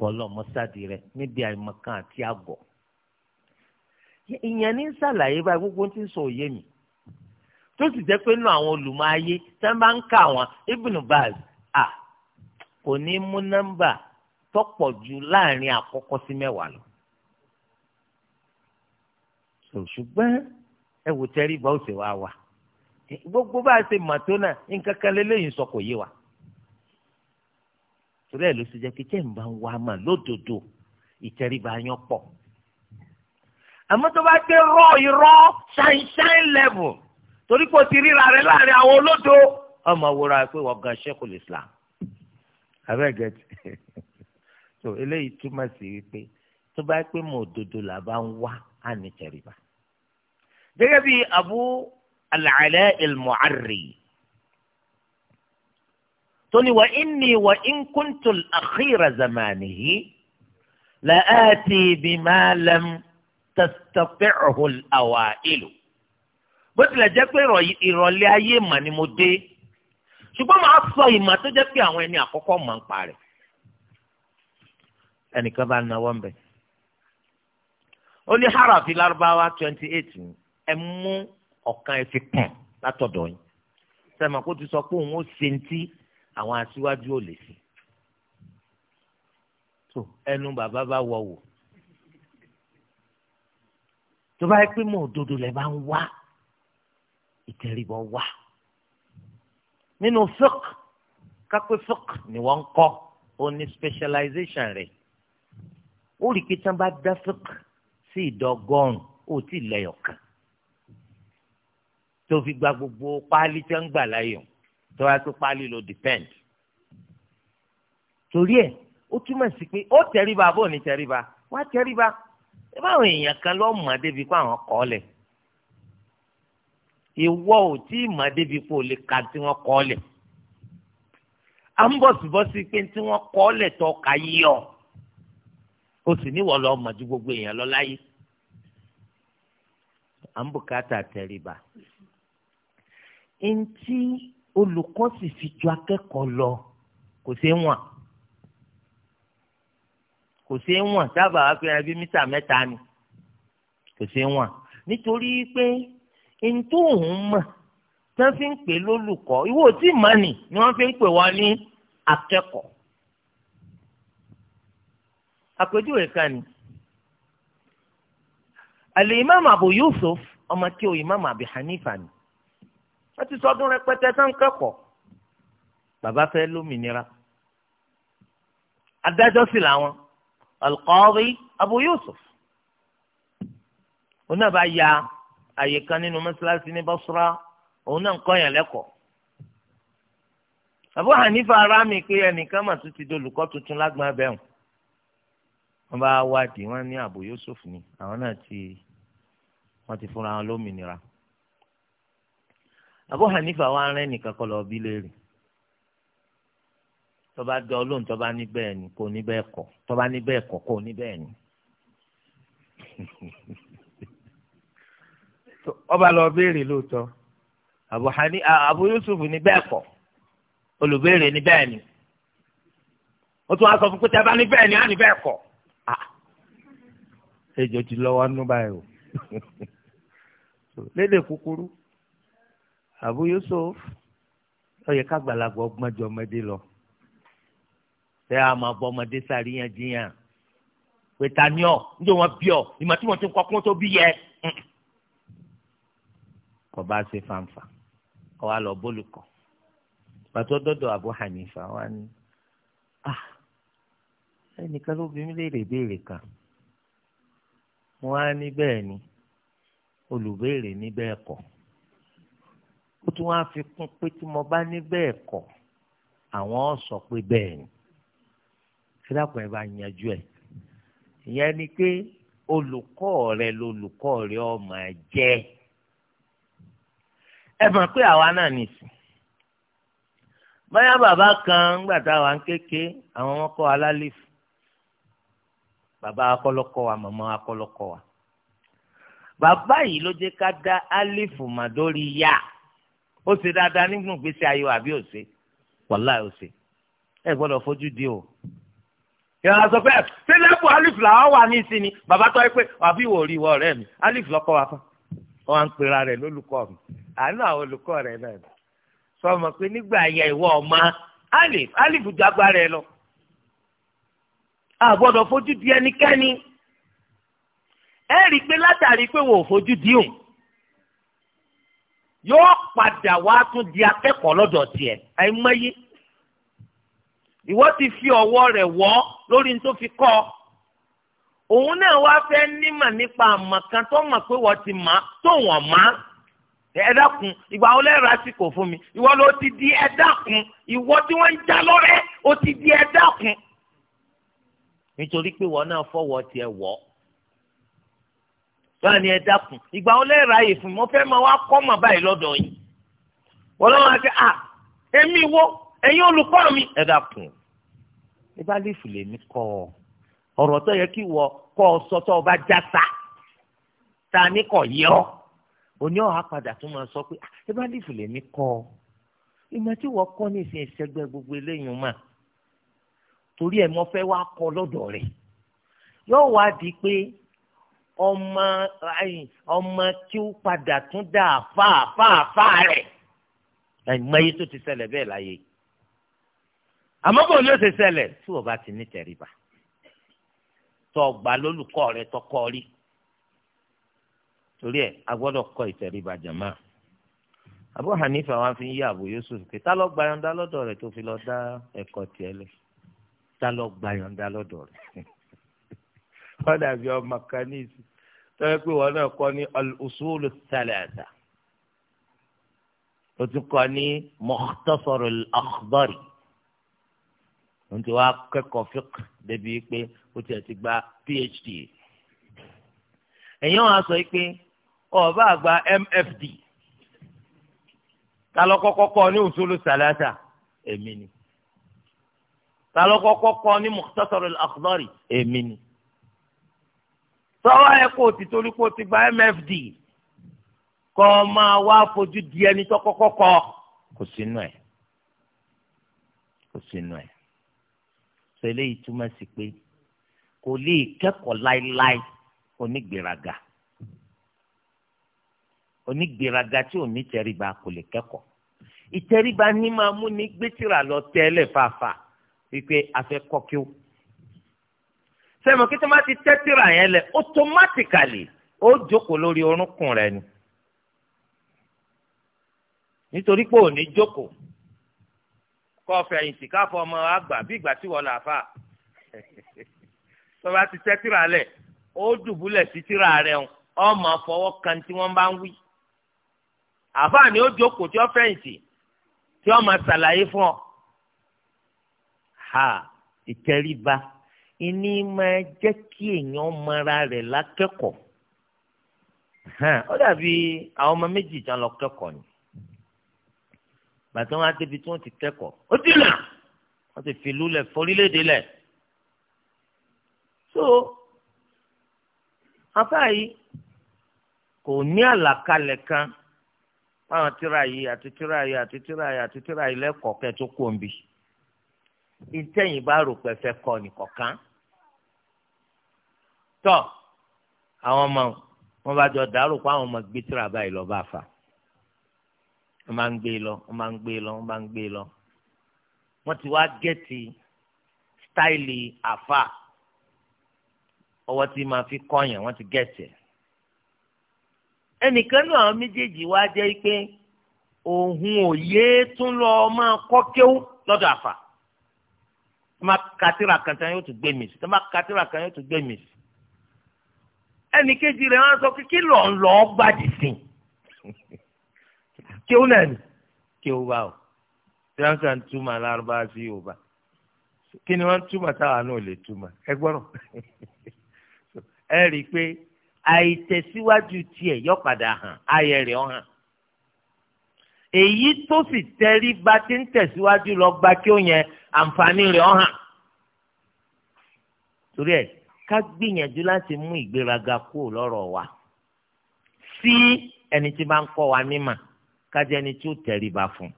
wọlọ mọsáàdì rẹ níbi àìmọ̀kan àti àgọ ìyẹn ní sàlàyé báyìí gbogbo tí ń sọ òye mi tó sì jẹ́ pé nínú àwọn olùmọ̀ ayé tẹ́ ń bá ń kà wọn Ibn Baz a kò ní mú nọ́mbà tọ́pọ̀ jù láàrin àkọ́kọ́ sí mẹ́wàá lọ. ṣùgbọ́n ẹ wò tẹ́rí bá òsè wa wà gbogbo bá a ṣe mà tó náà nǹkan kan lélẹ́yìn sọ kò yé wa. torí ẹ̀ ló ṣe jẹ́ kí tẹ́ ń bá ń wá mà lódodo ìtẹríba yẹn pọ̀. àmọ́ tó bá dé rọ irọ́ ṣáínṣáín level torí kò ti ríra rẹ láàrin àwọn olódo. ọmọ wúra pé wọ́n gan Sheikhul Islam abẹ́gẹ́tì so eléyìí túmọ̀ sí wípé tó bá pé mọ̀ òdodo là bá ń wá á ní tẹ̀ríba. gẹ́gẹ́ bí Abu al-Ala al-Mu'arri tóní wa inni wa in kuntu al-akhira zamanihi la ati bima lam tastati'hu al bó tilẹ̀ jẹ́ pé ìrọ̀lẹ́ ayé mà ni mo dé ṣùgbọ́n màá sọ ìmọ̀ tó jẹ́ pé àwọn ẹni àkọ́kọ́ mọ̀ ń pa rẹ̀ ẹnìkan bá náwó ń bẹ̀ ó ní harafi lárúbáwá twenty eight ẹ mú ọ̀kan ẹ fi kàn látọ̀dọ̀ yín sẹ́mi kó ti sọ pé òun ó ṣe ń tí àwọn aṣíwájú ò lè ṣe tó ẹnu bàbá bá wọ wò tó bá yẹ pé mò ń dodo lẹ́ bá ń wá ìtẹ̀ríbọ̀ wá nínú fiqh kápẹ́ fiqh ni wọ́n ń kọ́ ó ní specialization rẹ̀ ó rí pé tí wọ́n bá dá fiqh sí ìdọ́gọ́rùn ó ti lẹ́yọ̀ kan tó fi gba gbogbo páálí tí wọ́n gbà láyò tó wá tó páálí ló depend torí ẹ̀ ó túmọ̀ sí pé ó tẹríba àbò ní tẹríba wá tẹríba ẹ báwọn èèyàn kan lọ́ọ́ mọ̀ débi pé àwọn kọ́ ọ lẹ̀ ìwọ ò tí ì mà débi kó o lè ka tí wọ́n kọ́ lẹ̀ à ń bọ̀sibọ́sí pé tí wọ́n kọ́ lẹ̀ tó ka yí ọ o sì níwọ̀ lọ mọ̀ ju gbogbo èèyàn lọ láyé à ń bùkátà tẹríba ntí olùkọ́ sì fi ju akẹ́kọ̀ọ́ lọ kò sí wọn kò sí wọn sábà wá pé ẹbí mẹ́ta ni kò sí wọn nítorí pé ntó òun mọ̀ tán fi ń pè lólùkọ́ ìwọ tí mọ̀nì ni wọ́n fi ń pè wá ní akẹ́kọ̀ọ́. àpèjúwe kan ni al-imam Abu Yusuf ọmọ tí o imam Abi Hanifa ni wọ́n ti sọdún rẹpẹtẹ tán kẹ́kọ̀ọ́ bàbá fẹ́ lómìnira adájọ́ sì làwọn al Abu Yusuf onáà ya àyè kan nínú mọ́ṣáláṣí ní Basra òun náà ń kọ́ yàn lẹ́kọ̀ọ́. Abu Hanifa ara mi pé ẹnìkan mà tún ti olùkọ́ tuntun lágbọ́n abẹ́hùn wọ́n bá wádìí wọ́n ní àbò Yusuf ni àwọn náà ti wọ́n ti fúnra wọn lómìnira. Abu Hanifa wa rẹ́ nìkan kọ́ lọ bí léèrè tọ́ba dọ́ lóhùn tọ́ba ní bẹ́ẹ̀ ni kò ní bẹ́ẹ̀ kọ́ tọ́ba ní bẹ́ẹ̀ kọ́ kò ní bẹ́ẹ̀ ni. ọba lọ béèrè lóòótọ́ Abu Hani Abu Yusuf ní bẹ́ẹ̀ kọ́ olùbéèrè ní bẹ́ẹ̀ ni ó tún wá sọ fún pé tẹ́bá ní bẹ́ẹ̀ ni á ní bẹ́ẹ̀ kọ́ ejò ti lọ́wọ́ nú báyìí o lédè kúkúrú Abu Yusuf ó yẹ kágbàlagbà ọgbọ́n jọ ọmọdé lọ tẹ́ a máa bọ́ ọmọdé sàríyànjiyàn pé ta ni ọ́ níjọ́ wọn bí ọ ìmọ̀ tí wọ́n ti kọ́ kún tó bí yẹ kò bá ṣe fanfa kò wá lọ bólùkọ́ pàtó dọ́dọ̀ Abu Hanifa wá ní ah ẹnìkan ló bí mi léèrè béèrè kan wọ́n á ní bẹ́ẹ̀ ni olùbéèrè ní bẹ́ẹ̀ kọ́ ó tún wá fi kún pé tí mo bá ní bẹ́ẹ̀ kọ́ àwọn sọ pé bẹ́ẹ̀ ni sídàpọ̀ ẹ̀ bá yanjú ẹ̀ ìyẹn ni pé olùkọ́ rẹ lolùkọ́ rẹ ó máa jẹ́ ẹ mọ̀ pé àwa náà nìsín báyà bàbá kan ńgbà tá a wà ń kéke àwọn ọmọ kọ́ alálẹ́fù bàbá akọ́lọ́kọ́ wa màmá akọ́lọ́kọ́ wa bàbá yìí ló jẹ́ ká dá alẹ́fù mà dórí yá ó ṣe dáadáa nínú gbèsè ayọ̀ àbí òṣè wàláì òṣè ẹ gbọ́dọ̀ fojú di o yàrá sọ pé ṣé lẹ́bù alif làwọn wà ní ìsinmi bàbá tó yẹ pé àbí ìwò rí ìwọ ọ̀rẹ́ mi alif lọ́kọ́ wa fún ọ wá ń pera rẹ̀ lólùkọ́ mi àánú àwọn rẹ̀ náà sọ ma pé nígbà yẹ ìwọ ọmọ alif alif ju agbára ẹ lọ a fojú di ẹnikẹ́ni ẹ rí i pé látàrí pé wọn ò fojú di òun yóò padà wá tún di akẹ́kọ̀ọ́ lọ́dọ̀ ti fi ọwọ wọ lórí fi kọ. òun náà wá nípa tó pé ti tó ẹ dákun ìgbà wo lẹ́rọ àsìkò fún mi ìwọ ló ti di ẹ dákun ìwọ tí wọ́n ń já lọ́rẹ́ ó ti di ẹ dákun. nítorí pé wọn náà fọwọ́ tiẹ̀ wọ̀ ọ́ ní ẹ dákun ìgbà wo lẹ́rọ àyè fún mi mo fẹ́ máa wá kọ́ mọ̀ báyìí lọ́dọ̀ yìí wọ́n lọ́wọ́ àti à èmi wo ẹ̀yin olùkọ́ mi ẹ dákun ẹ bá lè fìlè mi kọ́ ọ ọ̀rọ̀ tó yẹ kí wọ kọ́ ọ sọ tó o bá já sa ta ni kò yẹ ọ́ oní ọ̀há padà tún máa sọ pé ah, ẹ bá lífù lèmi kọ́ ọ ìmọ̀ tí wọ́n kọ́ ní ìsìn ìṣẹ́gbẹ́ gbogbo eléyìí mà torí ẹ̀ mọ́ fẹ́ wá kọ́ lọ́dọ̀ rẹ̀ yóò wá di pé ọmọ ọmọ kí ó padà tún dà fáfáfá rẹ̀ ẹ̀mọ yìí tó ti ṣẹlẹ̀ bẹ́ẹ̀ láyé àmọ́ bò ló ṣe ṣẹlẹ̀ tí wọ́n bá ti ní tẹ̀ríba tọ́ lólùkọ́ rẹ̀ tọkọ rí torí ẹ a gbọ́dọ̀ kọ́ ìtẹríba jàmá Abu Hanifa wa fi ń yí Abu Yusuf pé tá lọ gba yọ̀ǹda lọ́dọ̀ rẹ̀ tó fi lọ dá ẹ̀kọ́ tiẹ̀ lẹ̀ tá lọ gba yọ̀ǹda lọ́dọ̀ rẹ̀ wọ́n dàbí ọmọ kan ní ìsìn tọ́wọ́ pé wọ́n náà kọ́ ní al-usulu thalatha o tún kọ́ ní Mukhtasar al-Akhdari ti wá kẹ́kọ̀ọ́ fiqh débi pé o tiẹ̀ ti gba PhD ẹ̀yin wọn sọ pé ọba àgbà mfd ta ló kọ́kọ́ kọ́ ní usulu salata èmi ni ta ló kọ́kọ́ kọ́ ní mukhtasar al-akhdari èmi ni sọ́wọ́ ẹ̀ kò ti torí kó ti gba mfd kọ́ máa wá fojú di ẹni tó kò sínú ẹ̀ kò sínú ẹ̀ sọ eléyìí túmọ̀ sí pé kò lè kẹ́kọ̀ọ́ láéláé onígbèraga onígbèraga tí ò ní tẹríba kò lè kẹ́kọ̀ọ́ ìtẹríba ní máa mú ní gbẹ́tìrà lọ tẹ́lẹ̀ fàáfà wípé a fẹ́ kọ́ kí ó sẹ́mi kí tó má ti tẹ́tìrà yẹn lẹ̀ automatically ó jókòó lórí orúnkún rẹ ni nítorí pé ò ní jókòó kọ́ fẹ̀yìntì káfọ́ ọmọ àgbà bí ìgbà tí wọ́n là fà tó bá ti tẹ́tìrà lẹ̀ ó dùbúlẹ̀ sí tìrà rẹ̀ ọmọ àfọwọ́ kan tí wọ́n bá ń wí àfáà ni ó jókòó tí ó fẹ̀yìntì tí ó máa ṣàlàyé fún ọ. ha ìtẹríba ìní máa jẹ́ kí èèyàn mara rẹ̀ lákẹ́kọ̀ọ́ ó dàbí àwọn ọmọ méjì jọ lọ kẹ́kọ̀ọ́ ni bàtà wọn á débi tí wọ́n ti kẹ́kọ̀ọ́ ó dìnnà wọ́n ti fìlú lẹ̀ forílẹ̀-èdè lẹ̀ so afáà yìí kò ní àlàkalẹ̀ kan fáwọn tíra yìí àti tíra yìí àti tíra yìí àti tíra yìí lẹ́kọ̀ọ́ kẹ́ tó kó ń bì ìtẹ̀yìn bá rò pẹ̀fẹ́ kọ nìkọ̀kan tọ́ àwọn ọmọ wọn bá jọ dàrú pé àwọn ọmọ gbé tíra báyìí lọ bá fà wọn bá ń gbé lọ wọn bá ń gbé lọ wọn bá ń gbé lọ wọn ti wá gẹ̀ẹ́tì sítáìlì àfà ọwọ́ tí máa fi kọ́yàn wọ́n ti gẹ̀ẹ́tì ẹ̀ ẹnìkan náà àwọn méjèèjì wá jẹ́ pé òun ò yé tún lọ máa kọ́ kéwú lọ́dọ̀ àfà tó máa katira kan tán yóò tún gbé mi sí tó máa katira kan yóò tún gbé mi sí ẹnìkejì rẹ̀ wọ́n sọ pé kí lọ́ọ́ lọ́ọ́ gbàdì sí kéwú náà ni kéwú báwò tí wọn kàn túmọ̀ alárúbá sí yorùbá kí ni wọn túmọ̀ táwa náà lè túmọ̀ ẹ gbọ́rọ̀ ẹ rí i pé àìtẹ̀síwájú tiẹ̀ yọ padà hàn ayẹ rẹ̀ ọ hàn èyí tó sì tẹrí bá ti ń tẹ̀síwájú lọ gba kí ó yẹn àǹfààní rẹ̀ hàn torí ẹ̀ ká gbìyànjú láti mú ìgbéraga kúrò lọ́rọ̀ wa sí ẹni tí bá ń kọ́ wa nímà kájẹ́ ẹni tí ó tẹríba fún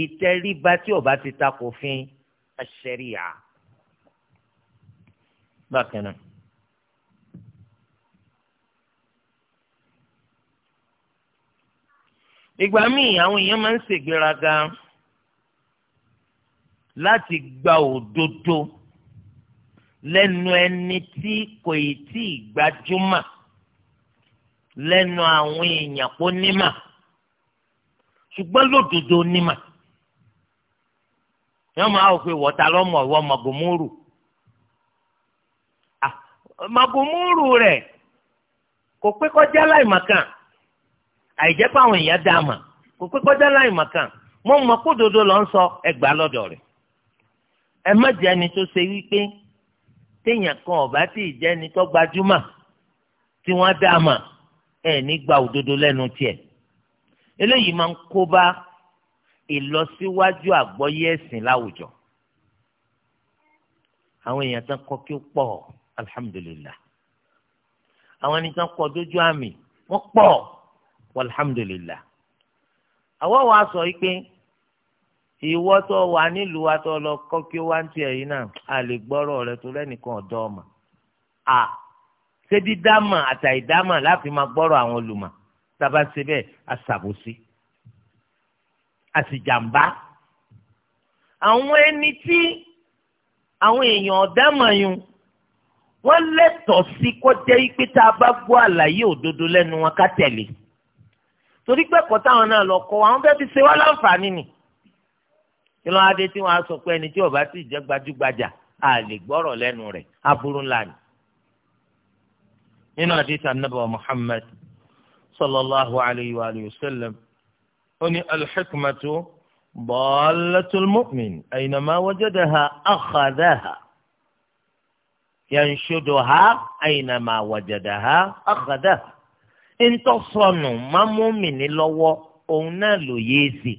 ìtẹríba tí ó ti takò fún ẹsẹ̀ríyà bákan náà. ìgbà míì àwọn èèyàn máa ń ṣègbéraga láti gba òdodo lẹ́nu ẹni tí kò ì tí ì gbajúmọ̀ lẹ́nu àwọn èèyàn kò nímà ṣùgbọ́n lódodo nímà yọ́n máa wò pé wọ́ta lọ́mọ ìwọ màgòmórù màgòmórù rẹ̀ kò pé kọjá láì màkàn àìjẹ́ pé àwọn èèyàn dáa mà kò pé kọjá láì mà kàn mọ́ mọ́ kó dodo lọ́n sọ ẹgbàá lọ́dọ̀ rẹ̀ ẹ má jẹ́ ẹni tó ṣe wípé téèyàn kan ọ̀bá tí ì jẹ́ ẹni tó gbajúmọ̀ tí wọ́n dáa mà ẹ̀ nígbà òdodo lẹ́nu tiẹ̀ eléyìí máa ń kó bá ìlọsíwájú àgbọ́yé ẹ̀sìn láwùjọ àwọn èèyàn tán kọ́ kí ó pọ̀ alhamdulillah àwọn ẹni tán kọ́ dójú àmì wọ́n pọ̀ walhamdulillah àwọ̀ wa sọ yìí pé ìwọ tó wà nílùú wa tó lọ kọ́ kí ó wá ń tiẹ̀ yìí náà a lè gbọ́rọ̀ rẹ tó lẹ́nìkan ọ̀dọ́ ọmọ a ṣé dídámà àtàìdámà láfi máa gbọ́rọ̀ àwọn olùmọ̀ tába ṣe bẹ́ẹ̀ àṣàbòsí àṣìjàmbá àwọn ẹni tí àwọn èèyàn ọ̀dámàyún wọ́n lẹ́tọ̀ọ́ sí kọjá yìí pé tá a bá gbọ́ àlàyé òdodo lẹ́nu wọn ká tẹ̀lé torí pé ẹ̀kọ́ táwọn náà lọ kọ́ àwọn fẹ́ẹ́ fi ṣe wá láǹfààní ni kí ló wá dé tí wọ́n á sọ pé ẹni tí ó bá ti jẹ́ gbajúgbajà a lè gbọ́rọ̀ lẹ́nu rẹ̀ aburú ńlá ni. nínú àdìsá nàbà Muhammad sallallahu alayhi wa sallam ó ní alḥikmatu ضالة المؤمن أينما وجدها أخذها ينشدها أينما وجدها أخذها ntọ́sọnù mámúmìnì lọ́wọ́ òun náà ló yé ezi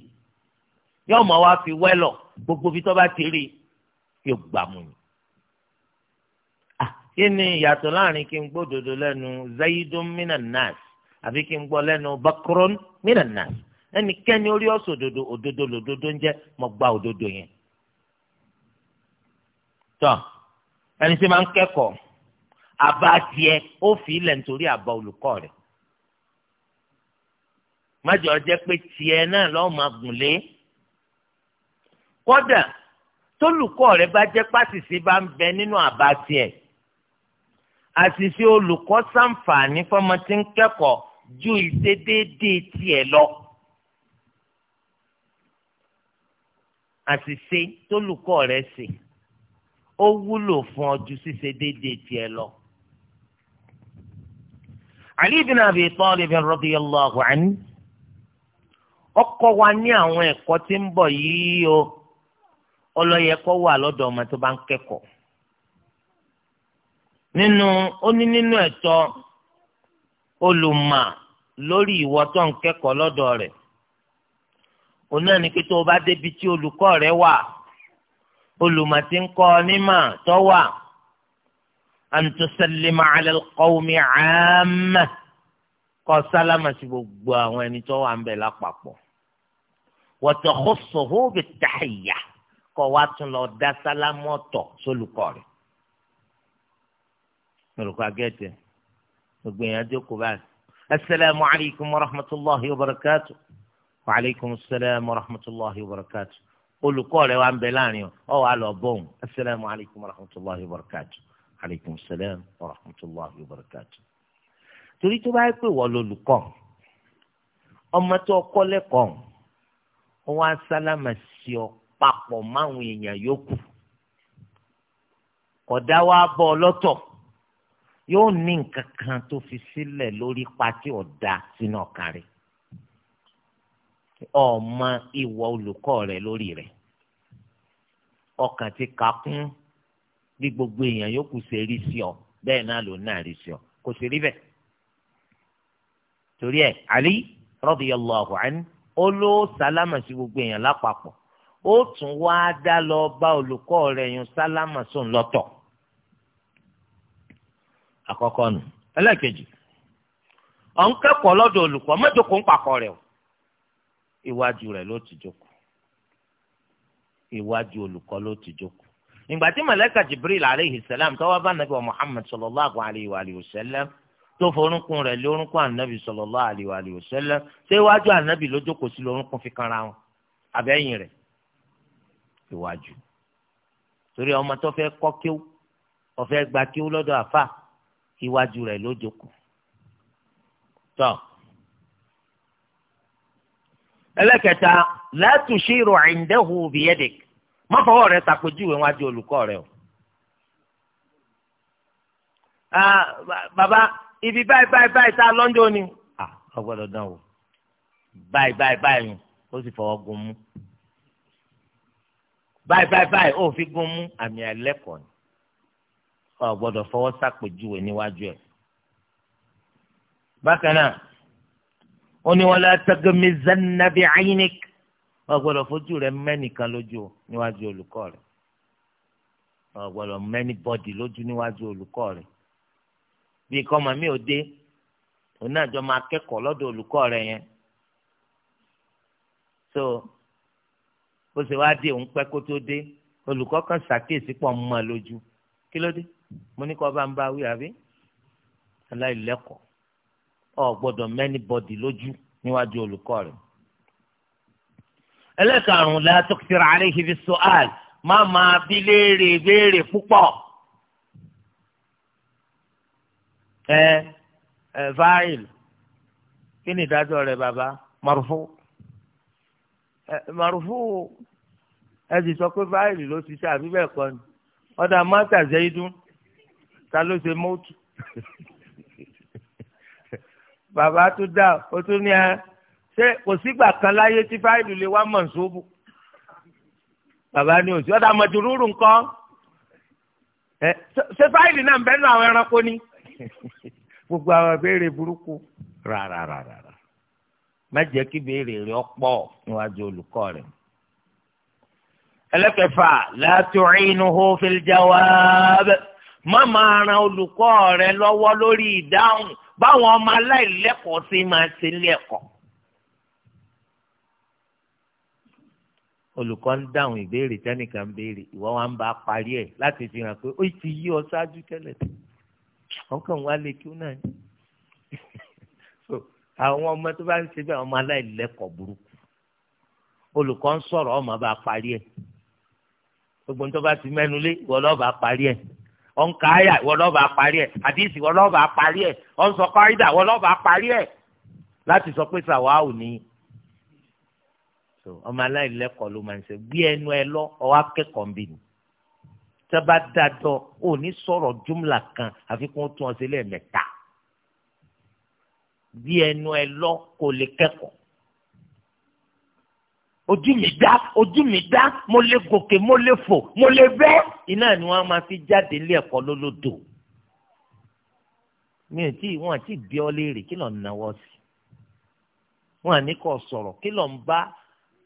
yóò mọ̀ wá fi wẹ́lọ̀ gbogbo bí tó bá ti rí yóò gbà mú ni. kí ni ìyàtọ̀ láàrin kí n gbọ́ òdodo lẹ́nu zayidun minan nas àbí kí n gbọ́ lẹ́nu bakron minan nas ẹnikẹ́ni orí ọ̀sọ̀ òdodo òdodo lòdodo ń jẹ́ mọ̀ gba òdodo yẹn. tọ́ ẹni tí máa ń kẹ́kọ̀ọ́ àbá tiẹ̀ ó fi ilẹ̀ nítorí àbá olùkọ́ rẹ̀ májọ jẹ́ pé tiẹ̀ náà lọ́ọ́ máa gùn lé kódà tólùkọ́ rẹ bá jẹ́ pàṣìṣe bá ń bẹ nínú àbá tiẹ̀ àṣìṣe olùkọ́ ṣàǹfààní fọmọ tí ń kẹ́kọ̀ọ́ ju ìṣedéédé tiẹ̀ lọ. àṣìṣe tólùkọ́ rẹ ṣe ó wúlò fún ọ ju ṣíṣe tiẹ̀ lọ. Ali bin Abi Talib radiyallahu anhu ọkọ wa ní àwọn ẹ̀kọ́ tí ń bọ̀ yìí o ọlọ́yẹ kọ́ wà lọ́dọ̀ ọmọ tó bá ń kẹ́kọ̀ọ́ nínú ó ní nínú ẹ̀tọ́ olùmọ̀ lórí ìwọ tó ń kẹ́kọ̀ọ́ lọ́dọ̀ rẹ̀ òun náà ni pé tó o bá débi tí olùkọ́ rẹ wà olùmọ̀ tí ń kọ́ ọ tó wà an tusallima ala alqawmi sálámà sí gbogbo àwọn ẹni tó wà ń bẹ̀ lápapọ̀ wọ́tọ̀kọ́sọ̀hó bẹ tàyà kọ́ wa tún lọ dá sálámọ́tọ̀ sólùkọ́ rẹ̀. olùkọ́ agẹ́tẹ̀ gbogbo èèyàn jókòó báyìí. asalaamu alaykum wa rahmatulahi wa barakatu. wa alaykum salaam wa rahmatulahi wa barakatu. olùkọ́ rẹ̀ wa ń bẹ láàrin o ọ wà lọ bọ̀ ọ́n asalaamu alaykum wa rahmatulahi wa barakatu. alaykum salaam wa rahmatulahi wa barakatu. torí tó bá pé wọ́n lolùkọ́ ọmọ tó kọ́ lẹ́kọ̀ọ́ ó wá sálámà sí ọ papọ̀ máwọn èèyàn yòókù kódà wá bọ́ ọ lọ́tọ̀ yóò ní nǹkan kan tó fi sílẹ̀ lórí pati ọ̀dà sínú ọ̀kan rẹ̀ ọmọ ìwọ olùkọ́ rẹ̀ lórí rẹ̀ ọkàn ti kà kún bí gbogbo èèyàn yòókù ṣe rí sí ọ bẹ́ẹ̀ náà ló náà rí sí ọ kò sì rí bẹ́ẹ̀ torí ẹ̀ ó ló sálámà sí gbogbo èèyàn lápapọ̀ ó tún wá dá lọ bá olùkọ́ rẹ̀ yun sálámà sóun lọ́tọ̀ àkọ́kọ́ nù ẹlẹ́ẹ̀kejì ọ̀ ń kẹ́kọ̀ọ́ lọ́dọ̀ olùkọ́ mẹ́jọkọ̀ ń pakọ̀ rẹ̀ o iwájú rẹ̀ ló ti jókòó iwájú olùkọ́ ló ti jókòó ìgbà tí màláíkà Jibril aleyhi salam tó wá bá nàbí wa Muhammad sallallahu alayhi wa sallam tó forúnkún rẹ̀ lórúnkún ànábì sallallahu alaihi wa alihi wasallam ṣé iwájú ànábì ló jókòó sí lórúnkún fi kanra wọn àbẹ́yìn rẹ̀ iwájú. torí ọmọ tó fẹ́ kọ́ kíw ọ̀fẹ́ gba kíw lọ́dọ̀ àfà iwájú rẹ̀ ló jókòó. tọ́ ẹlẹ́kẹta wájú olùkọ́ ah, ibi báyìí báyìí báyìí tá a lọ́njọ́ ni. a gbọ́dọ̀ dán o báyìí báyìí báyìí ó sì fọwọ́ gun mú báyìí báyìí báyìí ó fi gun mú àmì ẹlẹ́kọ̀ọ́ ni o gbọ́dọ̀ fọwọ́ sàpèjúwe níwájú ẹ̀. bákan náà ó ní wala taghmizanna bi'aynik o gbọ́dọ̀ fojú rẹ mẹ́nìkan lójú níwájú olùkọ́ rẹ̀ o gbọ́dọ̀ mẹ́nìbọ́dì lójú níwájú olùkọ́ rẹ̀ bí kọ́mọ mi ò dé òun náà jọ máa kẹ́kọ̀ọ́ lọ́dọ̀ olùkọ́ rẹ̀ yẹn so bó ṣe wá dé òun pẹ́ kó tó dé olùkọ́ kan ṣàkíyèsí pọ̀ mọ́ ọ lójú kí ló dé mo ní kọ́ bá ń bá wí àbí aláìlẹ́kọ̀ọ́ ọ gbọ́dọ̀ mẹ́ni bọ́dì lójú níwájú olùkọ́ rẹ̀ ẹlẹ́karùn-ún la tukthir alayhi bis-su'al máa bí léèrè béèrè púpọ̀. ẹ ẹ fáìl kí ni ìdájọ́ rẹ̀ bàbá marufu ẹ marufu ẹ sì sọ pé fáìl ló ti ṣe àbí bẹ́ẹ̀ kọ́ ni ọ̀dà mọ́tà zẹ́yìndún ta ló ṣe mọ́tò bàbá tó dá o tún ní ẹ ṣé kò sígbà kan láyé tí fáìlì lè wá mọ̀ nsóbù bàbá ní òsì ọ̀dà mọ̀jòrúurú nǹkan ẹ ṣé fáìlì náà ń bẹ́ẹ̀ nù àwọn ẹranko ni gbogbo àwọn ìbéèrè burúkú rárá rárá má jẹ́ kí béèrè rẹ ọ̀pọ̀ níwájú olùkọ́ rẹ. ẹlẹ́kẹ̀fà látòrínúhó fìljáwáábẹ má máa ran olùkọ́ rẹ lọ́wọ́ lórí ìdáhùn báwọn ọmọ aláìlẹ́kọ̀ọ́ sí máa ṣe lẹ́kọ̀ọ́. olùkọ́ ń dáhùn ìbéèrè tẹ́nìkan ń béèrè ìwọ wa ń bá parí ẹ̀ láti fi hàn pé ó ti yí ọ ṣáájú tẹ́lẹ̀ tẹ́lẹ̀ àwọn kan wá lè kí ó náà ní. àwọn ọmọ tó bá ń ṣe bẹ́ẹ̀ ọmọ aláìlẹ́kọ̀ọ́ burúkú olùkọ́ ń sọ̀rọ̀ ọmọ bá parí ẹ̀ gbogbo ní tó bá ti mẹ́nu lé ìwọ lọ́ọ́ bá parí ẹ̀ ọ̀nkà àyà ìwọ lọ́ọ́ bá parí ẹ̀ àdìsí ìwọ lọ́ọ́ bá parí ẹ̀ ọ̀nsọ̀kọ́ àyídà ìwọ lọ́ọ́ bá parí ẹ̀ láti sọ pé sàwáà ò ní ọmọ aláìlẹ́kọ̀ọ́ ló máa ń ṣe gbé ẹnu ẹ lọ ọwọ́ akẹ́kọ̀ọ́ ń bì ní tẹ́ bá dájọ́ ò ní sọ̀rọ̀ júmùlà kan àfikún tún ọ̀sẹ̀ lẹ́ẹ̀mẹ́ta bí ẹnu ẹ lọ kò lè kẹ́kọ̀ọ́ ojú mi dá ojú mi dá mo lè gòkè mo lè fò mo lè bẹ́ iná ni wọ́n máa fi jáde ilé ẹ̀kọ́ lólódò mi ò tí wọn àti bí ọ léèrè kí ló ń sí wọn àní sọ̀rọ̀ kí ló ń bá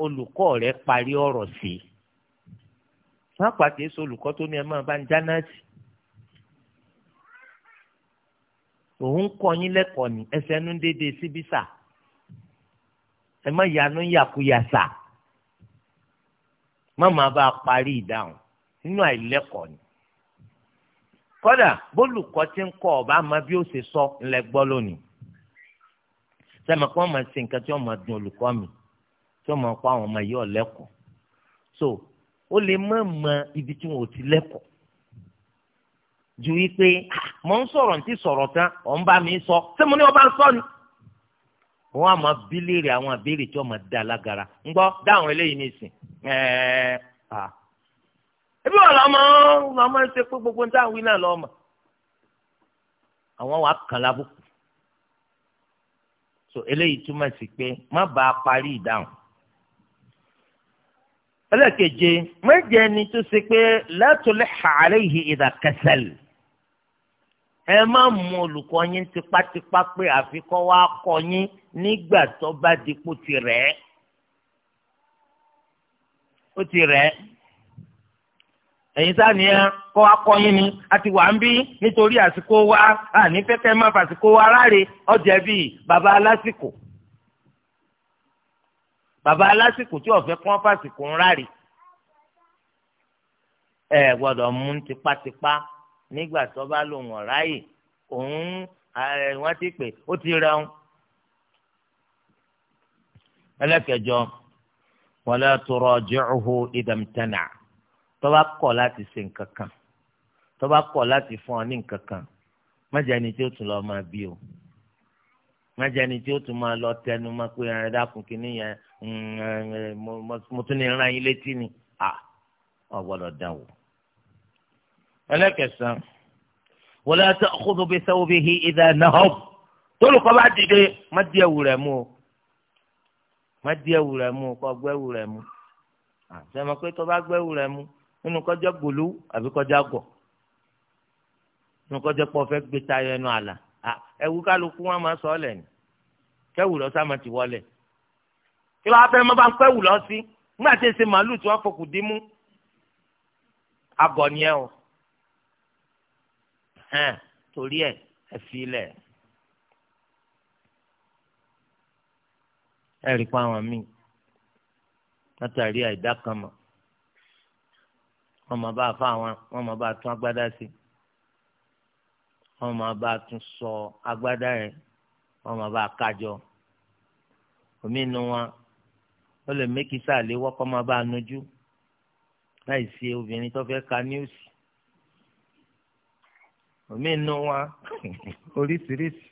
olùkọ́ rẹ̀ parí ọ̀rọ̀ sí i pàápàá kìí ṣe olùkọ́ tó ní ẹ máa bá ń jáná sí òun kọ́ yín lẹ́kọ̀ọ́ ní ẹsẹ̀ ẹnu dédé síbí sà ẹ má yanu yàkuyà sà má máa bá a parí ìdáhùn nínú àìlẹ́kọ̀ọ́ ni kódà bólùkọ́ tí ń kọ́ ọba àmọ́ bí ó ṣe sọ ńlẹ̀ gbọ́ lónìí sẹ́mi kí wọ́n máa ṣe nǹkan tí wọ́n máa dùn olùkọ́ mi tí wọ́n máa kọ́ àwọn ọmọ yìí ọ̀lẹ́kọ̀ọ́ so ó lè má mọ ibi tí wọn ò ti lẹ́kọ̀ọ́ ju wípé ah, mọ̀ ń sọ̀rọ̀ ní ti sọ̀rọ̀ tán ọ̀ ń bá mi sọ ṣé mo ní ọba sọ ni wọn a máa bí léèrè àwọn àbéèrè tí wọn máa da lágara ń gbọ́ dáhùn eléyìí nìsín ebi wọn lọ máa lọ máa ṣe pé gbogbo níta wí náà lọọ mà àwọn wàá kàn lábùkù so eléyìí túmọ̀ sí pé má bàa parí ìdáhùn ẹlẹ́keje méje ni tó ṣe pé látòlẹ́ àárẹ̀yì ìdàkẹsẹ̀l ẹ má mú olùkọ́ yín tipátipá pé àfikọ́ wa kọ́ yín nígbà tó bá dipò ti rẹ̀ ẹ́ ó ti rẹ̀ ẹ́ ẹ̀yin sáni ẹ kọ́ akọ́ yín ni a ti wà ń bí nítorí àsìkò wa àní fẹ́kẹ́ má fàsìkò wa ráre ọ̀jẹ̀ bíi bàbá alásìkò bàbá alásìkò tí ọ̀fẹ́ kọ́ fásìkò ń ráre ẹ gbọ́dọ̀ mú tipátipá nígbà tó bá lò wọ́n ráyè òun wọ́n ti pè ó ti rẹun. ẹlẹ́kẹjọ wala turaji'uhu idamtana tó bá kọ̀ láti ṣe nǹkan kan tó bá kọ̀ láti fún ọ ní nǹkan kan májà ni tí ó tún lọ máa bí o májà ni tí ó tún máa lọ tẹnu máa pé ẹ̀rẹ́dàkùn kìíní yẹn Mm, eh, eh, mo tún ní ran yín létí ni à ọgbọ́dọ̀ dán wò. ẹlẹ́kẹ̀sán wọlé ata ọkọ̀dọ̀ bíi sáwọ́ bíi hi ìdá nahọ́b tólùkọ́ bá dìde má di ẹ̀wù rẹ̀ mú o má di ẹ̀wù rẹ̀ mú o kọ́ gbẹ́wù rẹ̀ mú àtẹ̀mọ́ pé tó bá gbẹ́wù rẹ̀ mú nínú kọjá gbòlú àbí kọjá gọ̀ nínú kọjá pọ̀ fẹ́ gbé tayọ ẹnu àlà ẹ̀wù kálukú wọn máa sọ ọ́ lẹ̀ ní kẹ́wù lọ́sàmà ti wọlé kí ló wá fẹ́ mọ́ bá ń pẹ́ wù lọ sí nígbà tí èsì màálù tí wọ́n fòkù dé mú agọ̀ ni ẹ o torí ẹ ẹ fi lẹ̀ ẹ rí pa àwọn míì látàrí àìdá kan mọ̀ wọ́n máa bá fa àwọn wọ́n máa bá tún agbádá sí wọ́n máa bá tún sọ agbádá yẹn wọ́n máa bá kájọ omi nu wọn ó lè mékì sáàlé wọ́kọ́ máa bá a nojú láì ṣe obìnrin tó fẹ́ ka níwùsì omi inú wa oríṣiríṣi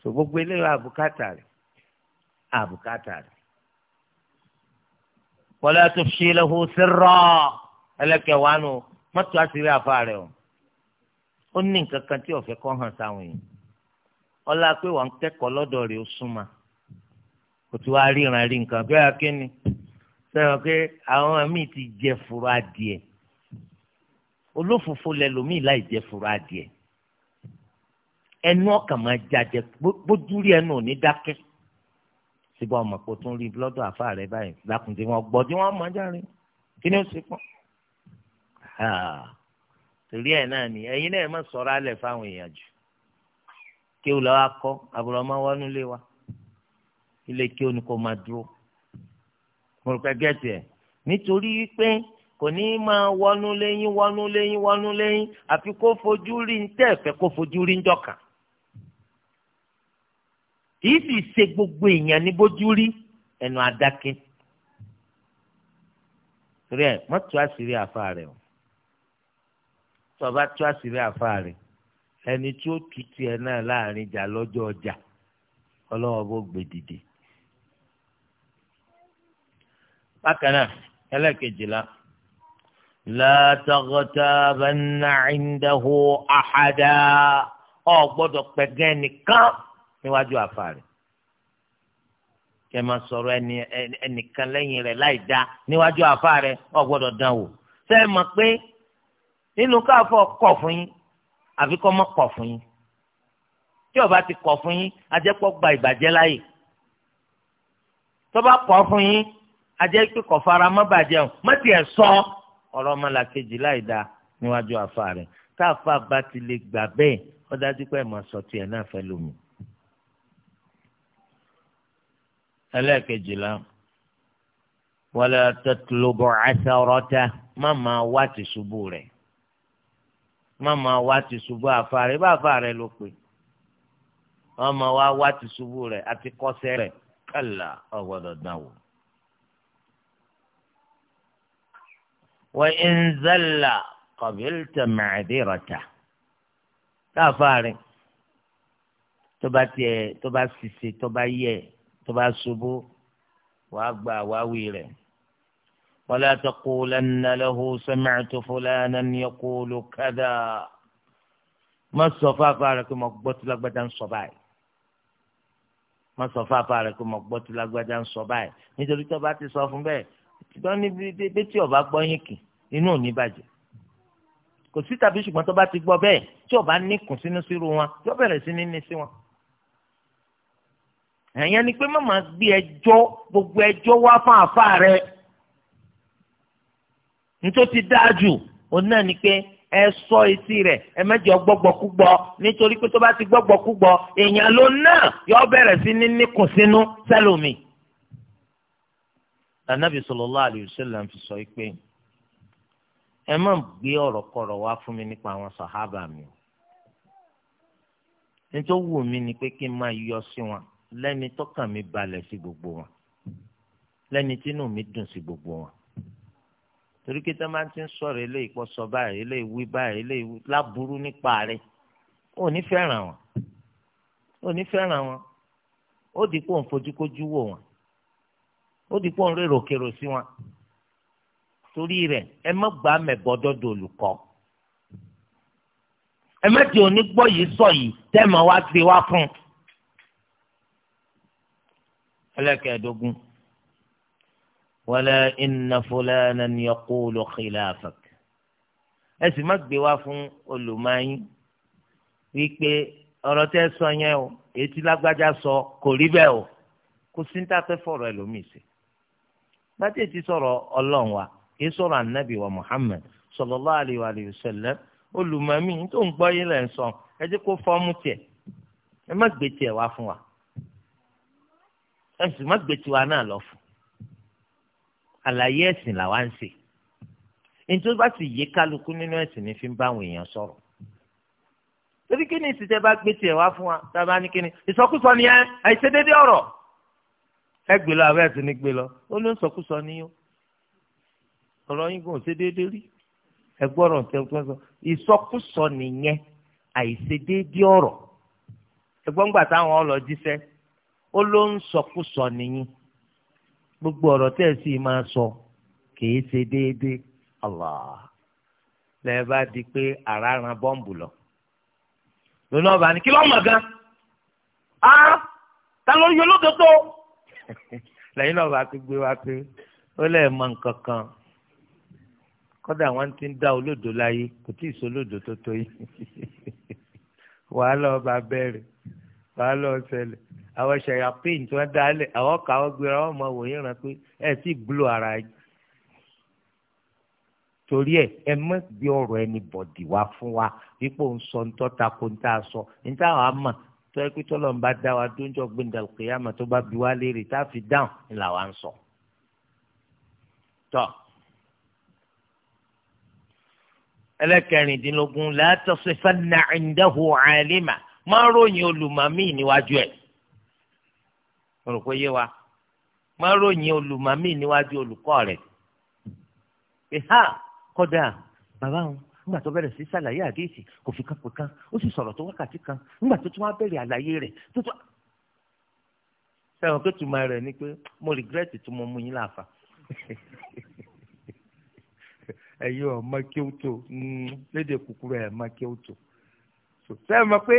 tó gbogbo eléyà àbùkátà rẹ̀ àbùkátà rẹ̀ wọlé tó ṣe lóhùn sí rọ ẹlẹ́kẹ̀wá nù mọ́tò àṣírí àfa rẹ̀ o ó ní nǹkan kan tí ọ̀fẹ́ kọ́ hàn sáwọn yìí ọlá pé wà ń kẹ́kọ̀ọ́ lọ́dọ̀ rẹ̀ ó súnmọ́ kò tí wàá ríran rí nǹkan bí ọ̀yà kí ni sẹ́wọ̀n pé àwọn míì ti jẹ furu adìẹ olófòfò lẹlòmíì láì jẹ furu adìẹ ẹnu ọkàn máa jàjẹ bójúrí ẹnu ò ní dákẹ́ síbẹ̀ ọmọ kò tún rí lọ́dọ̀ àfa rẹ báyìí lákùn tí wọ́n tí wọ́n mọ̀ járe kí ni ó sì pọ́n torí ẹ̀ náà ni ẹ̀yin náà ẹ̀ má sọ̀rọ̀ alẹ̀ fáwọn èèyàn jù kí o lọ́wọ́ akọ́ àbúrò ọmọ wọnú lé wa ilé kí ó ní kó máa dúró mo rò pé gẹ́tì ẹ̀ nítorí pé kò ní máa wọnú lẹ́yìn wọnú lẹ́yìn wọnú lẹ́yìn àfi kó fojú rí ní tẹ́ẹ̀fẹ́ kó fojú rí njọ́ka kìí sì ṣe gbogbo èèyàn ní bójú rí ẹnu adákẹ́ torí ẹ má tú àṣírí àfa rẹ o tó o bá tú àṣírí àfa rẹ ẹni tí ó tutù ẹ náà láàrin ìjà lọ́jọ́ ọjà ọlọ́wọ́ bó gbèdìde. bákan náà ẹlẹ́kejìlá látàgọ́tàbánà ìdáhù àhàdá ọ gbọ́dọ̀ pẹ̀gẹ́ nìkan níwájú àfàrẹ̀ kẹ́ máa sọ̀rọ̀ ẹnìkan lẹ́yìn rẹ̀ láì dá níwájú àfàrẹ̀ ọ gbọ́dọ̀ dán wò ṣé ẹ mọ̀ pé nínú káfọ́ kọ̀ fún yín àfi kọ́ mọ́ kọ̀ fún yín tí ó ti kọ̀ fún yín ajẹ́pọ̀ gba ìbàjẹ́ láyè tó bá fún yín ajẹ́ pé kò fara mọ́ bàjẹ́ o má tiẹ̀ sọ ọ̀rọ̀ ọmọlàkejì láì dáa níwájú àfa rẹ̀ táàfà bá ti lè gbà bẹ́ẹ̀ ó dájú pé ẹ̀ sọ tiẹ̀ náà fẹ́ lómi. ẹlẹ́ẹ̀kejìlá wala tatlubu atharata má máa wá ti ṣubú rẹ̀ má máa wá ti ṣubú àfa rẹ̀ bá àfa rẹ̀ ló pè má máa wá wá ti ṣubú rẹ̀ àti kọ́sẹ́ rẹ̀ kálá ọ̀gbọ́dọ̀ dánwò. wa in zalla qabilta ma'dirata káfáàrin tó bá tiẹ̀ tó bá sise tó bá yẹ̀ tó bá ṣubú wàá gba àwáwí rẹ̀ wala taqulanna lahu sami'tu fulanan yaqulu kadha má sọ fáfá rẹ̀ kí mo gbọ́ tí lágbájá ń sọ báyìí má sọ fáfá rẹ̀ kí mo gbọ́ tí lágbájá ń sọ báyìí nítorí tó bá ti sọ fún bẹ́ẹ̀ ìtìbá níbi dé tí ọba gbọ́ yín kì inú ò bàjẹ́ kò sí tàbí ṣùgbọ́n tó ti gbọ́ bẹ́ẹ̀ tí ọba níkùn sínú sírú wọn yóò bẹ̀rẹ̀ sí ní ní sí wọn. ni pé gbé ẹjọ́ gbogbo ẹjọ́ wá fún àfa rẹ̀ nítorí ti dáa jù òun náà ni pé ẹ sọ etí rẹ̀ ẹ mẹ́jọ gbọ́gbọ́kúgbọ́ nítorí pé ti gbọ́gbọ́kúgbọ́ èèyàn ló náà yóò bẹ̀rẹ̀ sí ní níkùn sínú anabi sallallahu alayhi wa sallam fi sọ pé ẹ má gbé ọ̀rọ̀ kọ̀rọ̀ wá fún mi nípa àwọn sàhábà mi o nítorí wù mí ni pé kí n máa yọ sí wọn lẹ́ni tọ́kàn mi balẹ̀ sí gbogbo wọn lẹ́ni tínú mi dùn sí gbogbo wọn torí kí tá máa ti ń sọ̀rọ̀ eléyìí pọ̀ sọ báyìí eléyìí wí báyìí eléyìí láburú nípa rẹ̀ ó ní fẹ́ràn wọn ó ní fẹ́ràn wọn ó di kó wò wọn ó di pọ́n rèrò kèrò sí wọn torí rẹ̀ ẹ má gbà á mẹ̀bọ́ dọ́dọ̀ olùkọ́ ẹ má di onígbọ́ yìí sọ yìí tẹ́ẹ̀mọ́ wá gbé wá fún un. ẹlẹ́kẹ̀ẹ́dógún wala inna fulanan yaqulu khilafak ẹ sì má gbé wá fún olùmọ̀ọ́yìn wípé ọ̀rọ̀ tẹ́ sọ yẹn o èyí lágbájá sọ kò rí bẹ́ẹ̀ o kò sí ní tá a sí i bàtí ètí sọ̀rọ̀ ọlọ́run wa kìí sọ̀rọ̀ ànábì wa muhammed sallallahu alayhi wa alihi wa sallam olùmọ̀mí tó ń gbọ́ yín lẹ́ ń sọ ẹ jẹ́ kó fọ́ọ̀mù tiẹ̀ ẹ má gbé tiẹ̀ wá fún wa ẹ sì má gbé tiwa náà lọ fún àlàyé ẹ̀sìn làwa ń ṣe nítorí bá sì yé kálukú nínú ẹ̀sìn ní fi ń bá àwọn èèyàn sọ̀rọ̀ torí kí ni ìsìtẹ́ bá gbé tiẹ̀ wá fún wa tá a bá ní kí ni ìsọkúsọ ni ẹ àìṣedéédé ọ̀rọ̀ ẹ lọ abẹ́ ẹ̀sìn ní gbé lọ ó ló ń sọkúsọ níyó ọ̀rọ̀ yín kò ṣe déédéé rí ẹ gbọ́rọ̀ sọ ìsọkúsọ nìyẹn àìṣedéédéé ọ̀rọ̀ ẹgbọ́n gbà táwọn ọlọ́jíṣẹ́ gbogbo ọrọ tẹ́ ẹ sì máa sọ kìí ṣe di pé ara ran lọ lónà kí gan á ah, ta lẹ́yìn náà bá ti gbé wá pé ó lẹ́ẹ̀ mọ nǹkan kan kódà wọ́n ti ń dá olódò láyé kò tí ì sólódò tó tó yìí wàhálà ọba bẹ̀rẹ̀ wàhálà ọ̀sẹ̀lẹ̀ àwọn ṣẹ̀yà pín tí wọ́n dálẹ̀ àwọn kàwọ́ gbéra wọn mọ wòye ràn pé ẹ ti gbúlò ara yìí torí ẹ ẹ má gbé ọ̀rọ̀ ẹni bọ̀dì wá fún wa wípé òun sọ nítọ́ ta ko níta sọ níta wàá mọ̀ tó yẹ pé tọ́lọ̀ ń bá dá wa tó ń jọ gbẹ̀ndàlù kìyàmà tó bá bi wá léèrè tá a fi dáhùn ńlá wa ń sọ. tọ́ ẹlẹ́kẹrìndínlógún látọ̀sí fanna ìndẹ́hù àlìmà máa ròyìn olùmọ̀mí níwájú ẹ̀. mo wa máa ròyìn olùmọ̀mí níwájú olùkọ́ rẹ̀ pé ha kódà bàbá wọn nígbà tó bẹ̀rẹ̀ sí ṣàlàyé àdéhìsì kò fi kan pè kan ó sì sọ̀rọ̀ tó wákàtí kan nígbà tó tún wá bẹ̀rẹ̀ àlàyé rẹ̀ tó tún. sẹ́wọ̀n pé tuma rẹ̀ ni pé mo regret tí mo mú yín láàfà ẹ̀yin ọ̀ma kí ó tó hmm, léde kúkúrú ẹ̀ ma kí ó tó. sẹ́wọ̀n pé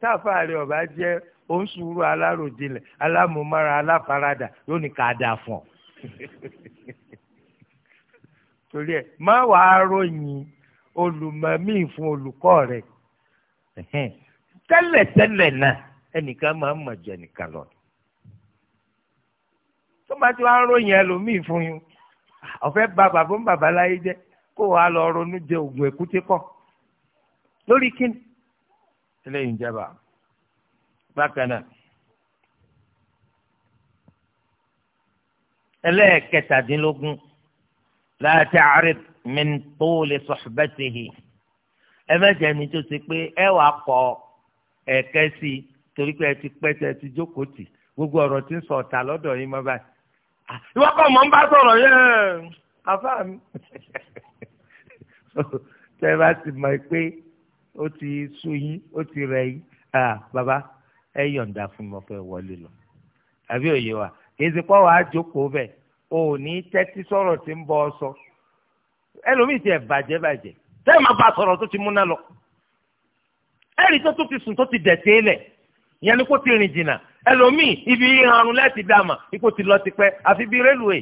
táàfà rẹ̀ ọ̀bá jẹ́ òun sùúrù aláròjinlẹ̀ alámúmára aláfaradà yóò ní ká dáa fún ọ. torí ẹ má wàá ròyìn olùmọ̀ míì fún olùkọ́ rẹ̀ tẹ́lẹ̀tẹ́lẹ̀ náà ẹnìkan máa ń mọ̀ jẹ́ nìkan lọ. tó bá ti wá ròyìn ẹlòmíì fún yín ọ̀fẹ́ ba bàbá ń bàbá láyé jẹ́ kó wàá lọ ronú jẹ oògùn èkúté kọ́ lórí kíni. eléyìí ń jẹba bákan náà. ẹlẹ́ẹ̀kẹtàdínlógún la ta'arif min tóòlì sọ̀bẹ́tìhì ẹ má jẹ́ ẹni tó ṣe pé ẹ wà kọ ẹ̀kẹ́ sí i torí pé ẹ ti pẹ́ tẹ ẹ ti jókòó tì gbogbo ọ̀rọ̀ tí ń sọ ọ̀tà lọ́dọ̀ yín mọ́ báyìí. ìwọ kọ́ mọ̀ ń bá sọ̀rọ̀ yẹn àfa mi. tẹ ẹ bá ti mọ̀ pé ó ti sú yín ó ti rẹ̀ yín bàbá ẹ yọ̀ǹda fún mi ọ̀fẹ́ wọlé lọ. àbí òye wa kì í ṣe pọ́ wàá jókòó bẹ́ẹ̀ o ò ní tẹ́tí sọ̀rọ̀ tí ń bọ́ ọ sọ. So ẹlòmíì ti ẹ̀ bàjẹ́ bàjẹ́ a tó ti múná lọ ẹ̀rí tó tó ti sùn tó ti dẹ̀ tẹ́lẹ̀ ìyẹn ni ti rìn jìnnà ẹlòmíì ibi ìrànrún láti dàmà ipò ti lọ tipẹ́ àfi bíi rélùwéè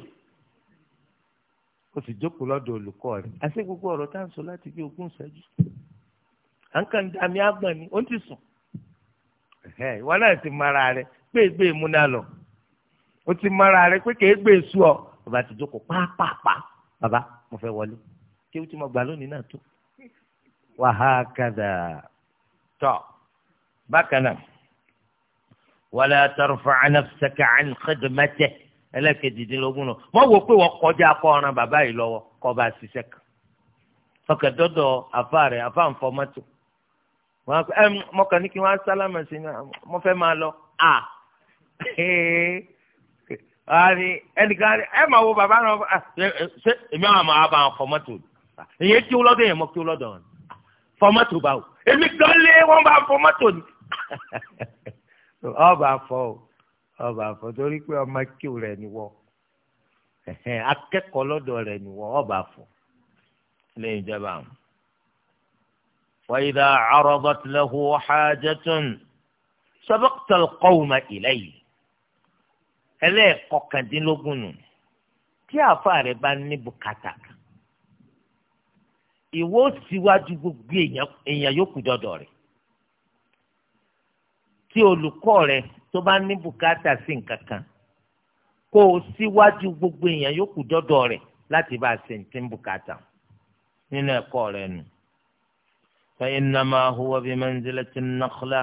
sì jókòó lọ́dọ̀ olùkọ́ rẹ̀ àti gbogbo ọ̀rọ̀ tá à ń sọ láti bí ogún ìṣẹ́jú à ń kàn ni ó ti sùn ìwọ náà ti mara rẹ pé múná ti mara rẹ pé gbé e e ọ ọba ti jókòó pàápàá bàbá mo fẹ́ wọlé kí o ti mọ gbà lónìí náà tó wàhákàdà tọ bákan náà wàlá tọrọfà ànàfẹsẹkẹ ànkẹdùmẹtẹ ẹlẹkẹdìdínlógún náà wọn wò pé wọn kọjá kọ ọ̀ràn bàbá yìí lọ́wọ́ kọ bá ṣiṣẹ́ kan ọkẹ dọdọ afa rẹ afa nfọmọtò wọn ẹ mọkàn ní kí wọn sálámà sí ni wọn fẹ́ máa lọ a. ari ẹnìkan ẹ máa wo bàbá náà ah, ṣe èmi àwọn àmọ́ àbá fọmọ́tò ìyẹn kí lọ́dọ̀ yẹn mọ́ kí lọ́dọ̀ wọn fọmọ́tò báwo èmi gan lé wọn bá fọmọ́tò ni ọba fọ ọba fọ torí pé ọmọ kíw rẹ ni wọ akẹ́kọ̀ọ́ lọ́dọ̀ rẹ ni wọ ọba fọ ilé ìjọba وإذا عرضت له حاجة سبقت القوم إليه ẹlẹ́ẹ̀kọkàndínlógún nù tí àáfàá rẹ bá ní bùkátà ìwọ síwájú gbogbo èèyàn yòókù dọdọ rẹ tí olùkọ́ rẹ tó bá ní bùkátà sí nǹkan kan kó o síwájú gbogbo èèyàn yòókù dọdọ rẹ láti bá a ṣe ń tí ń bùkátà nínú ẹ̀kọ́ rẹ nù. فإنما هو بمنزلة النخلة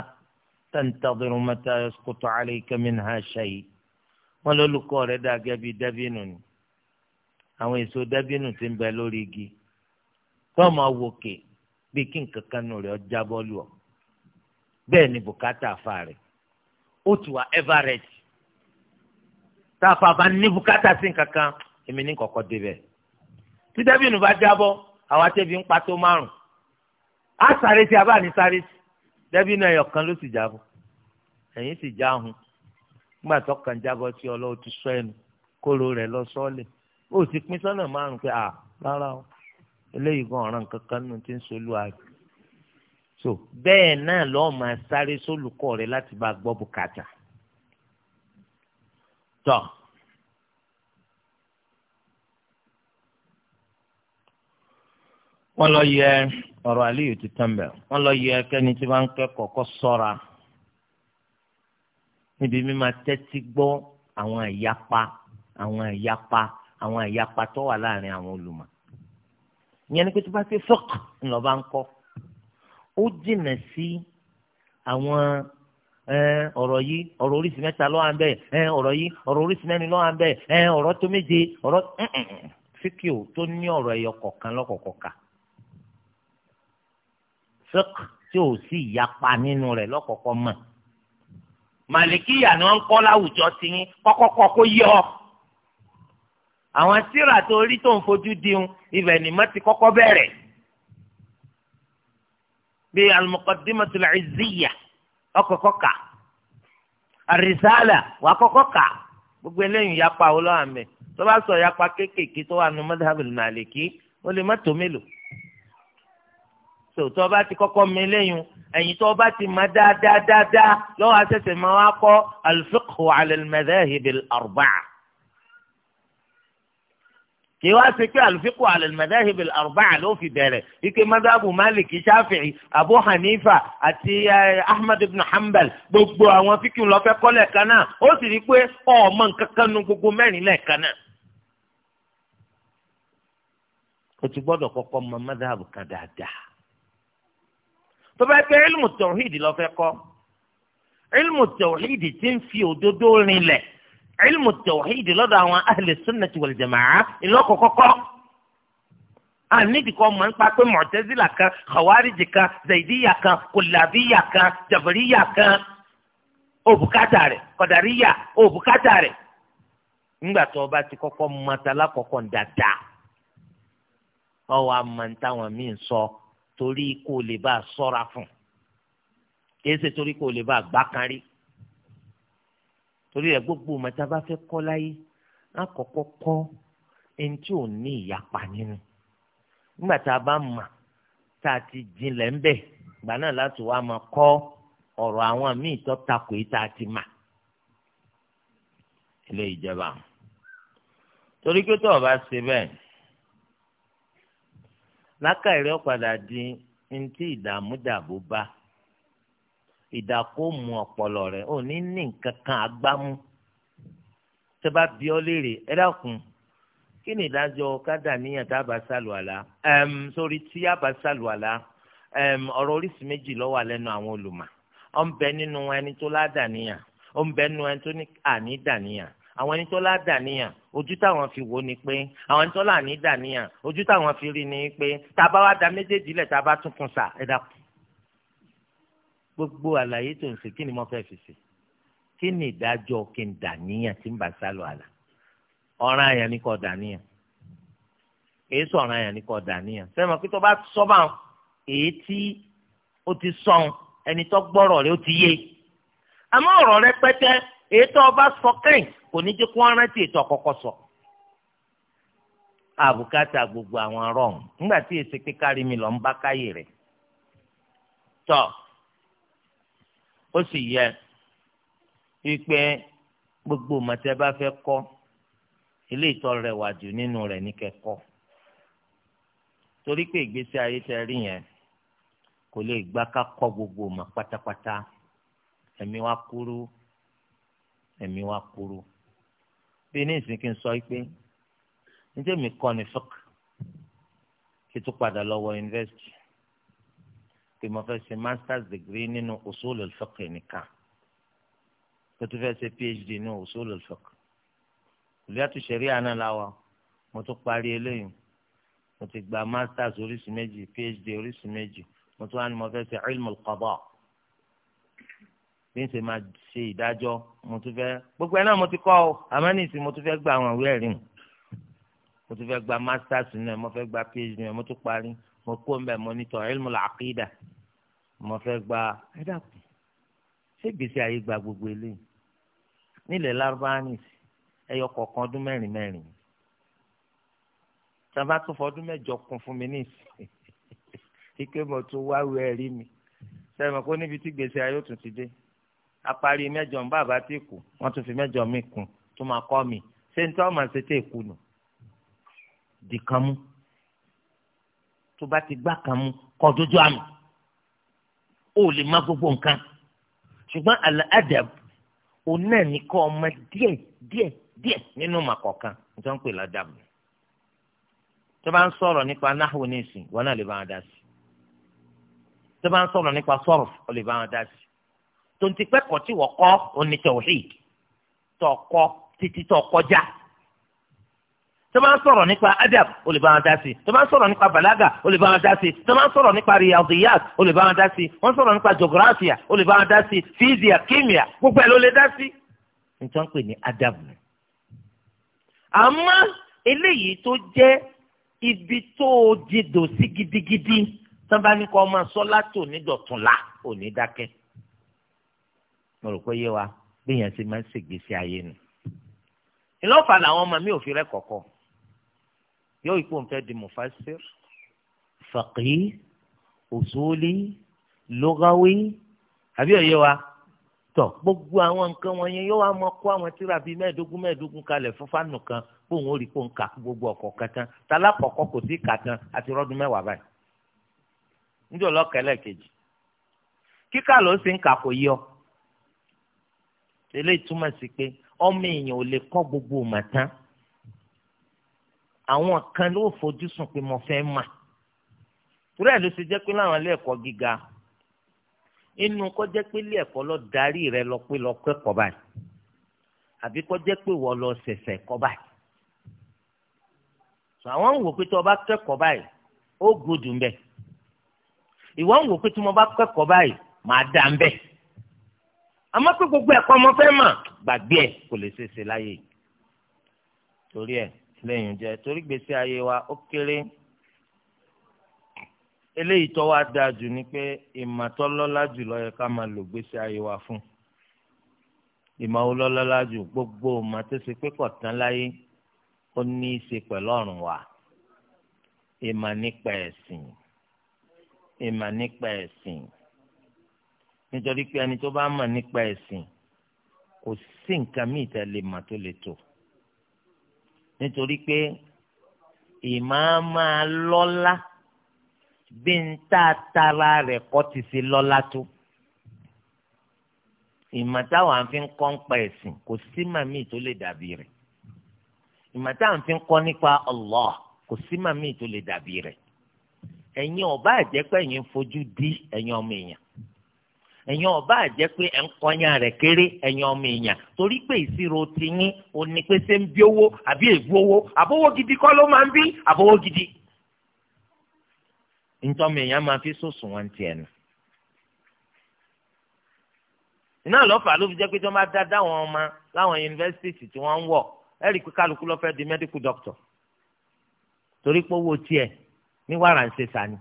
تنتظر متى يسقط عليك منها شيء wọn lólùkọ́ rẹ̀ dà gẹ́gẹ́ bíi dẹ́bínù ni àwọn èso dẹ́bínù ti ń bẹ lórí igi tọ́ọ̀mù awòkè bíi kí nǹkan kan nù rẹ̀ ọjà bọ́ọ̀lù ọ̀ bẹ́ẹ̀ ni bùkátà fa rẹ̀ ó ti wà everett tá a fa bá ní bùkátà sí nǹkan kan èmi ní kọ̀kọ́ débẹ̀ tí dẹ́bínù bá jábọ́ àwọn atẹ́bí ń pa tó márùn á sáré sí abáà ní sáré sí dẹ́bínù ẹ̀yọ̀ ló sì jábọ́ ẹ̀yìn sì já hun gbà tó kàn jábọ́ sí ọ lọ́wọ́ ti sọ ẹnu kóró rẹ̀ lọ sọ́ọ̀lẹ̀ ó sì pín sọ́nà márùn pé à rárá o eléyìí gan ọ̀ràn kankan nù tí ń solú àgbẹ̀ so bẹ́ẹ̀ náà lọ́ọ́ máa sáré sólùkọ́ rẹ láti bá gbọ́ bùkátà tọ́ wọ́n lọ yẹ ọ̀rọ̀ àlíyù ti tán bẹ̀ wọ́n lọ yẹ kẹ́ni tí wọ́n ń kẹ́kọ̀ọ́ kọ́ sọ́ra níbi mímá tẹ́tí gbọ́ àwọn ìyapa àwọn ìyapa àwọn ìyapa tó wà láàrin àwọn olùmọ̀ ìyẹn ni pé tó bá ti fọ́k ńlọ bá ń kọ́ ó jìnà sí àwọn ọ̀rọ̀ yìí ọ̀rọ̀ oríṣi mẹ́ta lọ́wọ́ àbẹ̀ ọ̀rọ̀ yìí ọ̀rọ̀ oríṣi mẹ́rin lọ́wọ́ àbẹ̀ ọ̀rọ̀ tó méje ọ̀rọ̀ fíkìó tó ní ọ̀rọ̀ ẹ̀yọ kọ̀ọ̀kan lọ́kọ̀ọ̀kọ̀ kà fíkì tí ò sí ìyapa nínú rẹ̀ lọ́kọ̀ọ̀kọ̀ mọ̀ màlìkíyà ni wọ́n ń kọ́ láwùjọ ti yín kọ́kọ́kọ́ kó yọ. àwọn síra tó rí tó ń fojú diun ibẹ̀ ni mọ́ ti kọ́kọ́ bẹ̀rẹ̀. bíi al-muqaddimatul izziya ọkọ̀kọ́ kà ar-risala wà kọ́kọ́ kà gbogbo eléyìí yapa olóhàmẹ tó bá sọ yapa kéékèèké tó wà nù madhhabul màlìkí ó lè má tó mélòó tòótọ́ bá ti kọ́kọ́ mi lẹ́yìn ẹ̀yìn tó bá ti mọ̀ dáadáa dáadáa lọ́wọ́ àṣẹṣẹ máa wá kọ́ al-fiqhu ala al-madhahib al-arba'a. kì í wá sí pé al-fiqhu ala al-madhahib al-arba'a ló fi bẹ̀rẹ̀ ike madhabu malik shafi'i abu hanifa àti eh, ahmed ibn hanbal gbogbo àwọn fíkìn lọ́fẹ́ kọ́ lẹ́ẹ̀kan ó sì rí i pé ọmọ nǹkan kan nu gbogbo mẹ́rin lẹ́ẹ̀kan náà. o ti gbọ́dọ̀ kọ́kọ́ mọ̀ madhabu kan dáadáa tó bá pẹ́ ilmu tawhidi lọ fẹ́ kọ́ ilmu tawhidi ti ń fi òdodo rinlẹ̀ ilmu tawhidi lọ́dọ̀ àwọn ahli sunnati wal jamaa ìlọ́kọ̀kọ́kọ́ àníbi kan mọ̀ nípa pé mọ̀tẹ́zílà kan khawariji kan zaidiya kan kulabiya kan jabiriya kan òbúkátà rẹ̀ kọ̀dàríyà òbúkátà rẹ̀ nígbà tó o bá ti kọ́kọ́ mọ̀tàlá kọ̀kọ́ dáadáa ọwọ́ àmọ̀ ní táwọn sọ. So torí kó o lè bá a sọ́ra fún kìí ṣe torí kó o lè bá a gbá kan rí torí rẹ̀ gbogbo mọ̀tá fẹ́ kọ́ láyé lákọ̀ọ́kọ́ kọ́ ẹni tí ò ní ìyapa nínú nígbà tá a bá mà tá a ti jinlẹ̀ ń bẹ̀ gbà náà láti wá máa kọ́ ọ̀rọ̀ àwọn míì tó takò yìí tá a ti mà ilé ìjọba torí pé tó o bá ṣe bẹ́ẹ̀ lákàìrí ọ̀padà di ntí ìdààmúdàbò bá ìdàkóòmù ọpọlọ rẹ ò ní ní nǹkan kan agbámú tó bá bí ọ léèrè ẹ dákun kí ni ìdájọ́ kádà níyàn tá a bá sàlùwàlà sórí tí a bá sàlùwàlà ọ̀rọ̀ oríṣi méjì ló wà lẹ́nu àwọn olùmọ̀ ó ń bẹ nínú ẹni tó ládàníyàn ó ń bẹ nínú ẹni tó ní ànídàníyàn àwọn ẹni tó lá dàníyàn ojú táwọn fi wò ni pé àwọn ẹni tó là ní dàníyàn ojú táwọn fi rí ni pé tába wá da méjèèjì lẹ̀ tába tún kun sà ẹ dàpọ̀. gbogbo àlàyé tó ń ṣe kí ni mo fẹ́ fi ṣe kí ni ìdájọ́ kí n dàníyàn tí ń bá sálọ àlà ọ̀ràn àyàn ni kò dàníyàn èyí sọ̀ràn àyàn ni kò dàníyàn sẹ́mi pé tó bá sọ́bà èyí tí ó ti sọ̀n ẹni tó gbọ́rọ̀ rẹ̀ ó ti yé àmọ́ ọ̀rọ̀ rẹ̀ pẹ́tẹ́ ètò ọba sọ kẹ́yìn kò ní jẹ́ kó wọ́n rántí ètò ọ̀kọ́kọ́ sọ. àbùkátà gbogbo àwọn rọ̀hún nígbà tí èsì kíkárí mi lọ ń bá káyè rẹ̀. tọ́ ó sì yẹ wípé gbogbo mọ̀tẹ́ bá fẹ́ kọ́ ilé ìtọ́ rẹ̀ wà jù nínú rẹ̀ ní kẹ́kọ́. torí pé ìgbésí ayé tẹ rí yẹn kò lè gbá ká kọ́ gbogbo mọ̀ pátápátá ẹ̀mí wa kúrú ẹ̀mí wa kúrú bí ní ìsìn kí n sọ pé níjẹ́ mi kọ́ ni fọ́k kí tó padà lọ yunifásitì pé mo fẹ́ ṣe masters degree nínú usul al-fiqh nìkan tó fẹ́ ṣe phd nínú usul al-fiqh ìlúyàtú ṣẹ̀ríà náà láwa mo tún parí eléyìí mo ti gba masters oríṣi méjì phd oríṣi méjì mo tún wá ní mo fẹ́ ṣe ilmu al bí n ṣe máa ṣe ìdájọ́ mo tún fẹ́ gbogbo ẹ náà mo ti kọ́ ọ àmọ́ nísìnyí mo tún fẹ́ gba àwọn ìwé ẹ̀rí mo tún fẹ́ gba masters nù ẹ mo fẹ́ gba phd nù ẹ mo tún parí mo kó mbẹ mo nítọ ilmu làkìdà mo fẹ́ gba ẹ dàkú ṣé gbèsè ayé gba gbogbo eléyìí nílẹ̀ lárúbáwá nìsí ẹyọ kọ̀ọ̀kan ọdún mẹ́rin mẹ́rin sábà tó fọdún mẹ́jọ kún fún mi nísìnyí ike mo tún wáwé ẹ̀rí mi sẹ́yìn apari mẹ́jọ ń bàbá tí kù wọ́n tún fi mẹ́jọ mi kún tó máa kọ́ mi ṣé ní tí wọ́n máa ṣe tẹ̀ kù nù dìkan mú tó bá ti gbá kan mú kọ́ dójú àmì ó lè má gbogbo nǹkan ṣùgbọ́n al-adab òun náà ní kọ́ ọmọ díẹ̀ díẹ̀ díẹ̀ nínú màkọ̀kan nítorí wọ́n ń pè ládàbò tó bá ń sọ̀rọ̀ nípa nahwu nísìn wọn náà lè bá wọn dá sí tó bá ń sọ̀rọ̀ nípa sarf ó lè bá wọn dá sí tó ń ti pẹ́ kọ́ tí wọ́n kọ́ òní tawhid tó kọ́ tó bá ń sọ̀rọ̀ nípa adab ó lè bá wọn dá sí tó bá ń sọ̀rọ̀ nípa balaga ó lè bá wọn dá sí tó bá ń sọ̀rọ̀ nípa riyadiyat ó lè bá wọn dá sí wọ́n sọ̀rọ̀ nípa geografia ó lè bá wọn dá sí fíìsìà kímìà gbogbo ẹ̀ ló lè dá sí. nítorí wọ́n pè ní adab ni. àmọ́ eléyìí tó jẹ́ ibi tó o jìdò sí gidigidi tó bá ní kó o máa sọ látò nídọ̀tún la ò ní dákẹ́ mo rò pé yé wa béèyàn ṣe máa ń ṣègbésí ayé nu ìlọ́fà làwọn ọmọ mi ò fi rẹ́ kọ̀kọ́ yóò ipò ń di mufassir faqih usuli lughawi àbí òye wa tọ gbogbo àwọn nǹkan wọ̀nyẹn yóò wá mọ kó àwọn tíra bíi mẹ́ẹ̀ẹ́dógún mẹ́ẹ̀ẹ́dógún kalẹ̀ fún fánù kan bóun ó rí kó ń ka gbogbo ọkọ kẹtàn tálákọọkọ kò sí kàtàn àti rọdún mẹ́wàá báyìí níjọ lọkẹlẹ kejì kíkà ló sì ń kà kò yí ọ eléyìí túmọ̀ sí pé ọmọ èèyàn ò lè kọ́ gbogbo màtán àwọn kan ló fojú sùn pé mo fẹ́ mà torí ẹ̀ ló ṣe jẹ́ pé láwọn ilé ẹ̀kọ́ gíga inú kọ́ jẹ́ pé ilé ẹ̀kọ́ lọ darí rẹ lọ pé lọ kẹ́kọ̀ọ́ báyìí àbí kọ́ jẹ́ pé wọ́n lọ ṣẹ̀ṣẹ̀ kọ́ báyìí sọ àwọn ń wò pé tí wọ́n bá kẹ́kọ̀ọ́ báyìí ó gòdù ń bẹ̀ ìwọ́n ń wò pé tí wọ́n bá kẹ́kọ̀ọ́ báyìí màá dà ń bẹ̀ àmọ́ pé gbogbo ẹ̀kọ́ ọmọ fẹ́ mà gbàgbé ẹ̀ kò lè ṣeéṣe láyé torí ẹ̀ lẹ́yìn jẹ́ torí gbèsè ayé wa ó kéré eléyìí tó wá dáa jù ni pé ìmọ̀ tó lọ́lá jù ló yẹ ká máa lò gbèsè ayé wa fún ìmọ̀ wo ló lọ́lá jù gbogbo ìmọ̀ tó ṣe pé kò tán láyé ó ní í ṣe pẹ̀lú ọ̀run wa ìmọ̀ nípa ẹ̀sìn ìmọ̀ nípa ẹ̀sìn nítorí pé ẹni tó bá mọ̀ nípa ẹ̀sìn kò sí nǹkan míì tẹ́ lè mà tó lè tò nítorí pé ìmáàmá lọ́lá bí ń tá tara rẹ̀ kọ́ ti ṣe lọ́lá tó ìmọ̀ táwọn àfi ń kọ́ ń ẹ̀sìn kò sí màmí tó lè dàbí rẹ̀ ìmọ̀ táwọn àfi ń kọ́ nípa Allah kò sí màmí tó lè dàbí rẹ̀ ẹ̀yin ọba àjẹpẹ́ yẹn fojú di ẹ̀yin ọmọ èèyàn ẹ̀yin ọba àjẹ́ pé ẹ̀ ń kọyàn rẹ̀ kéré ẹ̀yin ọmọ èèyàn torí pé ìṣirò ti yín ó ní pé ṣé ń bí owó àbí èbú owó àbówó gidi kọ́ ló máa ń bí àbówó gidi. ntọ́mọ èèyàn máa fi sòsùn wọn tiẹ̀ nù. iná lọ́fà ló fi jẹ́ pé tí wọ́n bá dá dáwọn ọmọ láwọn yunifásitì tí wọ́n ń wọ̀ ẹ̀rí pé kálukú ló di medical doctor torí pé owó tiẹ̀ ní wàrà sani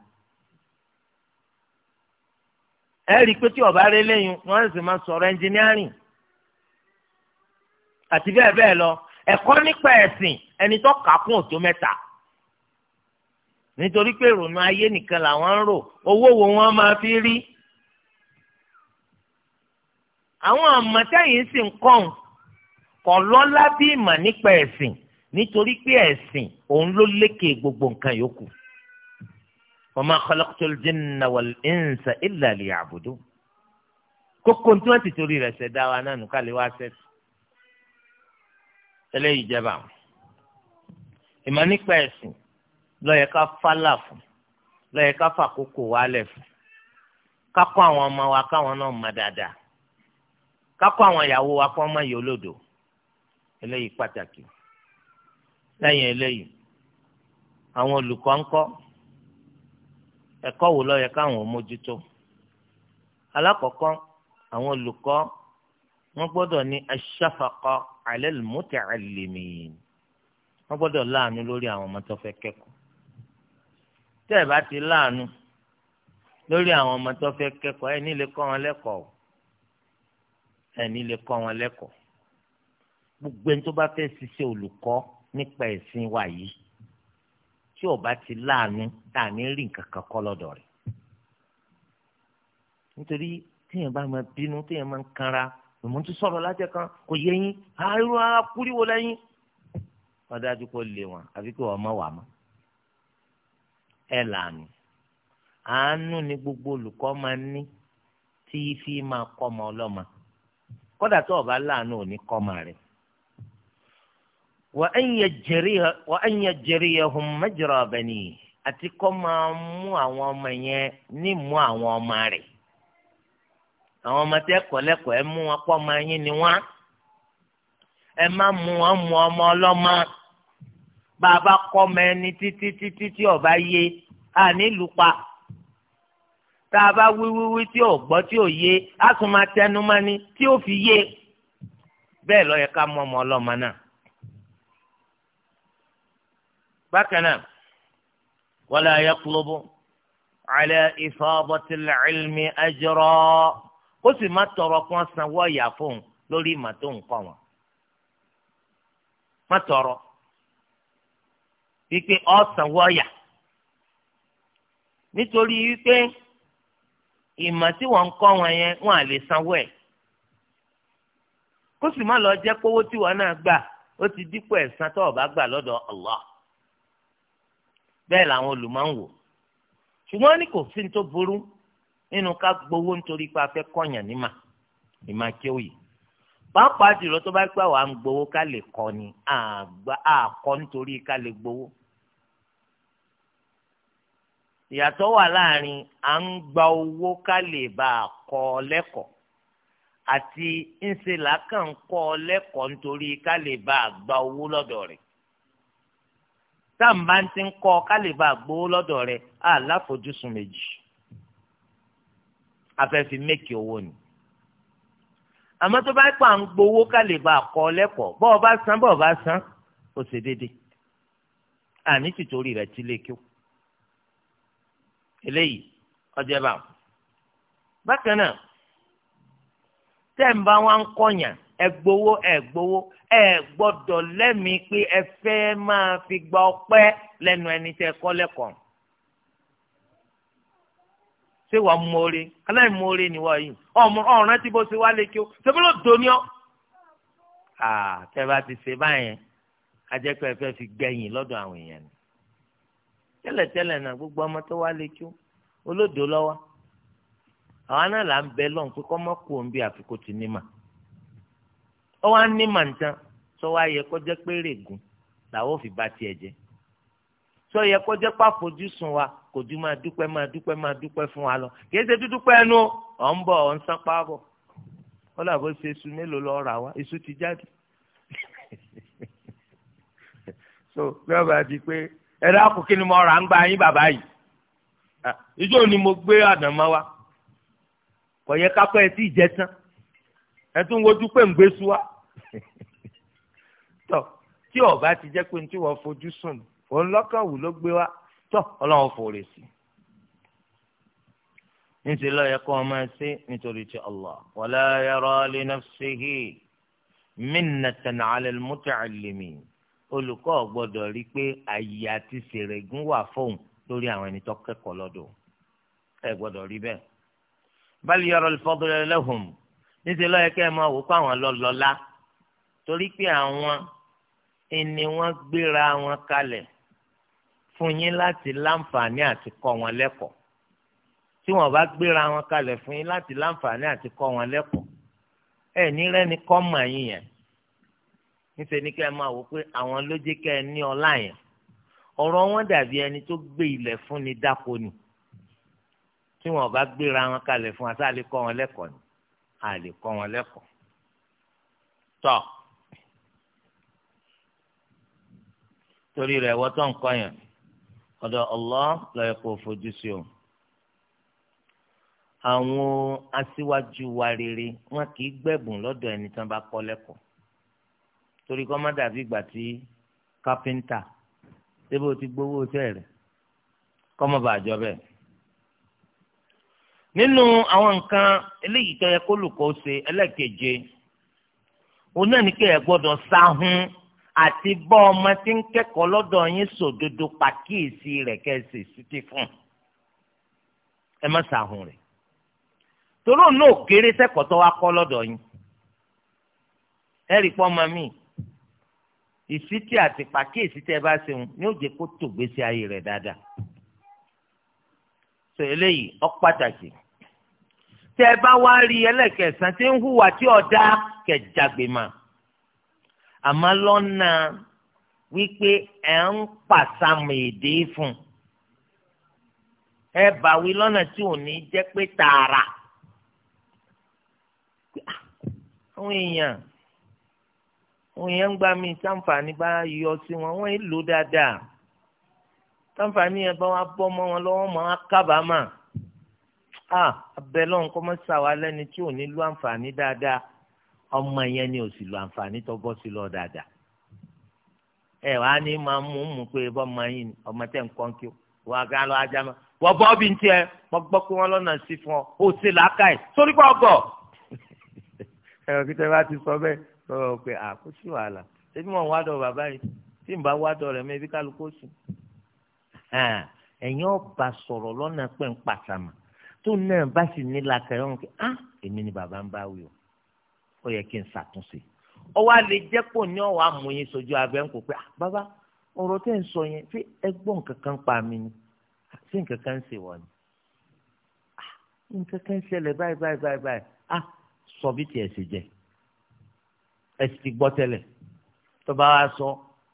ẹ rí i pé tí ọba rẹ lẹ́yìn wọ́n sì máa sọ̀rọ̀ ẹnjìnírìn àti bẹ́ẹ̀ bẹ́ẹ̀ lọ ẹ̀kọ́ nípa ẹ̀sìn ẹni tó kà á kún òtó mẹ́ta nítorí pé ìrònú ayé nìkan làwọn ń rò owó wo wọ́n máa fi rí àwọn àmọ̀tẹ́yìn sì ń kọ́hún kọ̀ lọ́lá bí ìmọ̀ nípa ẹ̀sìn nítorí pé ẹ̀sìn òun ló lékè gbogbo nǹkan yòókù wa ma khalaqtul jinna wal insa illa liya'budun kókó tí wọ́n ti torí rẹ̀ ṣẹ̀dá wa náà nù kálí wá sẹ́sì eléyìí jẹba ìmọ̀ nípa ẹ̀sìn lọ́yẹ̀ ká fálà fún lọ́yẹ̀ ká fàkókò wálẹ̀ fún ká kọ́ àwọn ọmọ wa káwọn náà mọ̀ dáadáa ká àwọn ìyàwó wa kọ́ ọmọ yìí olódò eléyìí pàtàkì lẹ́yìn eléyìí àwọn olùkọ́ ńkọ́ ẹ̀kọ́ wo ló yẹ káwọn ò mójútó alákọ̀ọ́kọ́ àwọn olùkọ́ wọ́n gbọ́dọ̀ ní aṣáfàkọ alẹ́ lùmútẹ̀ àlèmíìn wọ́n gbọ́dọ̀ láàánú lórí àwọn ọmọ tó fẹ́ kẹ́kọ̀ọ́ tẹ́ ẹ̀ bá ti láàánú lórí àwọn ọmọ tó fẹ́ kẹ́kọ̀ọ́ ẹ̀ ní lè wọn lẹ́kọ̀ọ́ ẹ̀ ní lè wọn lẹ́kọ̀ọ́ gbogbo ẹni tó bá fẹ́ ṣiṣẹ́ olùkọ́ nípa ẹ̀sìn wa tí ọba ti láàánú tá rí nǹkan kan kọ́ lọ́dọ̀ rẹ̀ nítorí téèyàn bá máa bínú téèyàn máa ń kanra tún sọ̀rọ̀ lájẹ́ kan kò yẹ yín àìrò akúríwò lẹ́yìn wọ́n dájú kó lè wọ̀n àfi kí ọmọ wà mọ́ ẹ lànà àánú ni gbogbo olùkọ́ máa ní tí máa kọ́ ọmọ ọba láàánú ò wa an yajriyahum majra bani àti kọ́ máa mú àwọn ọmọ yẹn ní mú àwọn ọmọ rẹ̀ àwọn ọmọ tẹ́ kọ́lẹ́kọ́ ẹ mú wọn pọ́ ọmọ yín ni wọ́n ẹ má mú wọn mú ọmọ ọlọ́mọ bàbá kọ́ ọmọ ẹni títí títí tí ọba ye a nílùú pa tá a bá wí wíwí tí ò gbọ́ tí ò yé a tún máa tẹnu mọ́ni tí ó fi ye bẹẹ ló yẹ ká mú ọmọ ọlọ́mọ náà bákan náà wala yaqlubu ala ifadatil ilmi ajra ó sì má tọrọ kán sanwó ọ̀yà fóun lórí ìmọ̀ tó ń kọ́ wọn má tọrọ wípé ọ sanwó ọ̀yà nítorí wípé ìmọ̀ tí wọ́n ń kọ́ wọn yẹn wọ́n á lè sanwó ẹ̀ kó sì má lọ jẹ́ pé owó tí wọ́n náà gbà ó ti dípò ẹ̀san tó o bá gbà lọ́dọ̀ Allah bẹ́ẹ̀ làwọn olùmọ̀ ń wò ṣùgbọ́n ní kò sí ní tó burú nínú ká gbowó nítorí pé a fẹ́ kọ̀yàn nímà ìmà kí ó yìí pàápàá jùlọ tó bá pẹ́ wàá ń gbowó ká lè kọ́ ni àkọ́ nítorí ká lè gbowó ìyàtọ̀ wà láàrin à ń gba owó ká lè bá a kọ́ lẹ́kọ̀ọ́ àti ńṣe làákàn kọ́ lẹ́kọ̀ọ́ nítorí ká lè bá a gba owó lọ́dọ̀ rẹ̀ táǹbá ti ń kọ́ kálíbà gbowó lọ́dọ̀ rẹ̀ aláfojúsùn méjì afẹ́fí mékì owó ni àmọ́ tó bá pa ń gbowó kálíbà kọ́ lẹ́kọ̀ọ́ bọ́ọ̀ bá san bọ́ọ̀ bá san ó ṣe déédéé àní tìtorí rẹ̀ ti lé kí ó eléyìí ọjọ́ bá bákan náà tẹ̀ ń bá wọn kọ́yàn ẹ gbowó ẹ gbowó ẹ gbọ́dọ̀ lẹ́mìí pé ẹ fẹ́ máa fi gba ọpẹ́ lẹ́nu ẹni tẹ́ kọ́ lẹ́kọ̀ọ́ ṣé wàá mọ̀ọ́rẹ́ aláìmọ̀ọ́rẹ́ ni wàá yìí ọmọ ọ̀ràn tí bó ṣe wá lé kí o ṣe fúnlọ́ dòní ọ́. tẹ́ bá ti ṣe báyẹn ajẹ́pẹ́ fẹ́ fi gbẹ̀yìn lọ́dọ̀ àwọn èèyàn ni. tẹ́lẹ̀tẹ́lẹ̀ náà gbogbo ọmọ tó wá lé olódò lọ́wọ́ àwọn náà là ń bẹ lọ́n pé kọ́ bí àfikún ti ní mà ó wá ní màǹtán sọ wá yẹ kó jẹ́ làwọn ò bá tiẹ̀ jẹ́ sọ yẹ kó jẹ́ wa kò ju máa dúpẹ́ máa dúpẹ́ máa dúpẹ́ fún wa lọ kì í ṣe dúdúpẹ́ ẹnu ọ̀ ń bọ̀ ọ̀ ń sán páàbọ̀ ó làbó ṣe iṣu mélòó lọ́ọ́ rà wá iṣu ti jáde so bí wọ́n bá di pé ẹ dákun kí ni mo rà ń gba yín bàbá yìí ìjọ ni mo gbé àdàmọ́ wa kò yẹ kápẹ́ ẹ tí ì jẹ tán ẹ tún wojú pé ń gbé sú wa tọ tí ọba ti jẹ́ pé tí wọ́n fojú sùn òun lọ́kàn wù ló gbé wá tọ ọlọ́run fòrè sí níṣẹ́ ló yẹ kó o máa ṣe nítorí ti Allah wala yara li nafsihi minnatan ala al-muta'allimin olùkọ́ gbọ́dọ̀ rí i pé àyè àti sèrègùn wà fóun lórí àwọn ẹni tó kẹ́kọ̀ọ́ lọ́dọ̀ ẹ gbọ́dọ̀ rí bẹ́ẹ̀. bal yara al-fadla lahum kẹ́ ẹ máa wò pé àwọn lọ́lọ́lá torí pé àwọn ẹni wọ́n gbéra wọn kalẹ̀ fún yín láti láǹfààní àti kọ́ wọn lẹ́kọ̀ọ́ tí wọ́n bá gbéra wọn kalẹ̀ fún yín láti láǹfààní àti kọ́ wọn lẹ́kọ̀ọ́ ẹ ní rẹ́ni kọ́ mọ̀ yín yẹn níṣẹ́ ni kẹ́ ẹ máa wò pé àwọn ló jẹ́ kẹ́ ẹ ní ọlá yẹn ọ̀rọ̀ wọn dàbí ẹni tó gbé ilẹ̀ fún ni dáko ni tí wọ́n bá gbéra wọn kalẹ̀ fún wa sáà lè kọ́ wọn lẹ́kọ̀ọ́ ni à lè kọ́ wọn lẹ́kọ̀ọ́ tọ́. So, torí rẹ̀ wọ́n tó ń yẹn ọ̀dọ̀ Allah lọ́yẹ̀ kó fojú sí o. àwọn aṣíwájú wa rere wọn kì í gbẹ̀bùn lọ́dọ̀ ẹni tí wọ́n bá kọ́ lẹ́kọ̀ọ́ torí kọ́ má dàbí ìgbà tí kápẹ́ńtà débò ti gbowó sẹ́ẹ̀rẹ̀ kọ́ mọ́ bàjọ́ bẹ́ẹ̀ nínú àwọn nǹkan eléyìí tó yẹ kó lùkọ́ ṣe ẹlẹ́ẹ̀keje òun náà ní ẹ gbọ́dọ̀ sáhún àti bọ́ ọmọ tí ń kẹ́kọ̀ọ́ lọ́dọ̀ yín sòdodo pàkíyèsí rẹ̀ kẹ́sì síti fún ẹ má sàhùn rẹ̀ torí òun náà kéré sẹ́kọ̀ọ́ tó wá kọ́ lọ́dọ̀ yín ẹ rí pọ́ ọmọ mi ìsítí àti pàkíyèsí tẹ́ ẹ bá ṣeun ní òjè kó tògbésí ayé rẹ̀ dáadáa sọ eléyìí ọ pàtàkì tẹ́ bá wá rí ẹlẹ́kẹ̀ẹ́sán tí ń hùwà tí ọ̀dà kẹjàgbé máa àmọ́ lọ́nà wípé ẹ̀ ń pàṣàmù èdè fún un ẹ bá wí lọ́nà tí ò ní jẹ́ pé tààrà àwọn èèyàn àwọn èèyàn ń gbà mí sáǹfààní bá yọ sí wọn wọ́n ń lò dáadáa sáǹfààní yẹn bá wọn bọ́ mọ́ wọn lọ́wọ́ mọ́ wọn kábàámà abẹ́lọ́nkọ́ mọ́ sàwálẹ́ni tí ò ní lo àǹfààní dáadáa ọmọ yẹn ni ò sì lo àǹfààní tó bọ́ sí lọ dáadáa ẹ wà á ní máa mú mú pé bọ́mọ yín ọmọ tẹ̀ ń kọ́ kí o wọ́n á lọ ajá mọ́ wọ́n bọ́ bí ń tiẹ̀ wọ́n gbọ́ pé wọ́n lọ́nà sí fún ọ ó sì làákà ẹ̀ sórí kọ́ ọgọ̀ ẹ ò kí tẹ bá ti sọ bẹ́ẹ̀ lọ́wọ́ pé àkó sí wàhálà ṣébí mọ̀ ń wádọ̀ bàbá yìí tí ń bá wádọ̀ rẹ̀ mẹ́bí kálukú sùn ẹ̀yin ọba sọ̀rọ̀ lọ́nà pẹ̀ ń pàṣàmà tó náà bá sì ní làákà ẹ̀ wọ́n kí á ah, èmi ni bàbá ń bá wí o ó yẹ kí n ṣàtúnṣe ó wá lè jẹ́ pò ní ọ̀wá mú yín sojú abẹ́ ń kó pé ah, bàbá ọ̀rọ̀ tẹ́ ń sọ yẹn fi ẹgbọ́n kankan pa mi ni sí nǹkan kan ń ṣe wọ̀ ni ah, nǹkan kan ṣẹlẹ̀ báyìí báyìí báyìí báyìí ah sọ bí tiẹ̀ ṣe jẹ́ ẹ sì ti gbọ́ tẹ́lẹ̀ tó bá wa sọ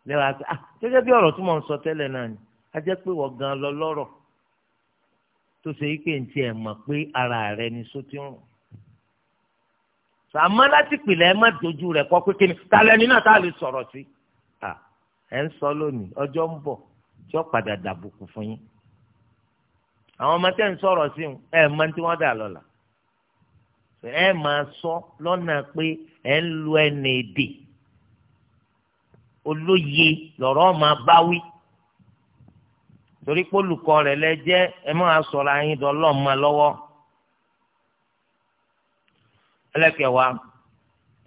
lẹ́wọ̀ àti ah gẹ́gẹ́ bí ọ̀rọ̀ tí mò ń sọ tẹ́lẹ̀ náà ni a jẹ́ pé wọ́n gan lọ lọ́rọ̀ tó ṣe wípé ntí ẹ̀ mọ̀ pé ara rẹ ni sótí ń rùn àmọ́ láti pìlẹ̀ ẹ má dojú rẹ̀ kọ́ pé kíni talẹ̀ ní náà tá a lè sọ̀rọ̀ sí. ẹ ń sọ lónìí ọjọ́ ń bọ̀ tí ó padà dàbùkù fún yín. àwọn ọmọ tẹ́ ń sọ̀rọ̀ sí wọn ẹ mọ tí wọ́n dà lọ́la. ẹ máa sọ lọ́nà pé ẹ ń lo ẹnì èdè olóye lọ́rọ̀ máa bá wí. torí pé rẹ̀ lẹ jẹ́ ẹ máa sọ̀rọ̀ ayíǹdọ́ lọ́ọ̀ máa lọ́wọ́ ẹlẹ́kẹ̀wá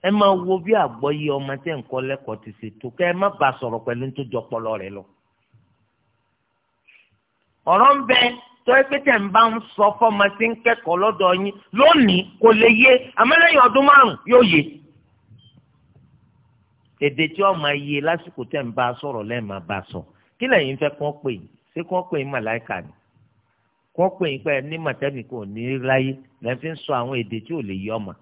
ẹ máa wo bí àgbọ́yé ọmọ tẹ́ ń kọ́ lẹ́kọ̀ọ́ ti ṣètò kẹ́ ẹ má bàa sọ̀rọ̀ pẹ̀lú tó jọ ọpọlọ rẹ lọ. ọ̀rọ̀ ń bẹ tó ẹgbẹ́ tẹ̀ ń bá ń sọ fọ́mọ tí ń kẹ́kọ̀ọ́ lọ́dọ̀ yín lónìí kò lè yé àmọ́ ọdún márùn-ún yóò yé. èdè tí ọmọ yé lásìkò tẹ̀ ń bá a sọ̀rọ̀ lẹ́ẹ̀ máa bá a sọ kí lẹ́yìn fẹ́ kọ́ pè ṣé kọ́ pè yín màláìkà ni kọ́ pè yín pé ní màtẹ́nì kò ní láyé lẹ́yìn fi ń sọ àwọn èdè tí ò lè yé ọmọ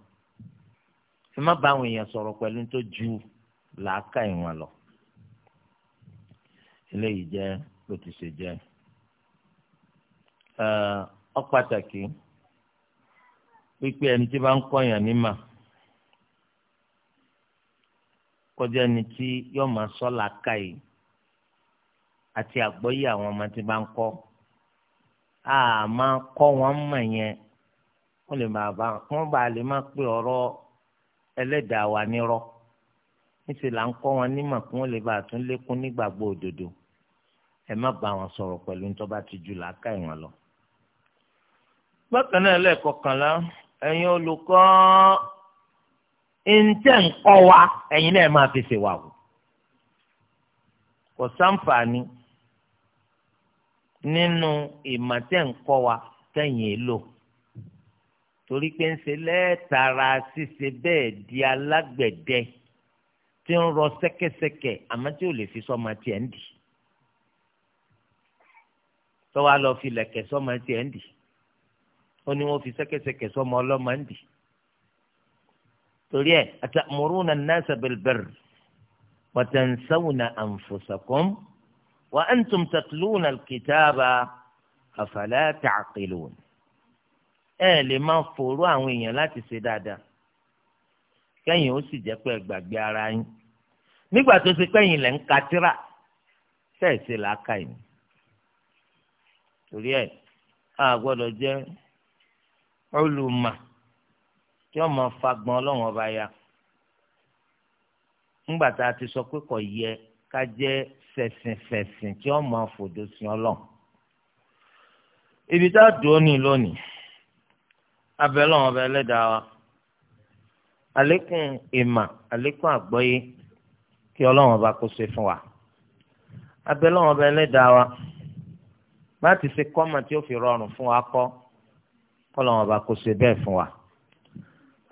ẹ má bá èèyàn sọ̀rọ̀ pẹ̀lú tó ju làákà ìwọ̀n lọ. eléyìí jẹ́ ló ti ọ pàtàkì wípé ẹni tí bá ń kọ́yàn nímà kọjá ẹni tí yóò máa sọ làákà yìí àti àgbọ́yé àwọn ọmọ tí a kọ́ wọn mọ̀ yẹn wọ́n lè máa bá bá lè máa ẹlẹ́dàá wa nírọ́ níṣẹ́ là ń kọ́ wọn nímọ̀ kí wọ́n lè bá a tún lékún nígbàgbọ́ òdodo ẹ má bá wọn sọ̀rọ̀ pẹ̀lú ní tó bá ti ju làákà ìwọ̀n lọ. bákan náà lẹ́ẹ̀kọkànlá ẹ̀yin olùkọ́ ntẹ́ ńkọ́ wa ẹ̀yin náà máa fi ṣèwà o kò sáǹfààní nínú ìmọ̀tẹ́ ńkọ́ wa tẹ̀yìn èlò torí pé ń ṣe lẹ́ẹ̀tara ṣíṣe bẹ́ẹ̀ di alágbẹ̀dẹ tí ń rọ ṣẹ́kẹ́ṣẹkẹ̀ àmọ́ tí ò lè fi sọ́mọ tiẹ̀ ń dì tọ́wọ́ lọ fi lẹ̀kẹ̀ sọ́mọ tiẹ̀ ń dì ó ní wọ́n fi ṣẹ́kẹ́ṣẹkẹ̀ sọ́mọ ọlọ́mọ ń dì torí ẹ̀ atamuruna an-nasa bil-birri wa tansawna anfusakum wa antum tatluna al-kitaba afala ta'qilun ẹ lè máa fòró àwọn èèyàn láti ṣe dáadáa kẹ́yìn ó sì jẹ́ pé gbàgbé ara yín nígbà tó ṣe pẹ́yìn lẹ̀ ń ka tírà ṣẹ̀ṣẹ̀ làákà yìí torí ẹ̀ a gbọ́dọ̀ jẹ́ olùmọ̀ tí wọ́n máa fagbọn ọlọ́run ọba ya ńgbà tá a ti sọ pé kò yẹ ká jẹ́ fẹ̀sìnfẹ̀sìn tí wọ́n máa fòdò sí ọlọ́run ibi tá a dùn ó ní lónìí abẹ́lọ́wọ́n ọba ẹlẹ́dàá wa àlékún ìmà àlékún àgbọ́yé kí ọlọ́wọ́n ọba kó ṣe fún wa abẹ́lọ́wọ́n ọba ẹlẹ́dàá wa láti ṣe kọ́mà tí ó fi rọrùn fún wa kọ́ kọ́lọ́wọ́n ọba kó se bẹ́ẹ̀ fún wa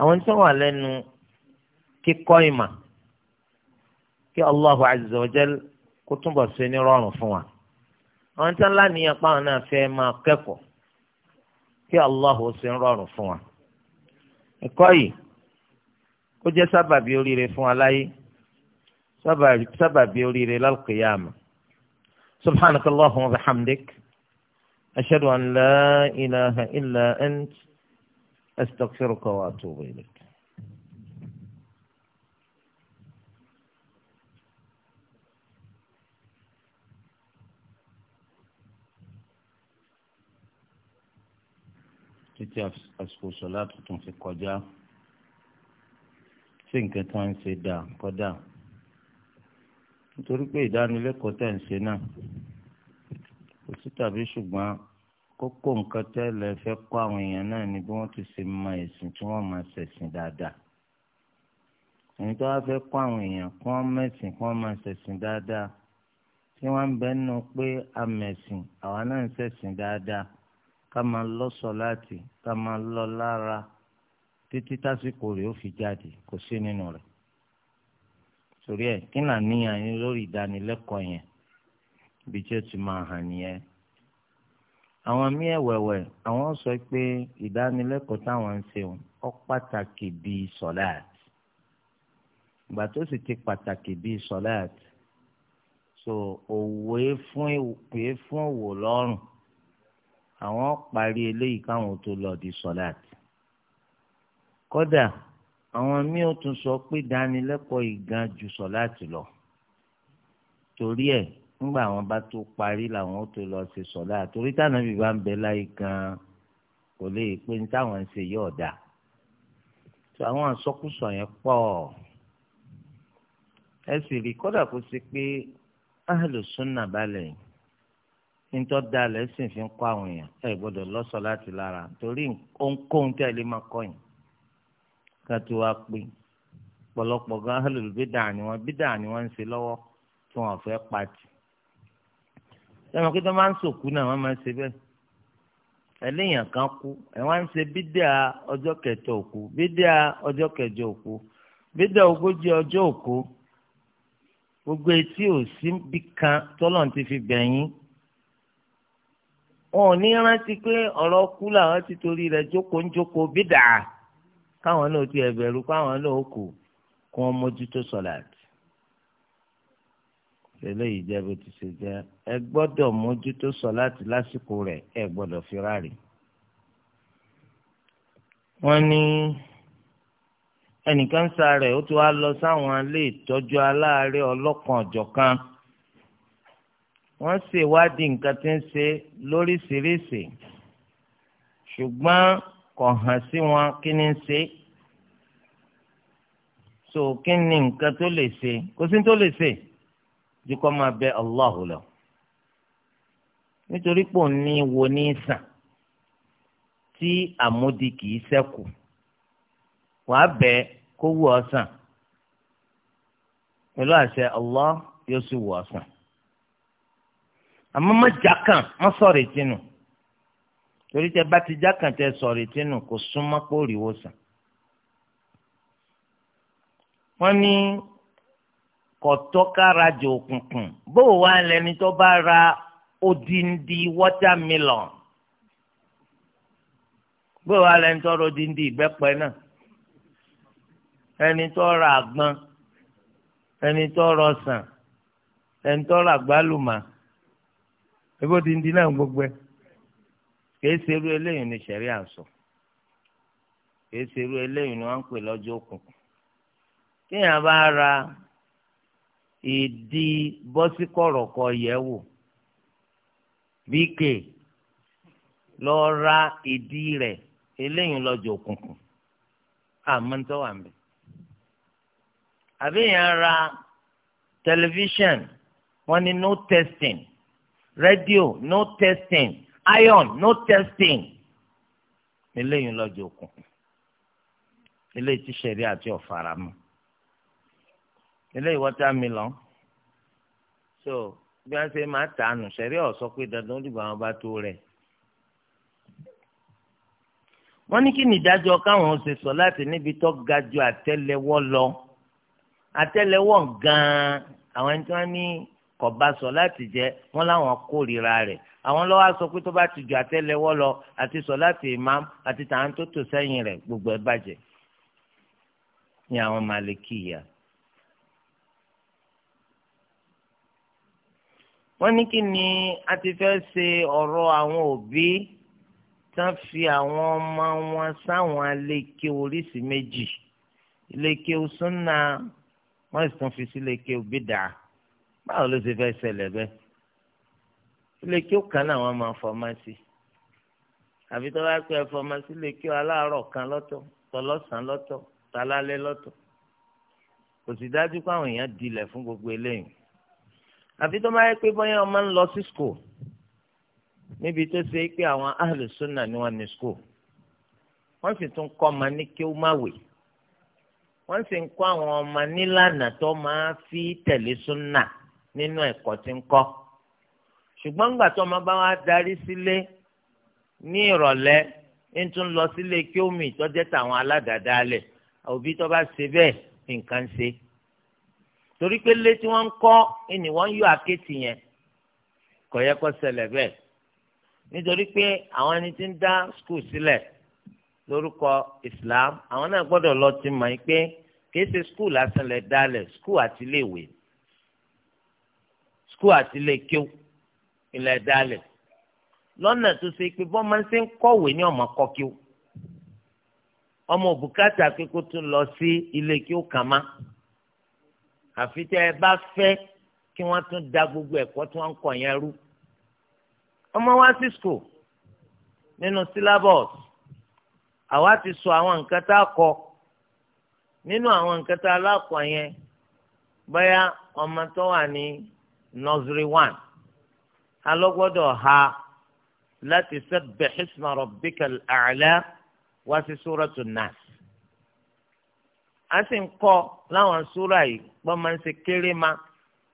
àwọn tí wọ́n wà lẹ́nu kíkọ́ ìmà kí Allahu azza wa jal kó túnbọ̀ ṣe ní rọrùn fún wa àwọn tí wọ́n lá níyàn pàwọn náà fẹ́ máa kẹ́kọ̀ọ́ kí allah ó ṣe ń rọrùn fún wa ẹ̀kọ́ yìí kó jẹ́ sábàbí oríire fún wa láyé sábàbí oríire lálùkìyàmù subhanak allahumma wa bihamdik ashhadu an la ilaha illa ant astaghfiruka wa atubu ilayk. títí àsìkò sọlá tuntun fi kọjá sí nǹkan tí wọ́n ń ṣe dà kọ́dà nítorí pé ìdánilẹ́kọ̀ọ́ tẹ̀ ń ṣe náà kò sí tàbí ṣùgbọ́n kókó nǹkan tẹ́lẹ̀ fẹ́ kọ́ àwọn èèyàn náà ni bí wọ́n ti ṣe mọ ẹ̀sìn tí wọ́n máa ṣẹ̀sìn dáadáa ẹni tó wá fẹ́ kọ́ àwọn èèyàn kí wọ́n mẹ̀sìn kí wọ́n máa ṣẹ̀sìn dáadáa tí wọ́n ń bẹ́ẹ̀ nù pé amẹ̀sìn àwa náà ń ṣẹ̀sìn dáadáa ká máa lọ sọláàtì ká máa lọ lára títí tásìkò rẹ̀ ó fi jáde kò sí nínú rẹ̀ torí ẹ̀ kí là níyàn yín lórí ìdánilẹ́kọ̀ọ́ yẹn ibi tí ó ti máa hàn nìyẹn àwọn míì ẹ̀wẹ̀wẹ̀ àwọn sọ pé ìdánilẹ́kọ̀ọ́ táwọn ń ṣe ó pàtàkì bíi sọláàtì ìgbà tó sì ti pàtàkì bíi sọláàtì so òwe fún òwò lọ́rùn àwọn parí eléyìí káwọn tó lọ di sọláàtì kódà àwọn míì ó tún sọ pé dánilẹ́kọ̀ọ́ ìgan ju sọláàtì lọ torí ẹ̀ nígbà àwọn bá tó parí làwọn ó tó lọ ṣe sọláàtì torí tànàbí bá ń bẹ láyé gan kò lè pé ní táwọn ń ṣe yóò dáa tó àwọn àsọkùsọ yẹn pọ̀ ẹ sì rí kódà kó ṣe pé ahlu sunna balẹ̀ yìí nítọ́ da lẹ́sìn fi ń kọ́ àwọn èèyàn ẹ gbọ́dọ̀ lọ́sọ láti lára torí ohunkóhun tí a lè máa kọ́ yìí ká pọ̀lọpọ̀ gan bídà ni wọ́n bídà ni wọ́n ń lọ́wọ́ tí wọ́n fẹ́ pati sẹ́wọ̀n kí tó máa ń sòkú náà wọ́n máa ń bẹ́ẹ̀ ẹlẹ́yìn kan kú ẹ̀ wọ́n ń ṣe bídà ọjọ́ kẹtọ òkú bídà ọjọ́ kẹjọ òkú bídà ogójì ọjọ́ òkú gbogbo etí ò sí bí kan tọ́lọ́ wọn ò ní rántí pé ọ̀rọ̀ kú làwọn ti torí rẹ̀ jókòó ń jókòó bídà káwọn náà ti ẹ̀bẹ̀rù káwọn náà kù kí wọ́n mójútó sọ̀làtì. tẹ́lẹ̀ yìí jẹ́ bó ti ṣe jẹ́ ẹ gbọ́dọ̀ mójútó sọ̀làtì lásìkò rẹ̀ ẹ gbọ́dọ̀ fi ráàrí. wọ́n ní ẹnìkan sáré ó ti wá lọ sáwọn ilé ìtọ́jú aláàárẹ̀ ọlọ́kan ọ̀jọ̀kan. wọ́n di nǹkan tí ń ṣe lóríṣiríṣi ṣùgbọ́n kò hàn sí wọn kí ni ń ṣe so kí ni nǹkan tó lè ṣe kò sí tó lè ṣe jù kó máa bẹ Allahu lọ nítorí pò ní wo ní sàn tí àmúdi kìí ṣẹ́kù wàá bẹ kó wù ọ sàn pẹ̀lú àṣẹ yóò sì wù sàn. àmọ́ má jákàn má sọ̀rọ̀ ìtinú torí tẹ bá ti jákàn tẹ sọ̀rọ̀ ìtinú kò súnmọ́ wọ́n ní òkùnkùn bó tó bá ra odindi watermelon bó o wá tó ra odindi ra àgbọn ẹni tó ra ebi ó ti ń di náà gbogbo ẹ kìí ṣe irú eléyìí ni sẹ̀rí à ń sọ kìí ni wọ́n ń pè lọ́jọ́ òkùnkùn téèyàn ra ìdí bọ́síkọ̀rọ̀kọ yẹ̀ wò bk lọ ra ìdí rẹ̀ eléyìí lọ́jọ́ òkùnkùn àmọ́ ń tọ́wà ń àbí èèyàn ra tẹlifíṣàn wọ́n ní no testing rédíò no testing iron no testing eléyìí lọ́jọ́ òkun eléyìí tí sẹ̀rí àti ọ̀fara mu eléyìí watermelon so bí wọ́n ṣe máa tà nù sẹ̀rí ọ̀sọ́ pé dandan ó dìbò àwọn bá tó rẹ̀ wọ́n ní kí ni ìdájọ́ káwọn ṣe sọ láti níbi tó ga ju àtẹ́lẹwọ́ lọ àtẹ́lẹwọ́ gan-an àwọn ẹni tí wọ́n ní kò bá sọ láti jẹ wọn láwọn kórìíra rẹ̀ àwọn lọ́wọ́ sọ pé tó bá ti ju àtẹ́lẹwọ́ lọ àti sọ láti imam àti tàn tó tò sẹ́yìn rẹ̀ gbogbo ẹ̀ bàjẹ́ ní àwọn malikiya. wọ́n ní kí ni a ti fẹ́ ṣe ọ̀rọ̀ àwọn òbí tán fi àwọn ọmọ wọn sáwọn aléke oríṣìí méjì iléke sunna wọ́n sì tún fi sí iléke bídà báwo ló ṣe fẹ́ ṣẹlẹ̀ bẹ́ẹ̀ ilé kí ó kan náà wọ́n máa fọmásì àfi tó bá pẹ́ fọmásì lè kí ó aláàárọ̀ kan lọ́tọ̀ tọlọ́sàn lọ́tọ̀ találẹ́ lọ́tọ̀ kò sì dájú pé àwọn èèyàn dilẹ̀ fún gbogbo eléyìí àfi tó bá yẹ pé bóyá ọmọ ń lọ sí school níbi tó ṣe pé àwọn ahlu ni wọ́n ní school wọ́n sì tún kọ́ ọmọ ní kí ó má wèé wọ́n sì ń kọ́ àwọn ọmọ nílànà tó máa fi tẹ̀lé súnà nínú ẹ̀kọ́ tí ń kọ́ ṣùgbọ́n ńgbà tó ọmọ bá wá darí sílé ní ìrọ̀lẹ́ ń tún lọ sílé kí omi ìtọ́jẹ́ tàwọn aládàádáalẹ̀ òbí tó bá ṣe bẹ́ẹ̀ nǹkan ṣe torí pé lé tí wọ́n ń kọ́ ni wọ́n ń yọ àkẹ́tì yẹn kò yẹ kó ṣẹlẹ̀ bẹ́ẹ̀ nítorí pé àwọn ẹni tí ń dá skul sílẹ̀ lórúkọ Islam àwọn náà gbọ́dọ̀ lọ ti mọ̀ pé kì í ṣe skul lásán dálẹ̀ skul àti ni skul àti ilé kíw ilẹ̀ dálẹ̀ lọ́nà tó ṣe pé bọ́n máa ń ṣe ń kọ̀wé ní ọmọ kọ́ kíw ọmọ òbúkátà pé kó tún lọ sí ilé kíw kàmá àfi tẹ́ ẹ bá fẹ́ kí wọ́n tún da gbogbo ẹ̀kọ́ tí wọ́n ń kọ́ yẹn rú ọmọ wa sí skul nínú syllabus àwa ti sọ àwọn nǹkan tá a kọ́ nínú àwọn nǹkan tá a lákọ yẹn bóyá ọmọ tó wà ní nursery 1 alogbodo ha lati sebe xisma robikal acla wasi suratu nas asin kɔ lawan sura yi kpɔman se kere ma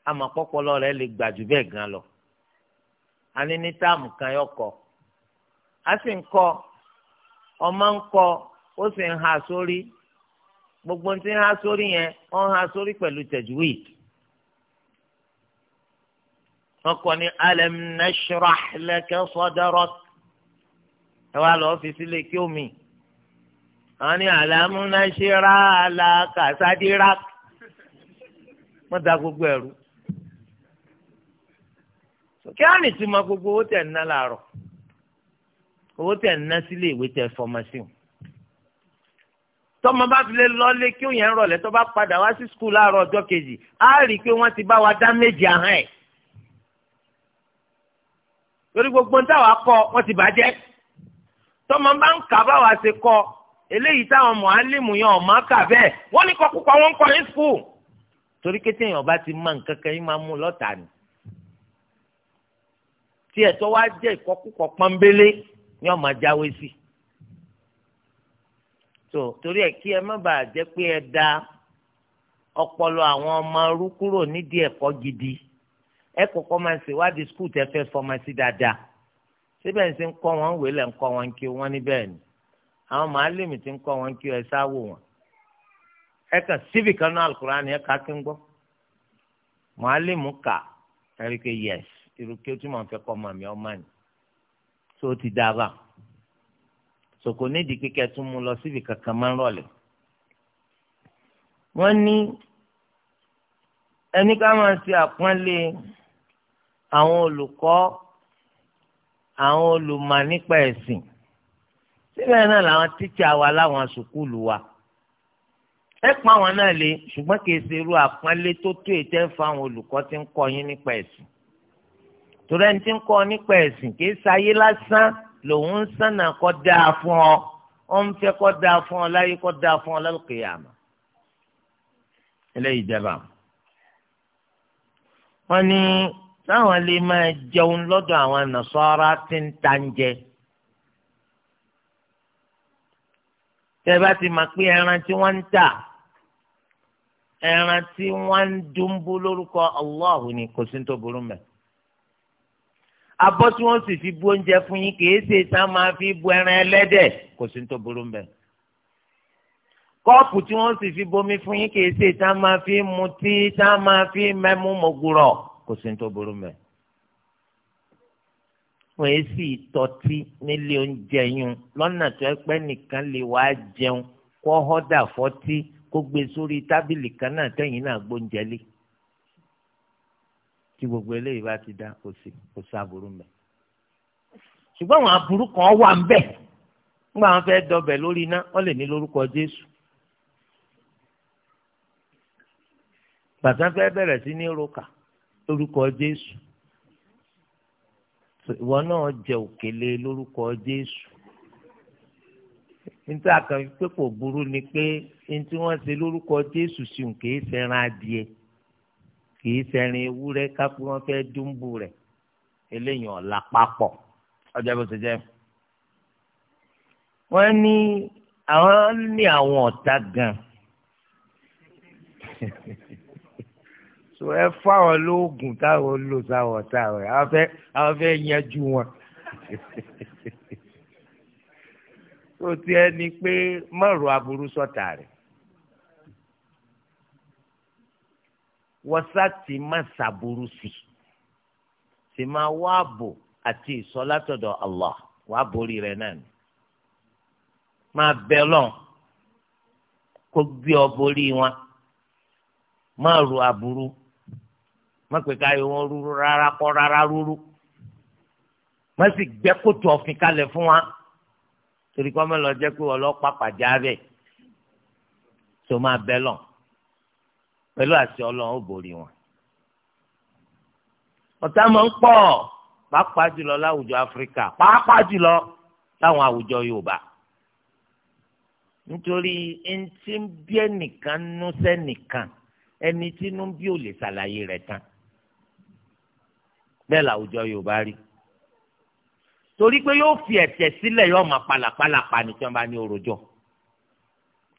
ama kpɔkpɔlɔ rɛ le gbajube bɛ gan lɔ ani ni taam kan yɔ kɔ asin kɔ ɔman kɔ ose ha ti ha sori yɛ ɔn ha sori pɛlu wọ́n kọ́ ní alam nashrah laka sadrak ẹ wá lọ́ọ́ fi sílẹ̀ kí omi àwọn ní alamu nashrah laka sadrak wọ́n da gbogbo ẹ̀rú kí á nì tí ma gbogbo owó tẹ̀ ń ná owó tẹ̀ ń sílé ìwé tẹ̀ fọmásì tọmọ bá filẹ lọlé kí òyìn rọlẹ tó padà wá sí skul láàárọ̀ ọjọ́ kejì á rí i pé wọ́n ti bá wa dá méje ahọ́n ẹ̀ torí gbogbo ní táwa kọ wọ́n ti bàjẹ́ tọ́mọ bá ń kà báwa ṣe kọ eléyìí táwọn mọ̀álìmù yẹn ọ̀ máa kà bẹ́ẹ̀ wọ́n ní kọ́ púpọ̀ wọ́n ń kọ́ ní skul torí kété èèyàn bá ti máa nǹkan kan yín máa mú lọ́tà ni tí ẹ̀tọ́ wá jẹ́ ìkọ́kúkọ̀ pọ́nbélé ni ọ̀ máa jáwé sí tó torí ẹ̀ kí ẹ má bàa jẹ́ pé ẹ da ọpọlọ àwọn ọmọ rú kúrò nídìí ẹ̀kọ́ gidi ẹ kọ́kọ́ máa ṣèwádìí skul tẹ́ fẹ́ fọmọsí dáadáa síbẹ̀ ń ṣe ń kọ́ wọn wèé lẹ̀ ń kọ́ wọn kí wọ́n níbẹ̀ ni àwọn màálìmì ti ń kọ́ wọn kí ẹ sáwò wọn ẹ kàn síbì kan náà alukurani ẹ ká kí ń gbọ́ màálìmù kà ẹ̀rí pé yẹs irú kí o tún máa fẹ́ kọ́ màmí ọmọ ni tó ti dábàá sòkò nídìí kíkẹ́ tún mú lọ síbì kankan máa ń rọ̀lẹ́ wọ́n ní ẹni ká máa ṣe àpọ́nlé àwọn olùkọ́ àwọn olùmọ̀ nípa ẹ̀sìn síbẹ̀ náà làwọn tíṣà wa láwọn sùkúlù wa ẹ pa àwọn náà lé ṣùgbọ́n kì í ṣe irú àpọ́nlé tó tó ètò ẹ̀ fún àwọn olùkọ́ tí ń kọ́ yín nípa ẹ̀sìn torí ẹni tí ń kọ́ nípa ẹ̀sìn kì í ṣayé lásán lòun ń sànà kọ́ dáa fún ọ ó ń fẹ́ kọ́ dáa fún ọ láyé kọ́ dáa fún ọ lálùkìyàmà eléyìí jẹba wọn ní sáwọn lè máa jẹun lọ́dọ̀ àwọn nàṣọ́ra tí ń ta ń jẹ. tẹ́ bá ti máa pé ẹran tí wọ́n ń tà ẹran tí wọ́n ń dúnbú lórúkọ Allahu ni kò sí tó burú mẹ́. abọ́ tí wọ́n sì fi bu oúnjẹ fún yín kì í ṣe tá a máa fi bu ẹran ẹlẹ́dẹ̀ kò sí tó burú mẹ́. kọ́ọ̀pù tí wọ́n sì fi bomi fún yín kì í ṣe tá a máa fi mutí tá a máa fi mẹ́mú mọ̀gùrọ̀. kò sí ní tó burú wọ́n yé sí tọ́tí nílé oúnjẹ yún lọ́nà tó ẹgbẹ́ nìkan lè wá jẹun kó họ́dà fọ́tí kó gbé sórí tábìlì kan náà tẹ̀yìn náà gbóúnjẹ lé. tí gbogbo eléyìí bá ti dá kò sí kò ṣùgbọ́n àwọn wà ń bẹ̀ nígbà wọn fẹ́ dọbẹ̀ lórí iná lè ní lórúkọ Jésù. bàtà fẹ́ bẹ̀rẹ̀ sí ní lórúkọ jésù ìwọ náà jẹ òkèlè lórúkọ jésù níta kan pé kò burú ni pé ní tí wọ́n ṣe lórúkọ jésù sí òun kì í ṣẹran adìẹ kì í ṣẹran ewúrẹ́ kápẹ wọ́n fẹ́ẹ́ dúnbù rẹ̀ eléyìí ọ̀la papọ̀ ọjọ́ bó ṣe jẹ́. wọ́n ní àwọn ní àwọn ọ̀tá gan so ẹ fáwọn lóògùn táwọn lò sáwọn táwọn àwọn fẹ́ àwọn fẹ́ yanjú wọn tó tiẹ̀ ni pé mọ̀rọ̀ aburú sọ̀tà rẹ̀ wọ́sá ti má sàbúrú sí sì máa wá ààbò àti ìsọlátọ̀dọ̀ Allah wàá borí rẹ̀ náà ni máa bẹ lọ́n kó gbé ọ borí wọn máa ro aburú má pè ká yọ wọn rúru rárá kọ́ rárá rúru má sì gbẹ́ kótó ọ̀fìn kalẹ̀ fún wa torí kọ́ mọ́ lọ jẹ́ pé ọlọ́pàá pàjá rẹ̀ tó máa bẹ́ lọ pẹ̀lú àṣẹ ọlọ́run ó borí wọn. ọ̀tá máa ń pọ̀ pàápàá jùlọ láwùjọ áfíríkà pàápàá jùlọ láwọn àwùjọ yorùbá nítorí ẹni tí ń bí ẹnìkan nú sẹ́nìkan ẹni tí inú bí ò lè ṣàlàyé rẹ̀ tán bẹ́ẹ̀ làwùjọ yorùbá rí torí pé yóò fi ẹ̀tẹ̀ sílẹ̀ yóò máa palàpalà pa ní tí wọ́n bá ní orojọ́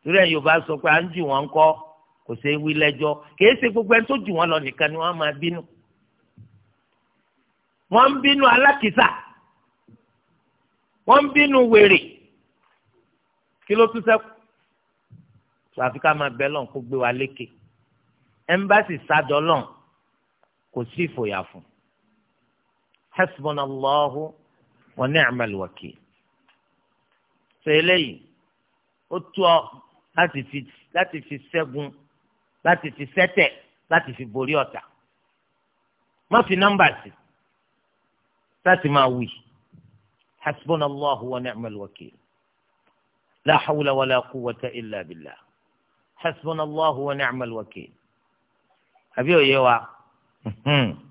torí ẹ̀ yorùbá sọ pé à ń jù wọ́n ń kọ́ kò ṣe é wí lẹ́jọ́ kìí ṣe gbogbo ẹni tó jù wọ́n lọ nìkan ni wọ́n máa bínú wọ́n ń bínú alákìsà wọ́n ń bínú wèrè kí ló tún sẹ́kù àfi ká máa bẹ lọ́n kó gbé wa lékè ẹ̀ ń bá sì sá dọ́lọ́n kò sí ìfòyà fún un hasbunallahu wa ni'mal wakil sọ eléyìí ó tó ọ láti fi láti fi ṣẹ́gun láti fi ṣẹ́tẹ̀ láti fi borí ọ̀tá má fi nọ́mbà sí láti máa wí hasbunallahu wa ni'mal wakil la hawla wa la quwwata illa billah hasbunallahu wa ni'mal wakil àbí òye wa. Hmm.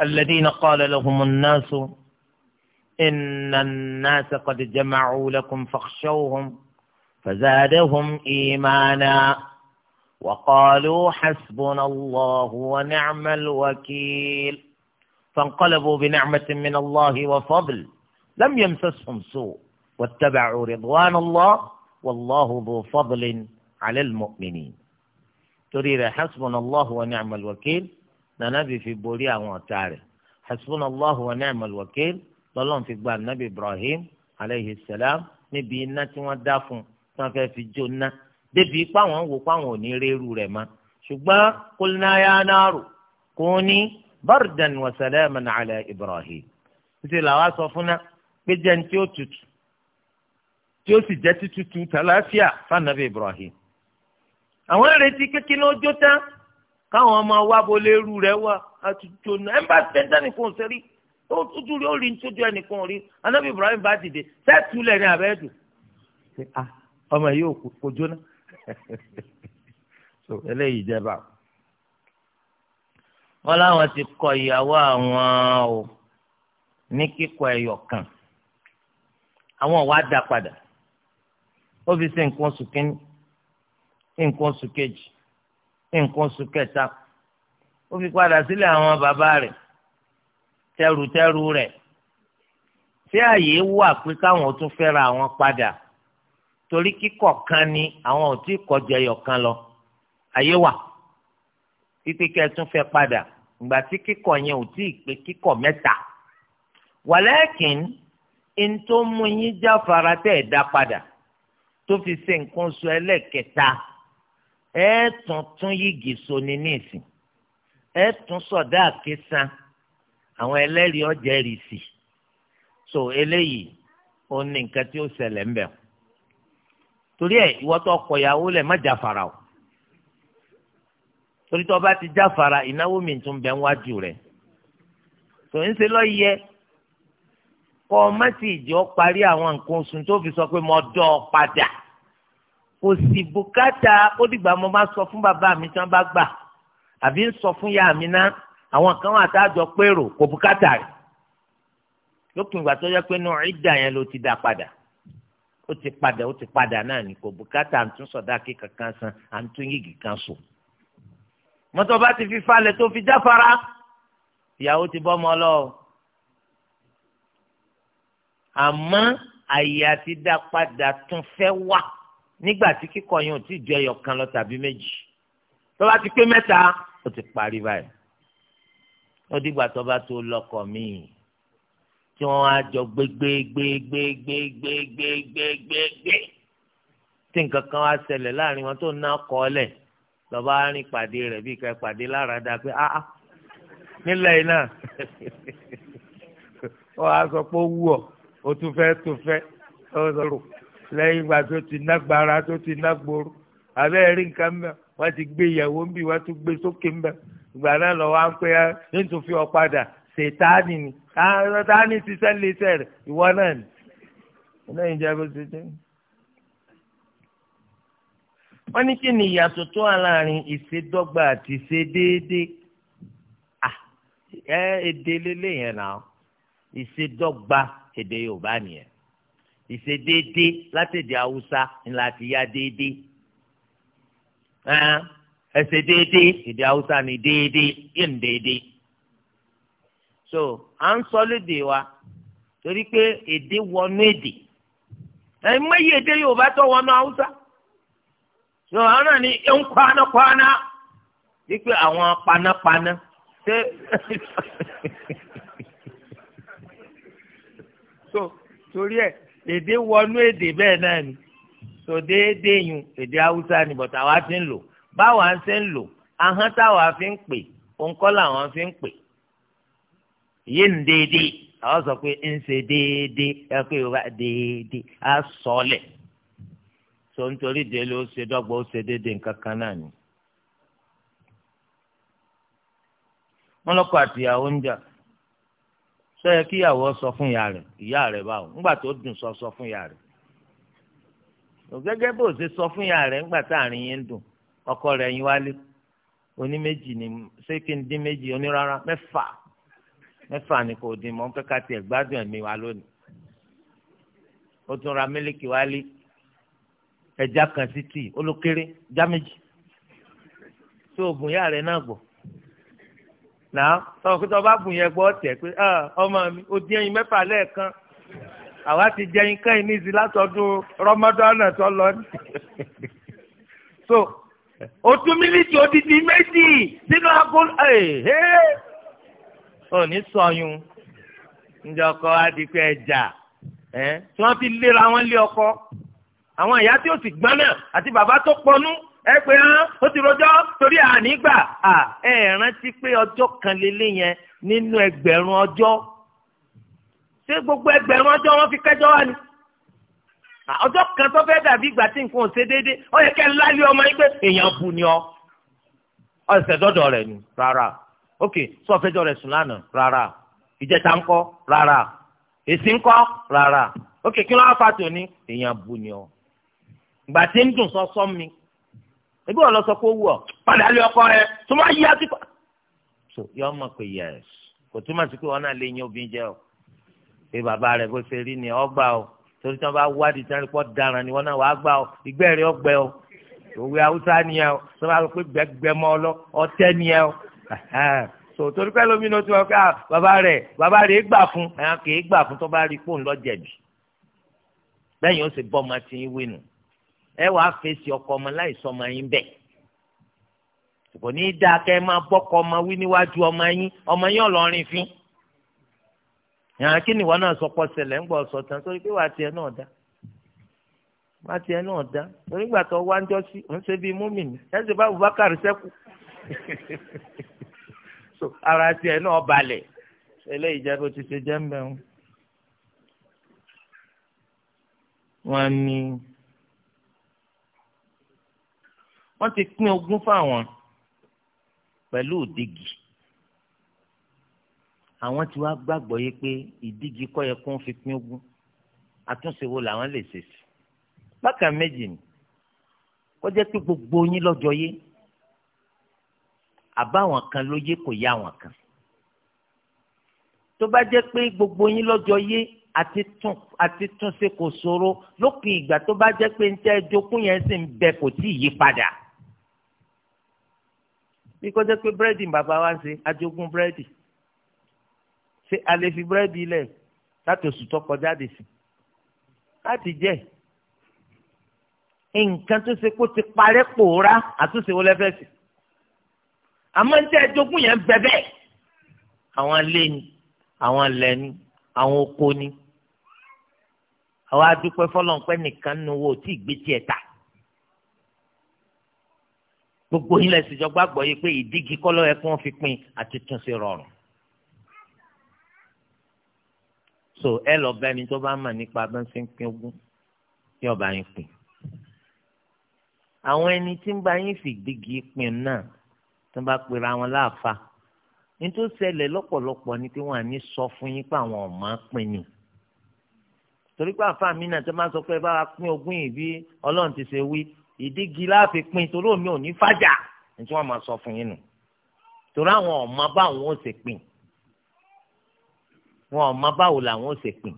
الذين قال لهم الناس إن الناس قد جمعوا لكم فاخشوهم فزادهم إيمانا وقالوا حسبنا الله ونعم الوكيل فانقلبوا بنعمة من الله وفضل لم يمسسهم سوء واتبعوا رضوان الله والله ذو فضل على المؤمنين تريد حسبنا الله ونعم الوكيل nànàbì fi borí àwọn ọ̀tá rẹ̀ hasbunallahu wa ni'mal wakil lọ́lọ́run fi gba nàbì ibrahim aleyhi salam níbi iná tí wọ́n dá fún tí wọ́n fẹ́ẹ́ fi jóná débi ipá wọn wò páwọn ò ní rérú rẹ̀ mọ́ ṣùgbọ́n kulna ya naru kuni bardan wa salaman ala ibrahim títí làwa sọ fún náà pé ní tí ó tutù tí ó sì jẹ́ títútù tàlàáfíà fún nàbì ibrahim àwọn retí kékeré ó tán káwọn ọmọ wa bo lérú rẹ wá àtúntò náà ẹ bá tẹ dání fún sẹrí ó tútù rí ó rí nítorí ẹnìkan rí anábì Ibrahim bá dìde sẹẹtù lẹ ní abẹ dùn ọmọ yìí ò kò jóná so eléyìí jẹba wọn láwọn ti kọ ìyàwó àwọn o ní kíkọ ẹyọ kan àwọn wa dá padà ó fi ṣe nǹkan oṣù kínní nǹkan oṣù kejì nǹkan oṣù kẹta ó fi padà sílẹ̀ àwọn bàbá rẹ̀ tẹrùtẹrù rẹ̀ tí àyè wà pé káwọn tún fẹ́ra àwọn padà torí kíkọ̀ kan ni àwọn ò tí kọjá ẹyọ kan lọ àyè wà pípé kẹ́ tún fẹ́ padà ìgbà tí kíkọ̀ yẹn ò tí pé kíkọ̀ mẹ́ta wàlẹ́kìn ń tó mú yín jáfara tẹ́ ẹ̀ dá padà tó fi ṣe nǹkan oṣù ẹlẹ́kẹta ẹ tún tún yìgì so ní nísìn ẹ tún sọdá àwọn ẹlẹ́rìí ọ̀jẹ̀ rì sí so eléyìí ó ní nǹkan tí ó ṣẹlẹ̀ ń bẹ̀ torí ẹ ìwọ tó ọkọ ìyàwó lẹ má jáfara o torí tó bá ti jáfara ìnáwó mi tún bẹ ń wájú rẹ tò ń ṣe lọ kọ́ ọ má sì jọ parí àwọn nǹkan oṣù tó fi sọ pé mo dọ́ ọ padà kò sì bùkátà ó dìgbà mo máa sọ fún bàbá mi tí wọ́n bá gbà àbí ń sọ fún yá mi ná àwọn kan wà tá a jọ pérò kò bùkátà rẹ̀ lópin ìgbà tó yẹ pé nù ìdá yẹn ló ti dá padà ó ti padà ó ti padà náà ní kò bùkátà à ń tún san à kan sùn. mọ́tò bá ti fi falẹ̀ tó fi jáfara ìyàwó ti bọ́ ọmọ lọ. àmọ́ àyè àti dá padà tún fẹ́ wà nígbà tí kíkọ yẹn ò tí ì ju ẹyọ kan lọ tàbí méjì tó bá ti pé mẹ́ta ó ti parí báyìí ó dìgbà tó bá tó lọ́kọ míì tí wọ́n á jọ gbégbégbégbégbégbégbégbé tí nǹkan kan wá ṣẹlẹ̀ láàrin wọn tó ná kọ́ lẹ̀ lọ́ba rìn pàdé rẹ̀ bí ká pàdé lára dáa pé áá ah, ah, nílẹ̀ yìí náà wọ́n á sọ pé ó wù ọ́ ó tún fẹ́ tún fẹ́ ó sọ rò lẹ́yìn ìgbà tó ti nágbára tó ti nágboro àbẹ́ rí nǹkan mbẹ́ wọ́n ti gbé ìyàwó ń bì wọ́n tún gbé sókè mbẹ́ ìgbà náà lọ wá ń pẹ́ ẹ́ ah, nítorí fi ọ padà ṣètáàní ni ah, ṣètáàní ti sẹ́lẹ̀ iṣẹ́ ìwọ náà ni lẹ́yìn ìjà bó ti dé. wọ́n ní kí ni ìyàtọ̀ tó wà láàrin ìṣedọ́gba àti ìṣedéédé ẹ èdè lélẹ́yìn náà ìṣedọ́gba èdè Yorùbá nìyẹn ìṣe déédéé di awusa ńlá ti yá déédéé ẹsẹ̀ déédéé èdè awusa ni déédéé yẹn déédéé so à ń sọ lédè wa torí pé èdè wọnú èdè ẹ̀ mẹ́yìí èdè Yorùbá tó wọnú awusa. so àwọn náà n'i ń kwana-kwana wípé àwọn panápaná ṣé so torí ẹ̀. èdè wọnú èdè bẹ́ẹ̀ náà ni so déédéé yun èdè haúsá ni bọ̀tà wa ti ń lò báwa ń ṣe ń lò ahọ́n táwa fi ń pè òǹkọ́ làwọn fi ń pè yé ń déédéé àwọn sọ pé ń ṣe déédéé ẹ pé yorùbá déédéé á sọlẹ̀ so nítorí délé ó ṣe dọ́gba ó ṣe déédéé nǹkan kan náà ni. wọ́n lọ́kọ̀ àtìyàwó ń jà sọ yẹ kí ìyàwó sọ fún ìyá rẹ̀ ìyá rẹ̀ báwo ńgbà tó dùn sọ sọ fún ìyá rẹ̀ gẹ́gẹ́ bó ṣe sọ fún ìyá rẹ̀ ńgbà táàrin yẹn ń dùn ọkọ rẹ̀ yín wálé oní méjì ni ṣé kí n dín méjì onírárá mẹ́fà mẹ́fà ni kò dín mọ́ ń fẹ́ ká gbádùn ẹ̀mí wa lónìí ó tún ra mílíkì wálé ẹja kan sí tíì olókéré já méjì tó oògùn ìyá rẹ̀ náà gbọ́ náà sọ pé tọ́ba bùn yẹn gbọ́ tẹ̀ pé ọmọ mi ó dín ẹyin mẹ́fà lẹ́ẹ̀kan àwa ti jẹ ẹyin kẹ́yìn ní ìsìn látọdún rọmọdọ́nà tó lọ ní. so o tún mílíkì odidi méjì sínú aago ò ní sọyún ǹjẹ́ ọkọ adìpẹ́ ẹja tí wọ́n fi léra wọn lé ọkọ àwọn ìyá tí ó sì gbọ́n àti bàbá tó pọnú ẹ pé hàn ó ti rọjọ́ torí ànígbà ẹ rántí pé ọjọ́ kan lélẹ̀ yẹn nínú ẹgbẹ̀rún ọjọ́ ṣé gbogbo ẹgbẹ̀rún ọjọ́ wọn fi kẹjọ́ wa ni ọjọ́ kan tó fẹ́ dàbí ìgbà tí nǹkan ò ṣe déédéé ó yẹ kẹ́ ń ọmọ yín pé èèyàn ni ọ ni rárá ok sùn lánàá rárá ìjẹta rárá èsì rárá ok kí ló wá mi. ebi wọn lọ sọ pé ó wù ọ padà lé ọkọ rẹ tó máa yí àti pa. so yọ ọmọ pé yẹs kò túmọ̀ sí pé wọn náà lè yín obìnrin jẹ o pé bàbá rẹ bó ṣe rí ni ọ gbà o torí tí wọn bá wádìí tí wọn daran ni wọn náà wàá gbà o ìgbẹ́ rẹ ọgbẹ o òwe haúsá ni ẹ o tí wọn bá rò pé gbẹgbẹ mọ ọ lọ ọtẹ ni ẹ o so torí pé lómi ní o ti wọn pé ah, bàbá rẹ bàbá rẹ gbà fún ẹ kì í gbà fún tó bá rí pòun lọ lẹ́yìn ó sì bọ́ ọmọ tí ń wí nù ẹ wàá fèsì ọkọ ọmọ láìsọ ọmọ yín bẹ́ẹ̀ kò ní í dáa kẹ́ ẹ máa bọ́kọ ọmọ wí níwájú ọmọ yín ọmọ yín ọlọ́rin fín yàrá kí nìwọ náà sọ pọ̀ ṣẹlẹ̀ ń gbọ́ ọ̀sọ̀ tán torí pé wàá tiẹ̀ náà dá wàá tiẹ̀ náà dá onígbà tó wá ń jọ sí ń ṣe bíi múmìnì ẹ ṣe bá Abubakar sẹ́kù so ara tiẹ̀ náà balẹ̀ eléyìí jẹ́ bó ti ṣe jẹ́ ń bẹ̀rù wọn ni wọ́n ti pín ogún fáwọn pẹ̀lú òdìgì àwọn tí wàá gbàgbọ́ yé pé ìdígi kọ́ yẹ kó ń fi pín ogún àtúnṣe wo làwọn lè ṣe sí bákan méjì ni kó jẹ́ pé gbogbo yín lọ́jọ́ yé àbáwọn kan ló yé kò yá àwọn kan tó bá jẹ́ pé gbogbo yín lọ́jọ́ yé àti túnṣe kò ṣòro lókè ìgbà tó bá jẹ́ pé ń tẹ́ jogún yẹn sì ń bẹ kò tí ì yí padà bí kò jẹ́ pé búrẹ́dì bàbá wa ń ṣe ajogún búrẹ́dì ṣé a lè fi búrẹ́dì ilẹ̀ láti oṣù tó kọjá dé sí láti jẹ́ nǹkan tó ṣe kó ti parẹ́ pòórá àtúnṣe wọlé fẹ́ sí àmọ́ ní ẹ̀ẹ́dógún yẹn bẹ bẹ́ẹ̀ àwọn ilé ni àwọn ilẹ̀ ni àwọn oko ni àwọn adúpẹ́ fọlọ́npẹ́ nìkan nu wo tí ì gbé tiẹ̀ ta gbogbo yín lẹ́sìn jọ gbàgbọ́ yìí pé ìdígi kọ́lọ́ ẹ̀kún fi pin àti tún sí rọrùn. so ẹ lọ bá ẹni tó bá mọ̀ nípa bá ń ṣe ń pín ogún yóò bá yín pín. àwọn ẹni tí ń bá yín fi ìdígi pin náà tó bá pera wọn láàfa ní tó ṣẹlẹ̀ lọ́pọ̀lọpọ̀ ni pé wọ́n á ní sọ fún yín pé àwọn ọ̀mọ́ pin ni torí pé àfa mi náà tó máa sọ pé bá wa pín ogún yìí bí ọlọ́run ti ṣe wí ìdígi láàfin pin torí omi ò ní fàjà ní tí wọ́n máa sọ fún yín nù torí àwọn ọmọ báwọn ò ṣe pin wọn ọmọ báwo làwọn ò ṣe pin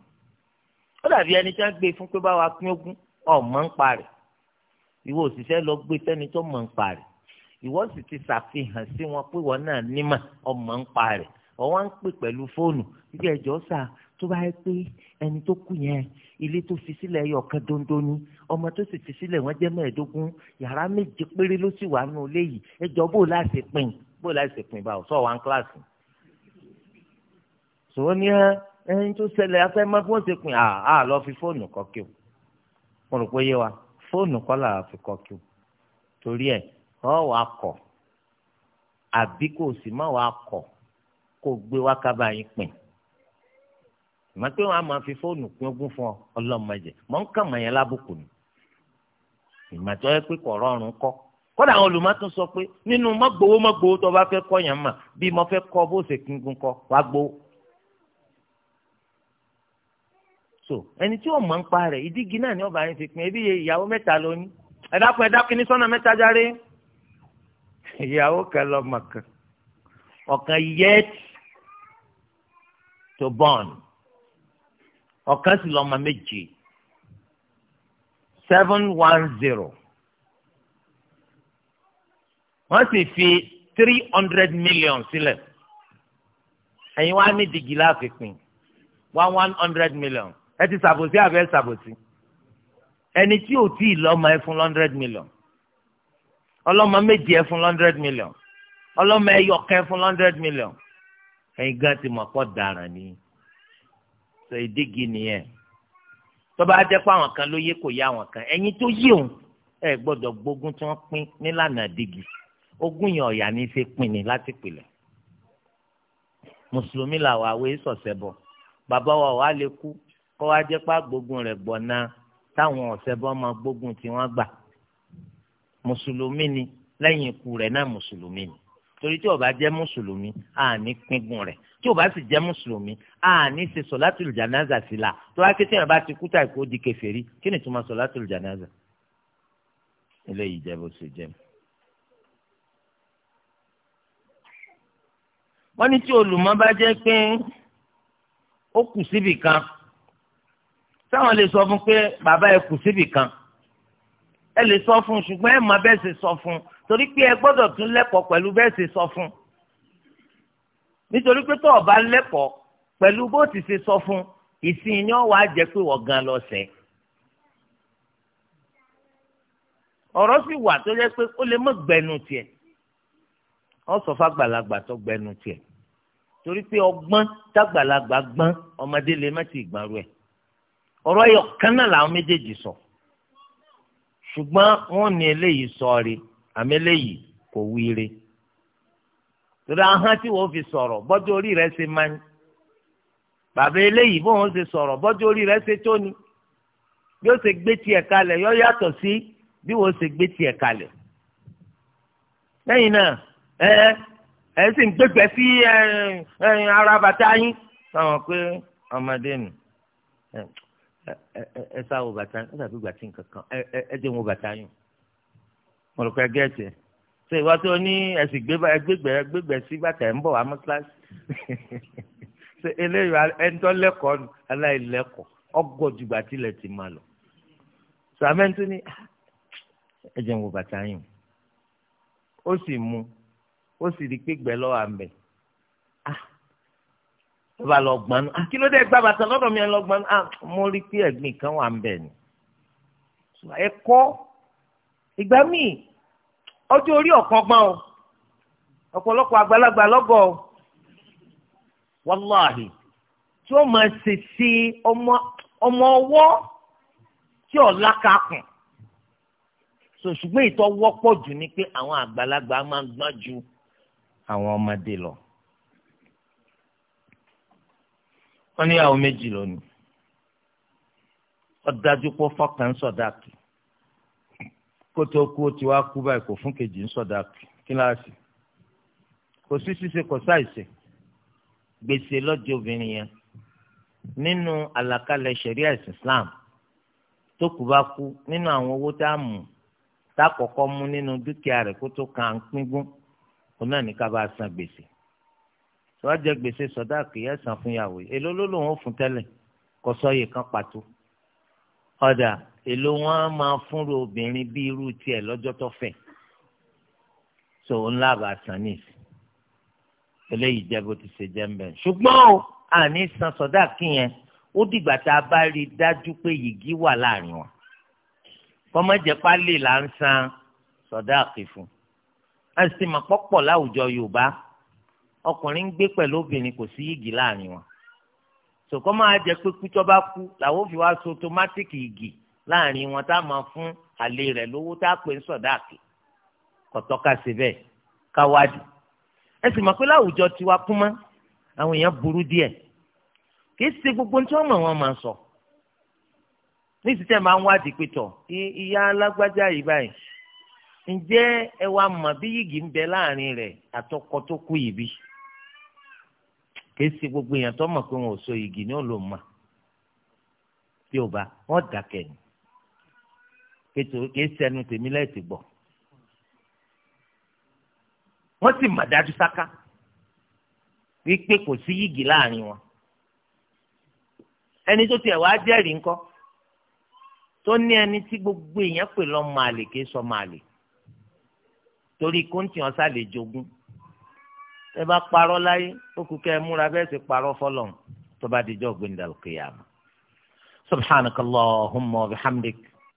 ó dàbí ẹni tí wọ́n gbé fún pé báwa pín ogún ọmọ ń parẹ́ ìwọ òṣìṣẹ́ lọ gbé fẹ́ni tó mọ̀ ń parẹ́ ìwọ sì ti ṣàfihàn sí wọn pé wọn náà nímọ̀ ọmọ ń parẹ́ ọwọ́n ń pè pẹ̀lú fóònù ìgbẹ́jọ́ sáà tó bá yẹ pé ẹni tó kú yẹn ilé tó fi sílẹ̀ yọ ọ̀kan dondo ni ọmọ tó sì fi sílẹ̀ wọ́n jẹ́ mẹ́ẹ̀ẹ́dógún yàrá méje péré ló sì wà nù ilé yìí ẹjọ́ bó láti pín bó láti pín báwò sọ wá ń kíláàsì. sòwò ní ẹni tó ṣẹlẹ̀ afẹ́ má fún ṣe pín àá lọ fi fóònù kọ́ kí o mo rò pé yé wa fóònù kọ́ là fi kọ́ kí o torí ẹ̀ ọ́ wàá kọ̀ àbí kò sì má wàá kọ̀ kó gbé wákàbà yín pín àmọ́ pé wọ́n á máa fi fóònù pín ogún fún ọ ọlọ́mọdé mọ̀ ń kà mọ̀ lábùkù ni ìmọ̀tọ́ yẹ pé kọ̀ rọrùn kọ́ kódà àwọn olùmọ̀tún sọ pé nínú mọ́gbowó mọ́gbowó tó bá fẹ́ kọ́ yẹn mà bí mo fẹ́ kọ́ bó ṣe kíkún kọ́ wá gbowó. so ẹni tí ó mọ̀ ń pa rẹ̀ ìdígi náà ni ọba yẹn fi pin ebi ìyàwó mẹ́ta ló ní ẹ ní sọ́nà mẹ́ta járe ìyàwó kan lọ́mọ kan ọ̀kan yẹ́ẹ̀tì tó bọ́ọ̀nù ọ̀kan sì lọ́mọ méje seven one zero wọ́n sì fi three hundred million sílẹ̀ ẹ̀yin wá ní dìgì láàfipín one one hundred million ẹ ti ṣàbòsí àbẹ́ ṣàbòsí ẹni tí ò tí ì lọ́mọ ẹ fún hundred million ọlọ́mọ méje ẹ fún hundred million ọlọ́mọ ẹyọkẹ́ fún hundred million ẹ̀yin gan ti mọ̀ pọ̀ dára nìyí sọ ìdígi nìyẹn tọ́ba á jẹ́ pé àwọn kan ló yé kò yá àwọn kan ẹ̀yin tó yé òun ẹ gbọ́dọ̀ gbógun tí wọ́n pín nílànà dígi ogún yẹn ọ̀yà ní í ṣe pin ni láti pìlẹ̀ mùsùlùmí làwọn àwẹ̀ sọ̀sẹ̀ bọ̀ bàbá wa wà á lè kú kọ́ wa jẹ́ pé àgbógun rẹ̀ gbọ̀nà táwọn ọ̀sẹ̀ bọ́ máa gbógun tí wọ́n gbà mùsùlùmí ni lẹ́yìn ikú rẹ̀ náà mùsùlùmí ni torí tí ó bá jẹ́ mùsùlùmí àní píngun rẹ̀ tí o bá sì jẹ́ mùsùlùmí a ní ṣe sọ̀látùlù jànáza sí la tó wá kété yẹn bá ti kúta ìkó di kèfèrí kí ni túmọ̀ sọ̀látùlù jànáza. eléyìí jẹ́ bó ṣe jẹ́. wọ́n ní tí olùmọ̀ bá jẹ́ pé ó kù síbì kan sáwọn lè sọ fún pé bàbá ẹ kù síbì kan ẹ lè sọ fún ṣùgbọ́n ẹ mọ bẹ́ẹ̀ ṣe sọ fún torí pé ẹ gbọ́dọ̀ tún lẹ́kọ̀ọ́ pẹ̀lú bẹ́ẹ̀ ṣe sọ fún nítorí pé tó o bá lẹ́kọ̀ọ́ pẹ̀lú bó ti ṣe sọ fún ìsìn ni wọ́n wàá jẹ́ pé wọ́n gan lọ́sẹ̀. ọ̀rọ̀ sì wà tó jẹ́ pé ó lè mọ̀ gbẹnu tiẹ̀ wọ́n sọ fàgbàlagbà tó gbẹnu tiẹ̀ torí pé ọgbọ́n tágbàlagbà gbọ́n ọmọdé lè má ti gbọ́n rú ẹ̀ ọ̀rọ̀ ẹ̀yọ̀ kan náà làwọn méjèèjì sọ ṣùgbọ́n wọ́n ní eléyìí sọ rí àmì eléyìí kò wí rí torí ahọ́n tí wọ́n fi sọ̀rọ̀ bọ́jú orí rẹ̀ ṣe máa ń bàbá eléyìí bóun ṣe sọ̀rọ̀ bọ́jú orí rẹ̀ ṣe tó ni bí ó ṣe gbé tiẹ̀ kalẹ̀ yọ yàtọ̀ sí bí wọ́n ṣe gbé tiẹ̀ kalẹ̀ lẹ́yìn náà ẹ ẹ sì ń gbẹgbẹ sí ara bàtà yín sáwọn pé ọmọdé nù ẹ sáwọ bàtà yín ó dàbí gbàtí nǹkan kan ẹ ẹ ẹ dé wọn bàtà yín mo rò pé gẹ́ẹ̀tì ṣe ìwà tó ní ẹ̀sìn gbégbé sí bàtà ẹ̀ ń bọ̀ wá mọ́sálásí ṣe eléyìí ẹ̀ńtọ́ lẹ́kọ̀ọ́ aláìlẹ́kọ̀ọ́ ọgọ́dùgbà tilẹ̀ ti máa lọ. sàmẹ́ntì ni ah, ẹ̀jẹ̀ ń wo bàtà yìí ó sì mú ó sì rí pípẹ́ lọ́wọ́ àmẹ́ ó ah, bá lọ gbọ́n nù ah, kí ló dé gba bàtà lọ́dọ̀ mi ẹ̀ lọ gbọ́n nù mo rí pé ẹ̀gbìn kan wà ń bẹ̀ ni ẹ̀kọ́ ìgbà míì ọjọ́ orí ọ̀kan gbọ́n o ọ̀pọ̀lọpọ̀ àgbàlagbà lọ́gọ̀ o wàláhì tí ó máa ṣèṣe ọmọ ọwọ́ tí ọ̀la kakùn so ṣùgbọ́n ìtọ́ wọ́pọ̀ jù ni pé àwọn àgbàlagbà máa ń gbọ́n ju àwọn ọmọdé lọ. wọ́n ní àwọn méjì lónìí ọ̀dájú pọ̀ fọ́kàn sọ̀dáàkì kó tó kú ó ti wá kú báyìí kò fún kejì ń sọdá kíláàsì kò sí ṣíṣe kò sáìsì gbèsè lọ́jọ́ obìnrin yẹn nínú àlàkalẹ̀ ṣẹ̀ríà ẹ̀sìn Islam tó kù bá kú nínú àwọn owó tá a mú tá a kọ́kọ́ mú nínú dúkìá rẹ̀ kó tó kàn án pínpín òun náà ní ká bá san gbèsè tó wá jẹ gbèsè sọdá kìí ẹ̀sán fún yàwó èló ló lòun ó fún tẹ́lẹ̀ kó sọ iye kan pàtó ọ̀dà èlò wọn á máa fúnra obìnrin bí irú tiẹ̀ lọ́jọ́ tó fẹ̀ so ńlá bá san ní ìsìn eléyìí jẹ́ bó ti ṣe jẹ́ ń bẹ̀. ṣùgbọ́n o àní san sọ̀dá kíyẹn ó dìgbà tá a bá rí i dájú pé yìgì wà láàrin wọn kọ́mọ́jẹ́ pálí là ń san sọ̀dá kì fún a sì máa pọ́pọ̀ láwùjọ yorùbá ọkùnrin ń gbé pẹ̀lú obìnrin kò sí yìgì láàrin wọn sòkò máa jẹ pé kútọ́ bá kú làwọn òfin wa so tomatiki igi láàrin wọn tá a máa fún àlè rẹ̀ lówó tá a pè ń sọ̀dáàkì kọ̀tọ́ka sí bẹ́ẹ̀ káwádìí ẹ sì mọ̀ pé láwùjọ tiwa kú mọ́ àwọn èèyàn burú díẹ̀ kì í ṣe gbogbo tí wọ́n mọ̀ wọ́n máa sọ ní ìsìtẹ́ máa ń wádìí pé ìyá alágbájá yìí báyìí ǹjẹ́ ẹ wá mọ̀ bí yìgì ń bẹ láàrin rẹ̀ àtọkọ tó kú yìí bí kìí ṣe gbogbo èèyàn tó mọ̀ pé wọn ò so igi ni ó lò mọ̀ tí ò bá wọn dàkẹ́ ni kìí ṣẹnu tèmi lẹ́ẹ̀tì gbọ̀ wọ́n sì mà dájú sáká wípé kò sí yìgì láàrin wọn ẹni tó tiẹ̀ wá jẹ́rìí ńkọ́ tó ní ẹni tí gbogbo èèyàn pè lọ́ọ́ máa lè kìí sọ máa lè torí kóńtì ọ̀sà lè jogún ẹ bá parọ́ láyé ó kú kẹ́ ẹ múra bẹ́ẹ̀ sì parọ́ fọlọ́n tó bá dijọ́ gbẹ̀ndàlùkìyàmù subhanakallahumma wa bihamdik.